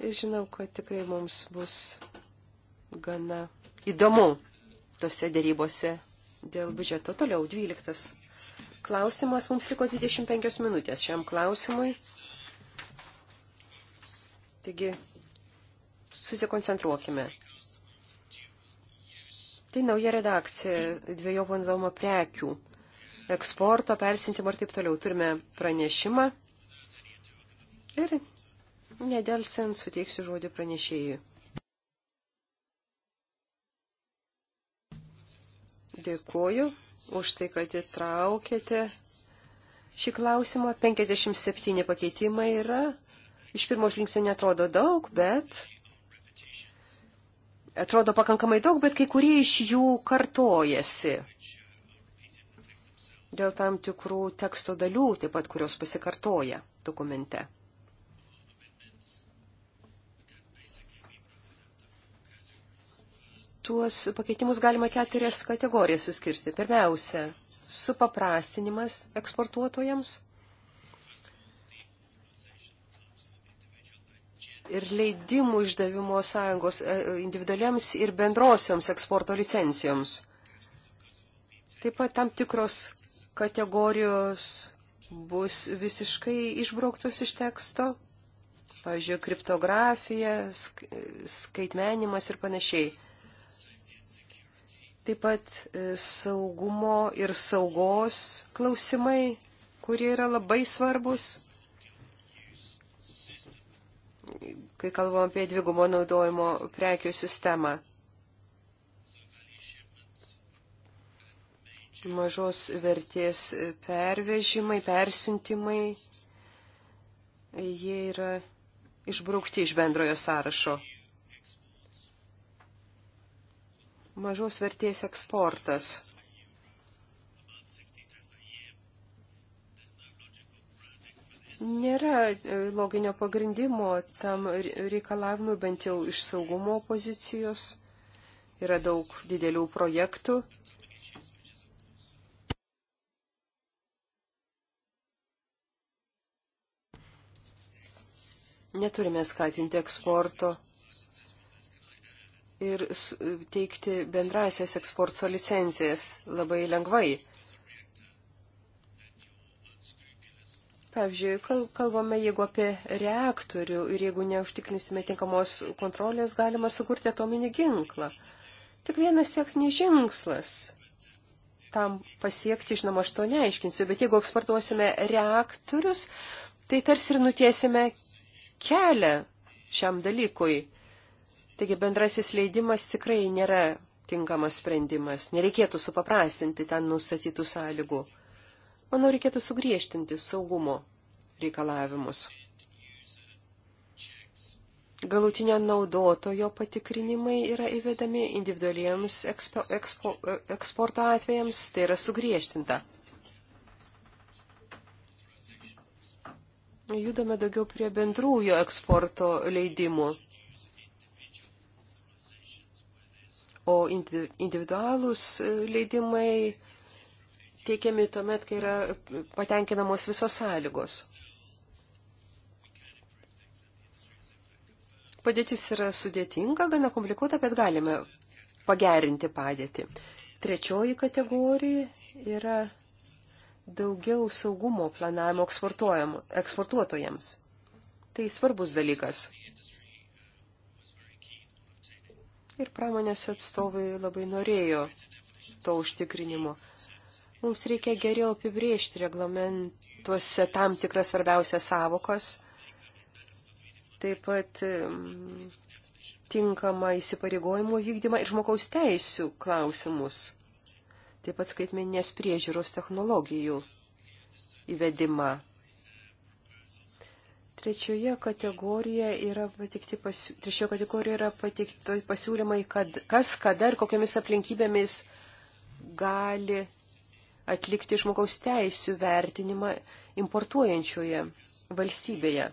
Ir žinau, kad tikrai mums bus gana įdomu tose dėrybose dėl biudžeto. Toliau 12. Klausimas. Mums liko 25 minutės šiam klausimui. Taigi, susikoncentruokime. Tai nauja redakcija dviejų vandomo prekių. Eksporto, persintimo ir taip toliau. Turime pranešimą ir nedelsiant suteiksiu žodį pranešėjui. Dėkuoju už tai, kad įtraukėte šį klausimą. 57 pakeitimai yra iš pirmo žvilgsnio netrodo daug, bet atrodo pakankamai daug, bet kai kurie iš jų kartojasi dėl tam tikrų teksto dalių, taip pat kurios pasikartoja dokumente. Tuos pakeitimus galima keturias kategorijas suskirsti. Pirmiausia, supaprastinimas eksportuotojams – ir leidimų išdavimo sąjungos e, individualiems ir bendrosioms eksporto licencijoms. Taip pat tam tikros kategorijos bus visiškai išbrauktos iš teksto, pavyzdžiui, kriptografija, skaitmenimas ir panašiai. Taip pat e, saugumo ir saugos klausimai, kurie yra labai svarbus kai kalbam apie dvigubo naudojimo prekių sistemą. Mažos vertės pervežimai, persiuntimai, jie yra išbraukti iš bendrojo sąrašo. Mažos vertės eksportas. Nėra e, loginio pagrindimo tam reikalavimui, bent jau iš saugumo pozicijos. Yra daug didelių projektų. Neturime skatinti eksporto ir teikti bendrasias eksporto licencijas labai lengvai. Pavyzdžiui, kalbame, jeigu apie reaktorių ir jeigu neužtikrinsime tinkamos kontrolės, galima sukurti atominį ginklą. Tik vienas techninis žingslas tam pasiekti, žinoma, aš to neaiškinsiu, bet jeigu eksportuosime reaktorius, tai tarsi ir nutiesime kelią šiam dalykui. Taigi bendrasis leidimas tikrai nėra tinkamas sprendimas, nereikėtų supaprastinti ten nustatytų sąlygų. Manau, reikėtų sugriežtinti saugumo reikalavimus. Galutinio naudotojo patikrinimai yra įvedami individualiems ekspo, ekspo, eksporto atvejams, tai yra sugriežtinta. Judame daugiau prie bendrųjų eksporto leidimų. O individualūs leidimai teikiami tuomet, kai yra patenkinamos visos sąlygos. Padėtis yra sudėtinga, gana komplikuota, bet galime pagerinti padėtį. Trečioji kategorija yra daugiau saugumo planavimo eksportuotojams. Tai svarbus dalykas. Ir pramonės atstovai labai norėjo to užtikrinimo. Mums reikia geriau apibriežti reglamentuose tam tikras svarbiausias savokas, taip pat tinkamą įsipareigojimų vykdymą ir žmogaus teisų klausimus, taip pat skaitmeninės priežiūros technologijų įvedimą. Trečioje kategorijoje yra patikti, pasi... Trečioje kategorijoje yra patikti pasiūlymai, kad, kas, kada ir kokiamis aplinkybėmis gali atlikti žmogaus teisų vertinimą importuojančioje valstybėje.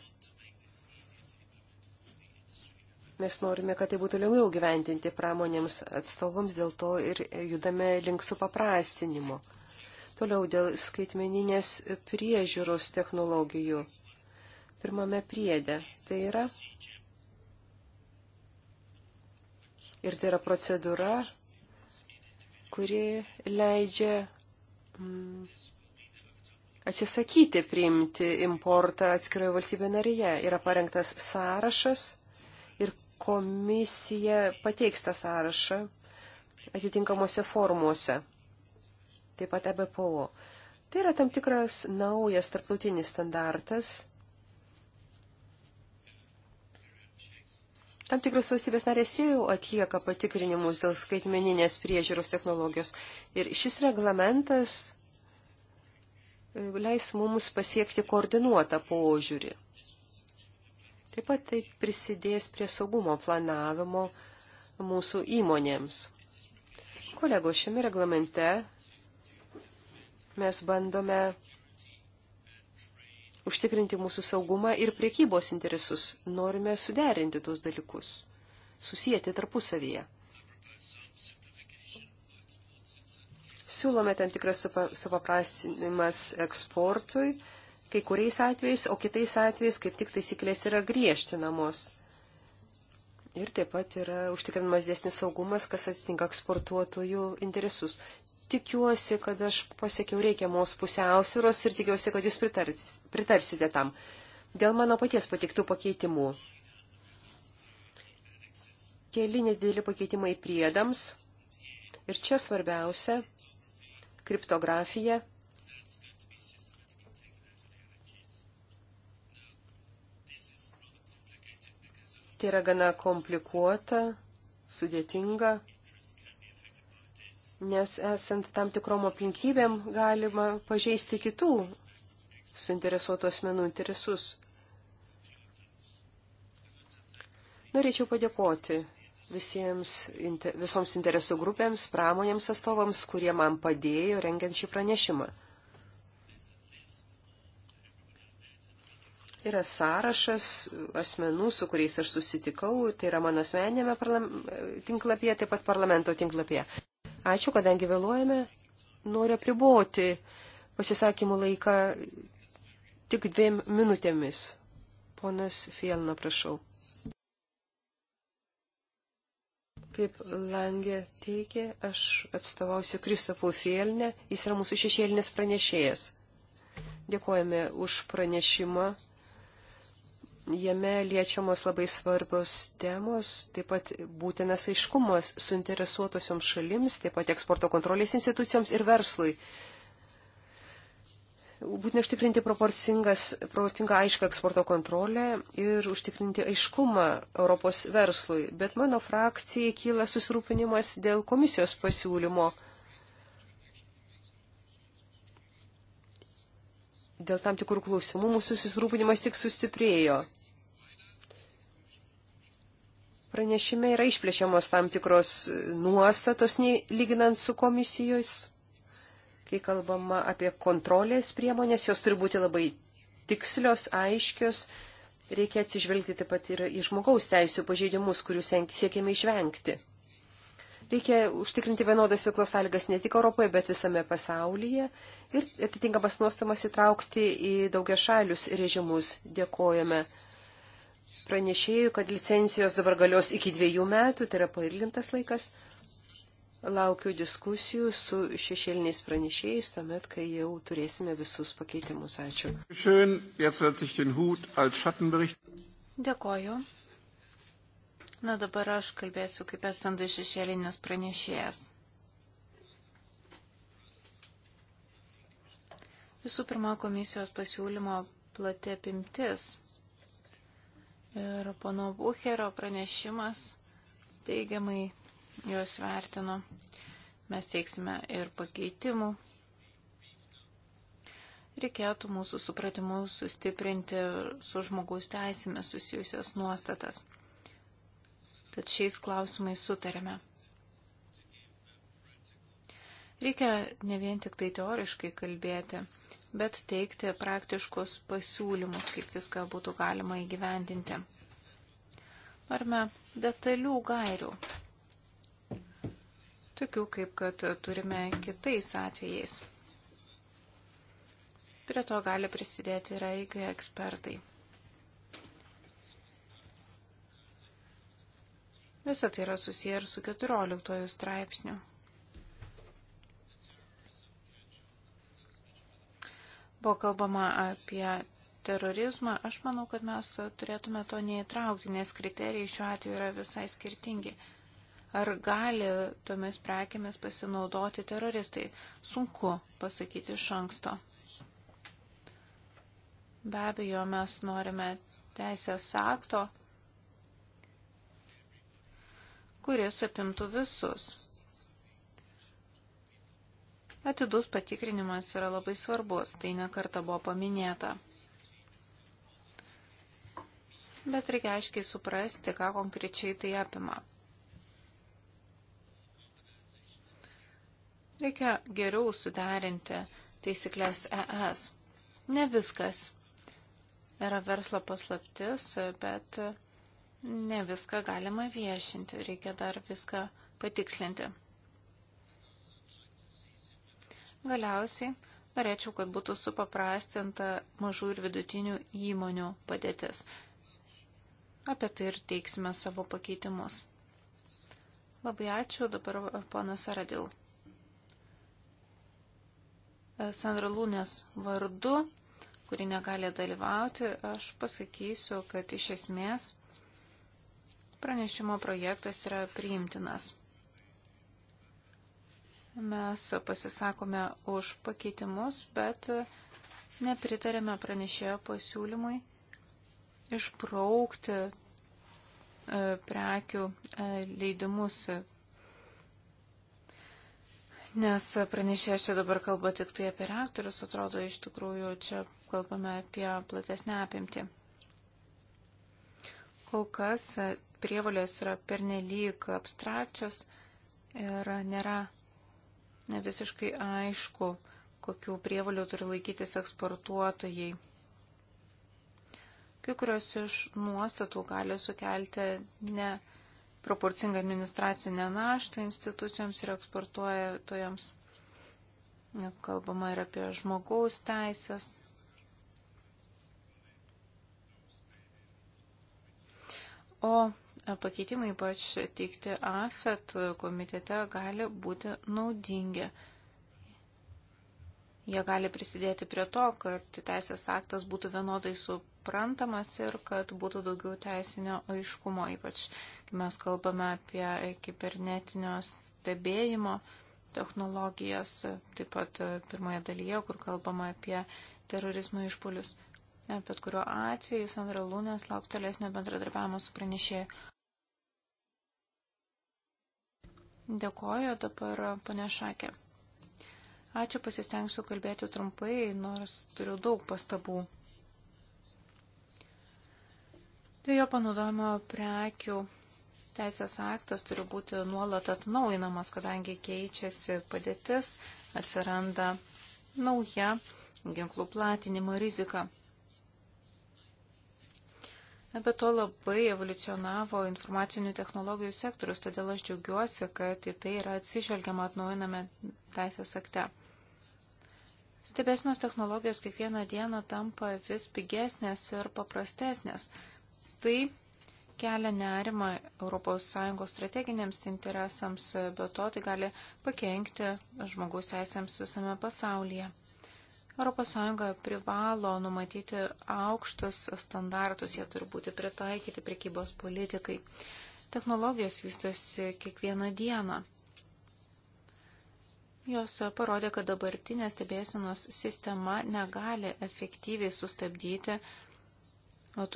Mes norime, kad tai būtų lengviau gyventinti pramonėms atstovams, dėl to ir judame link supaprastinimo. Toliau dėl skaitmeninės priežiūros technologijų. Pirmame priedė. Tai yra. Ir tai yra procedūra, kuri leidžia atsisakyti priimti importą atskiroje valstybėje narėje. Yra parengtas sąrašas ir komisija pateiks tą sąrašą atitinkamuose formuose, taip pat EBPO. Tai yra tam tikras naujas tarptautinis standartas Tam tikros valstybės narės jau atlieka patikrinimus dėl skaitmeninės priežiūros technologijos. Ir šis reglamentas e, leis mums pasiekti koordinuotą požiūrį. Taip pat tai prisidės prie saugumo planavimo mūsų įmonėms. Kolego, šiame reglamente mes bandome užtikrinti mūsų saugumą ir priekybos interesus. Norime suderinti tuos dalykus, susijęti tarpusavyje. Siūlome tam tikras supaprastinimas eksportui, kai kuriais atvejais, o kitais atvejais kaip tik taisyklės yra griežtinamos. Ir taip pat yra užtikrinamas dėsnis saugumas, kas atitinka eksportuotojų interesus tikiuosi, kad aš pasiekiau reikiamos pusiausvyros ir tikiuosi, kad jūs pritarsite tam. Dėl mano paties patiktų pakeitimų. Keli nedėlį pakeitimai priedams. Ir čia svarbiausia - kriptografija. Tai yra gana komplikuota, sudėtinga nes esant tam tikrom aplinkybėm galima pažeisti kitų suinteresuotų asmenų interesus. Norėčiau padėkoti visiems, visoms interesų grupėms, pramonėms atstovams, kurie man padėjo rengiant šį pranešimą. Yra sąrašas asmenų, su kuriais aš susitikau, tai yra mano asmenėme tinklapyje, taip pat parlamento tinklapyje. Ačiū, kadangi vėluojame. Noriu apriboti pasisakymų laiką tik dviem minutėmis. Ponas Fielna, prašau. Kaip Langė teikė, aš atstovausiu Kristofų Fielnę, jis yra mūsų šešėlinės pranešėjas. Dėkojame už pranešimą Jame liečiamos labai svarbios temos, taip pat būtinas aiškumas suinteresuotosioms šalims, taip pat eksporto kontrolės institucijoms ir verslui. Būtina užtikrinti proporcingą aišką eksporto kontrolę ir užtikrinti aiškumą Europos verslui. Bet mano frakcijai kyla susirūpinimas dėl komisijos pasiūlymo. dėl tam tikrų klausimų mūsų susirūpinimas tik sustiprėjo pranešime yra išplečiamos tam tikros nuostatos, lyginant su komisijos. Kai kalbama apie kontrolės priemonės, jos turi būti labai tikslios, aiškios. Reikia atsižvelgti taip pat ir į žmogaus teisų pažeidimus, kurių siekime išvengti. Reikia užtikrinti vienodas veiklos sąlygas ne tik Europoje, bet visame pasaulyje ir atitinkamas nuostamas įtraukti į daugia šalius režimus. Dėkojame pranešėjų, kad licencijos dabar galios iki dviejų metų, tai yra pailgintas laikas. Laukiu diskusijų su šešėliniais pranešėjais, tuomet, kai jau turėsime visus pakeitimus. Ačiū. Dėkoju. Na dabar aš kalbėsiu kaip esandai šešėlinės pranešėjas. Visų pirma, komisijos pasiūlymo plati apimtis ir pono Bucherio pranešimas teigiamai juos vertino. Mes teiksime ir pakeitimų. Reikėtų mūsų supratimu sustiprinti su žmogaus teisėmis susijusias nuostatas. Tad šiais klausimais sutarėme. Reikia ne vien tik tai teoriškai kalbėti, bet teikti praktiškus pasiūlymus, kaip viską būtų galima įgyvendinti. Norime detalių gairių. Tokių, kaip kad turime kitais atvejais. Prie to gali prisidėti ir eigai ekspertai. Visą tai yra susiję ir su 14 straipsniu. Buvo kalbama apie terorizmą. Aš manau, kad mes turėtume to neįtraukti, nes kriterijai šiuo atveju yra visai skirtingi. Ar gali tomis prekėmis pasinaudoti teroristai? Sunku pasakyti iš anksto. Be abejo, mes norime teisės akto, kuris apimtų visus. Atidus patikrinimas yra labai svarbus, tai nekarta buvo paminėta. Bet reikia aiškiai suprasti, ką konkrečiai tai apima. Reikia geriau suderinti taisyklės ES. Ne viskas yra verslo paslaptis, bet ne viską galima viešinti. Reikia dar viską patikslinti. Galiausiai norėčiau, kad būtų supaprastinta mažų ir vidutinių įmonių padėtis. Apie tai ir teiksime savo pakeitimus. Labai ačiū, dabar ponas Aradil. Sandra Lūnės vardu, kuri negali dalyvauti, aš pasakysiu, kad iš esmės pranešimo projektas yra priimtinas. Mes pasisakome už pakeitimus, bet nepritarėme pranešėjo pasiūlymui išbraukti e, prekių e, leidimus. Nes pranešėjas čia dabar kalba tik tai apie reaktorius, atrodo, iš tikrųjų čia kalbame apie platesnę apimtį. Kol kas prievalės yra pernelyg abstrakčios ir nėra visiškai aišku, kokių prievalių turi laikytis eksportuotojai. Kai kurios iš nuostatų gali sukelti neproporcingą administracinę naštą institucijoms ir eksportuotojams. Kalbama ir apie žmogaus teisės. O pakeitimai, ypač teikti AFET komitete, gali būti naudingi. Jie gali prisidėti prie to, kad teisės aktas būtų vienodai suprantamas ir kad būtų daugiau teisinio aiškumo, ypač kai mes kalbame apie kibernetinio stebėjimo technologijas, taip pat pirmoje dalyje, kur kalbama apie terorizmo išpolius bet kuriuo atveju Sandra Lūnės lauks tolesnio bendradarbiavimo su pranešėju. Dėkoju dabar ponė Šakė. Ačiū, pasistengsiu kalbėti trumpai, nors turiu daug pastabų. Dviejų panaudojimo prekių teisės aktas turi būti nuolat atnaujinamas, kadangi keičiasi padėtis, atsiranda nauja ginklų platinimo rizika. Be to labai evoliucionavo informacinių technologijų sektorius, todėl aš džiaugiuosi, kad į tai yra atsižvelgiama atnaujiname teisės akte. Stebėsinos technologijos kiekvieną dieną tampa vis pigesnės ir paprastesnės. Tai kelia nerima ES strateginiams interesams, bet to tai gali pakenkti žmogaus teisėms visame pasaulyje. ES privalo numatyti aukštus standartus, jie turi būti pritaikyti prekybos politikai. Technologijos vystosi kiekvieną dieną. Jos parodė, kad dabartinė stebėsinos sistema negali efektyviai sustabdyti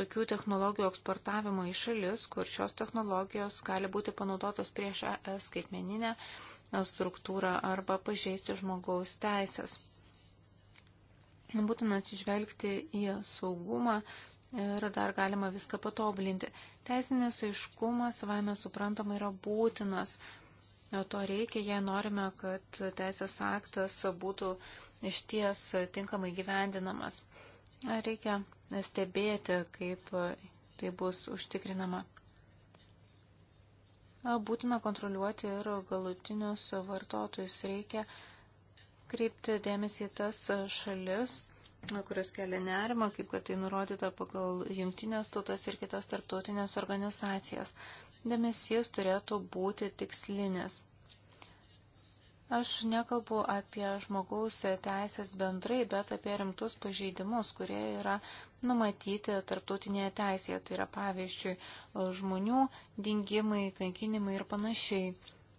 tokių technologijų eksportavimo į šalis, kur šios technologijos gali būti panaudotos prieš ES skaitmeninę struktūrą arba pažeisti žmogaus teisės būtina atsižvelgti į saugumą ir dar galima viską patobulinti. Teisinės aiškumas savaime suprantama yra būtinas. To reikia, jei norime, kad teisės aktas būtų iš ties tinkamai gyvendinamas. Reikia stebėti, kaip tai bus užtikrinama. Būtina kontroliuoti ir galutinius vartotojus. Reikia uh, atkreipti dėmesį į tas e, šalis, e, kurios kelia nerimą, kaip kad tai nurodyta pagal jungtinės tautas ir kitas tarptautinės organizacijas. Dėmesys turėtų būti tikslinis. Aš nekalbu apie žmogaus teisės bendrai, bet apie rimtus pažeidimus, kurie yra numatyti tarptautinėje teisėje. Tai yra pavyzdžiui žmonių dingimai, kankinimai ir panašiai.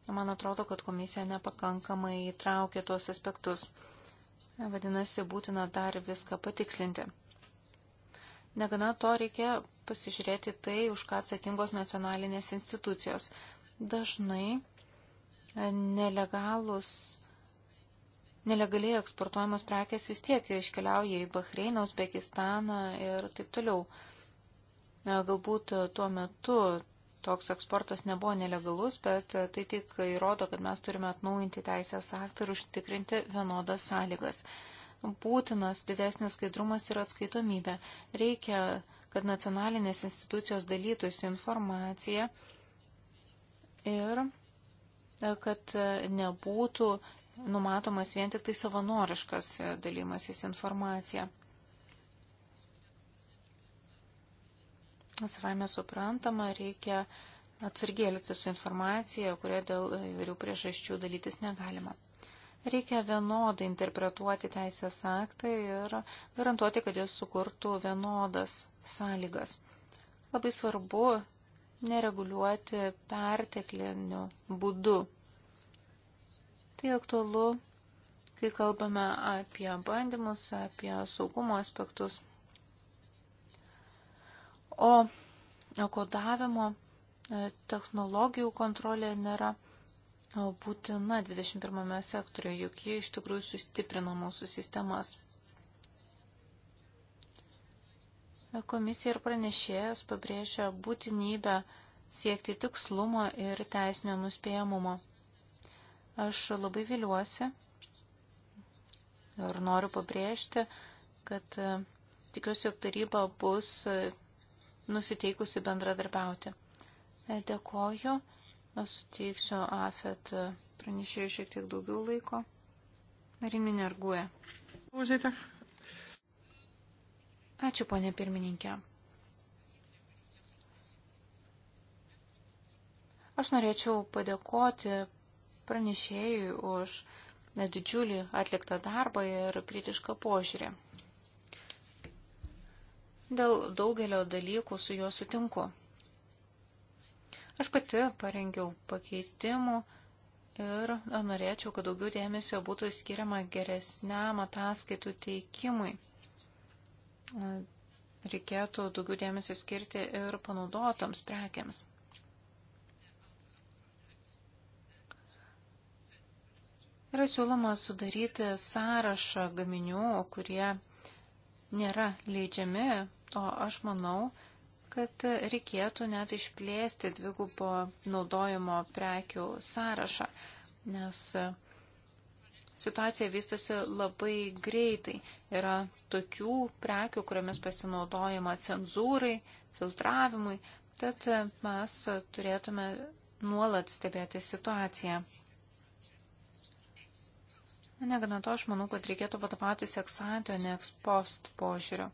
Man atrodo, kad komisija nepakankamai įtraukė tuos aspektus. Vadinasi, būtina dar viską patikslinti. Negana to reikia pasižiūrėti tai, už ką atsakingos nacionalinės institucijos. Dažnai e, nelegalus nelegaliai eksportuojamos prekes vis tiek iškeliauja į Bahreiną, Uzbekistaną ir taip toliau. E, galbūt tuo metu toks eksportas nebuvo nelegalus, bet e, tai tik įrodo, kad mes turime atnaujinti teisės aktą ir užtikrinti vienodas sąlygas. Būtinas didesnis skaidrumas ir atskaitomybė. Reikia, kad nacionalinės institucijos dalytųsi informaciją ir e, kad e, nebūtų numatomas vien tik tai savanoriškas dalymasis informacija. Savame suprantama, reikia atsargiai elgtis su informacija, kuria dėl įvairių priežasčių dalytis negalima. Reikia vienodai interpretuoti teisės aktą ir garantuoti, kad jis sukurtų vienodas sąlygas. Labai svarbu nereguliuoti pertekliniu būdu. Tai aktualu, kai kalbame apie bandymus, apie saugumo aspektus o kodavimo e, technologijų kontrolė nėra būtina 21 sektoriuje, juk jie iš tikrųjų sustiprino mūsų sistemas. Komisija ir pranešėjas pabrėžia būtinybę siekti tikslumo ir teisinio nuspėjamumo. Aš labai viliuosi ir noriu pabrėžti, kad e, tikiuosi, jog taryba bus e, nusiteikusi bendradarbiauti. E, dėkoju, nu, suteiksiu AFET e, pranešėjų šiek tiek daugiau laiko. Riminė Arguoja. Užėte. Ačiū, ponė pirmininkė. Aš norėčiau padėkoti pranešėjui už didžiulį atliktą darbą ir kritišką požiūrį. Dėl daugelio dalykų su juo sutinku. Aš pati parengiau pakeitimų ir norėčiau, kad daugiau dėmesio būtų skiriama geresniam ataskaitų teikimui. E, reikėtų daugiau dėmesio skirti ir panaudotoms prekiams. Yra siūloma sudaryti sąrašą gaminių, kurie nėra leidžiami O aš manau, kad reikėtų net išplėsti dvigubo naudojimo prekių sąrašą, nes situacija vystosi labai greitai. Yra tokių prekių, kuriomis pasinaudojama cenzūrai, filtravimui, tad mes turėtume nuolat stebėti situaciją. Negana to, aš manau, kad reikėtų vadovautis eksantio, ne ekspost požiūriu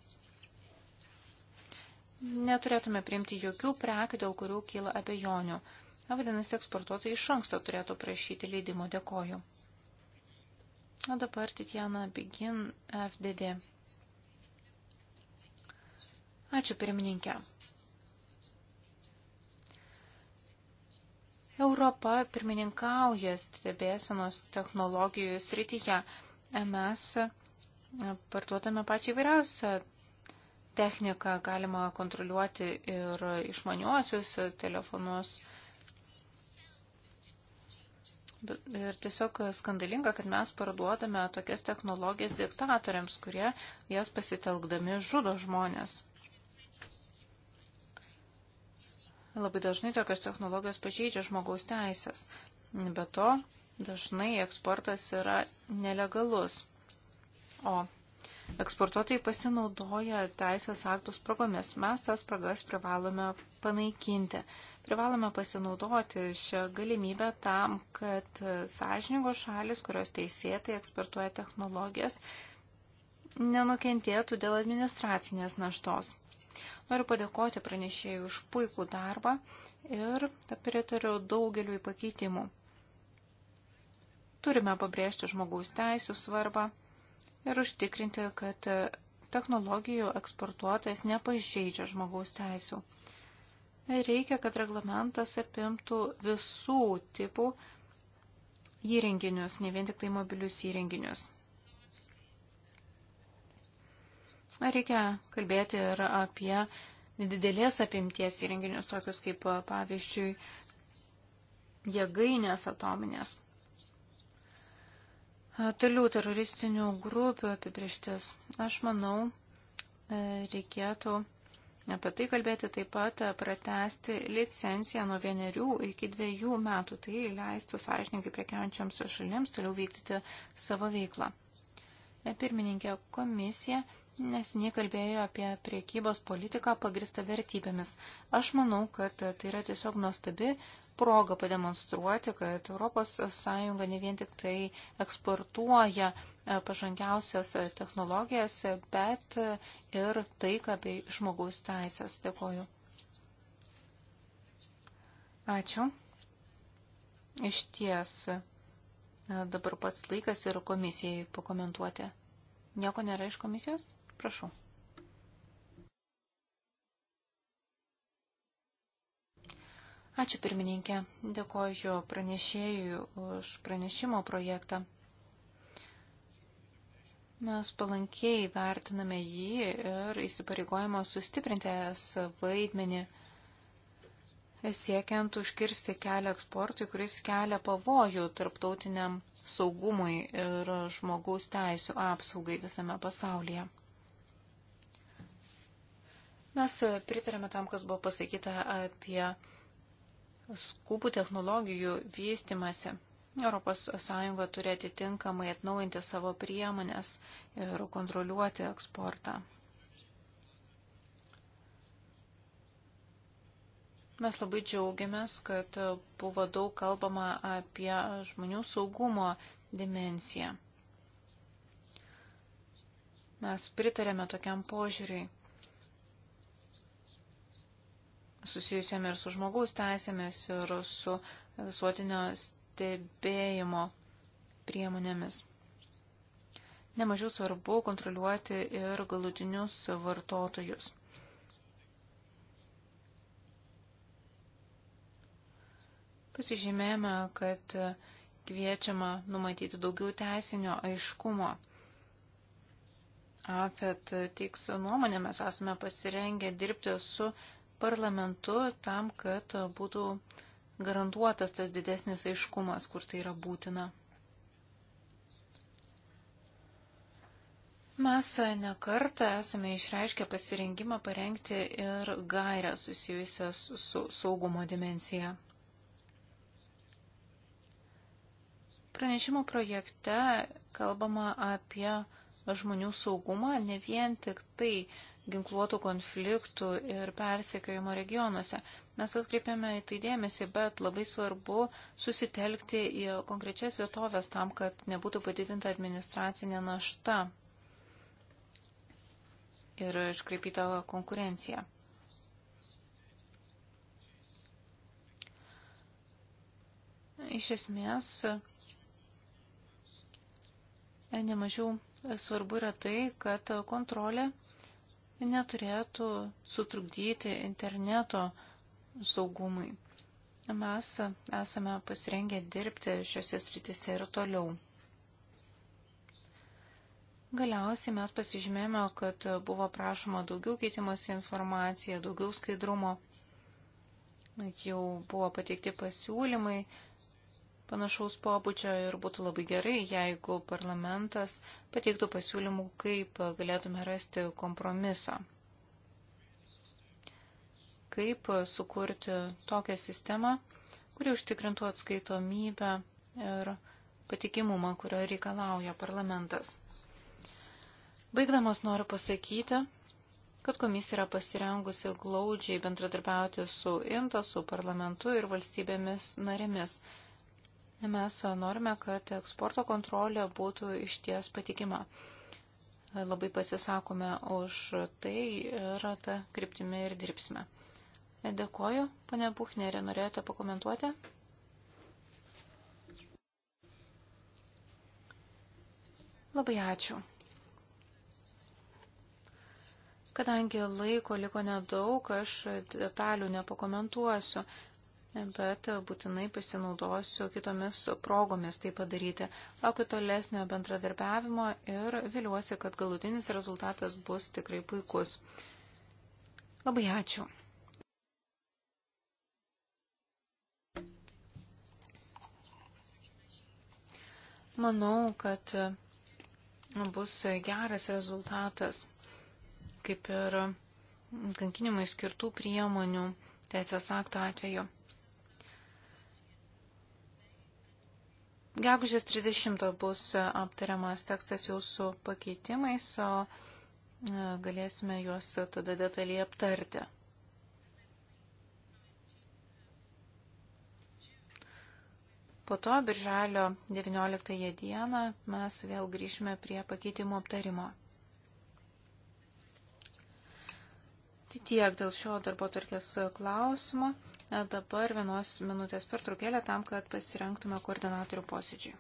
neturėtume priimti jokių prekių, dėl kurių kyla abejonių. Na, vadinasi, eksportuotojai iš anksto turėtų prašyti leidimo. Dėkoju. O dabar Titiana Begin FDD. Ačiū pirmininkė. Europa pirmininkauja stebėsenos technologijų srityje. Mes parduodame pačią įvairiausią techniką galima kontroliuoti ir išmaniuosius telefonus. Ir tiesiog skandalinga, kad mes parduodame tokias technologijas diktatoriams, kurie jas pasitelkdami žudo žmonės. Labai dažnai tokios technologijos pažeidžia žmogaus teisės. Be to, dažnai eksportas yra nelegalus. O eksportuotojai pasinaudoja teisės aktų spragomis. Mes tas spragas privalome panaikinti. Privalome pasinaudoti šią galimybę tam, kad sąžiningos šalis, kurios teisėtai eksportuoja technologijas, nenukentėtų dėl administracinės naštos. Noriu padėkoti pranešėjui už puikų darbą ir pritariu daugeliu į pakeitimų. Turime pabrėžti žmogaus teisų svarbą ir užtikrinti, kad technologijų eksportuotojas nepažeidžia žmogaus teisų. Reikia, kad reglamentas apimtų visų tipų įrenginius, ne vien tik tai mobilius įrenginius. Reikia kalbėti ir apie didelės apimties įrenginius, tokius kaip pavyzdžiui jėgainės atominės. Toliau teroristinių grupių apibrieštis. Aš manau, e, reikėtų apie tai kalbėti taip pat e, pratesti licenciją nuo vienerių iki dviejų metų. Tai leistų sąžininkai prekiaujančiams šalims toliau vykdyti savo veiklą. E, pirmininkė komisija nesiniai kalbėjo apie priekybos politiką pagristą vertybėmis. Aš manau, kad tai yra tiesiog nuostabi proga pademonstruoti, kad ES ne vien tik tai eksportuoja e, pažangiausias e, technologijas, e, bet ir taiką bei žmogaus teisės. Dėkoju. Ačiū. Iš ties dabar pats laikas ir komisijai pakomentuoti. Nieko nėra iš komisijos? Prašau. Ačiū pirmininkė. Dėkoju pranešėjui už pranešimo projektą. Mes palankiai vertiname jį ir įsipareigojimo sustiprinti es vaidmenį, siekiant užkirsti kelią eksportui, kuris kelia pavojų tarptautiniam saugumui ir žmogaus teisų apsaugai visame pasaulyje. Mes pritarėme tam, kas buvo pasakyta apie skubų technologijų vystimasi. ES turi atitinkamai atnaujinti savo priemonės ir kontroliuoti eksportą. Mes labai džiaugiamės, kad buvo daug kalbama apie žmonių saugumo dimenciją. Mes pritarėme tokiam požiūriui. susijusiam ir su žmogaus teisėmis, ir su visuotinio stebėjimo priemonėmis. Nemažiau svarbu kontroliuoti ir galutinius vartotojus. Pasižymėjome, kad kviečiama numatyti daugiau teisinio aiškumo. AFET teiks nuomonę, mes esame pasirengę dirbti su parlamentu tam, kad būtų garantuotas tas didesnis aiškumas, kur tai yra būtina. Mes nekartą esame išreiškę pasirinkimą parengti ir gairę susijusią su saugumo dimencija. Pranešimo projekte kalbama apie žmonių saugumą ne vien tik tai ginkluotų konfliktų ir persekiojimo regionuose. Mes atkreipėme į tai dėmesį, bet labai svarbu susitelkti į konkrečias vietovės tam, kad nebūtų padidinta administracinė našta ir iškreipyta konkurencija. Iš esmės, nemažiau svarbu yra tai, kad kontrolė neturėtų sutrukdyti interneto saugumui. Mes esame pasirengę dirbti šiuose sritise ir toliau. Galiausiai mes pasižymėjome, kad buvo prašoma daugiau keitimosi informacija, daugiau skaidrumo. Jau buvo pateikti pasiūlymai panašaus pobūdžio ir būtų labai gerai, jeigu parlamentas pateiktų pasiūlymų, kaip galėtume rasti kompromisą. Kaip sukurti tokią sistemą, kuri užtikrintų atskaitomybę ir patikimumą, kurio reikalauja parlamentas. Baigdamas noriu pasakyti, kad komisija yra pasirengusi glaudžiai bendradarbiauti su INTA, su parlamentu ir valstybėmis narėmis, Mes norime, kad eksporto kontrolė būtų išties patikima. Labai pasisakome už tai ir tą kryptimį ir dirbsime. Dėkoju, pane Buchnerė, norėjote pakomentuoti? Labai ačiū. Kadangi laiko liko nedaug, aš detalių nepakomentuosiu, bet būtinai pasinaudosiu kitomis progomis tai padaryti. Laukiu tolesnio bendradarbiavimo ir viliuosi, kad galutinis rezultatas bus tikrai puikus. Labai ačiū. Manau, kad bus geras rezultatas, kaip ir kankinimai skirtų priemonių teisės akto atveju. Gegužės 30 bus aptariamas tekstas jūsų pakeitimais, o e, galėsime juos tada detaliai aptarti. Po to, birželio 19 dieną, mes vėl grįžime prie pakeitimų aptarimo. Tai tiek dėl šio darbo tarkės e, klausimo. Dabar vienos minutės per trukėlę tam, kad pasirengtume koordinatorių posėdžiui.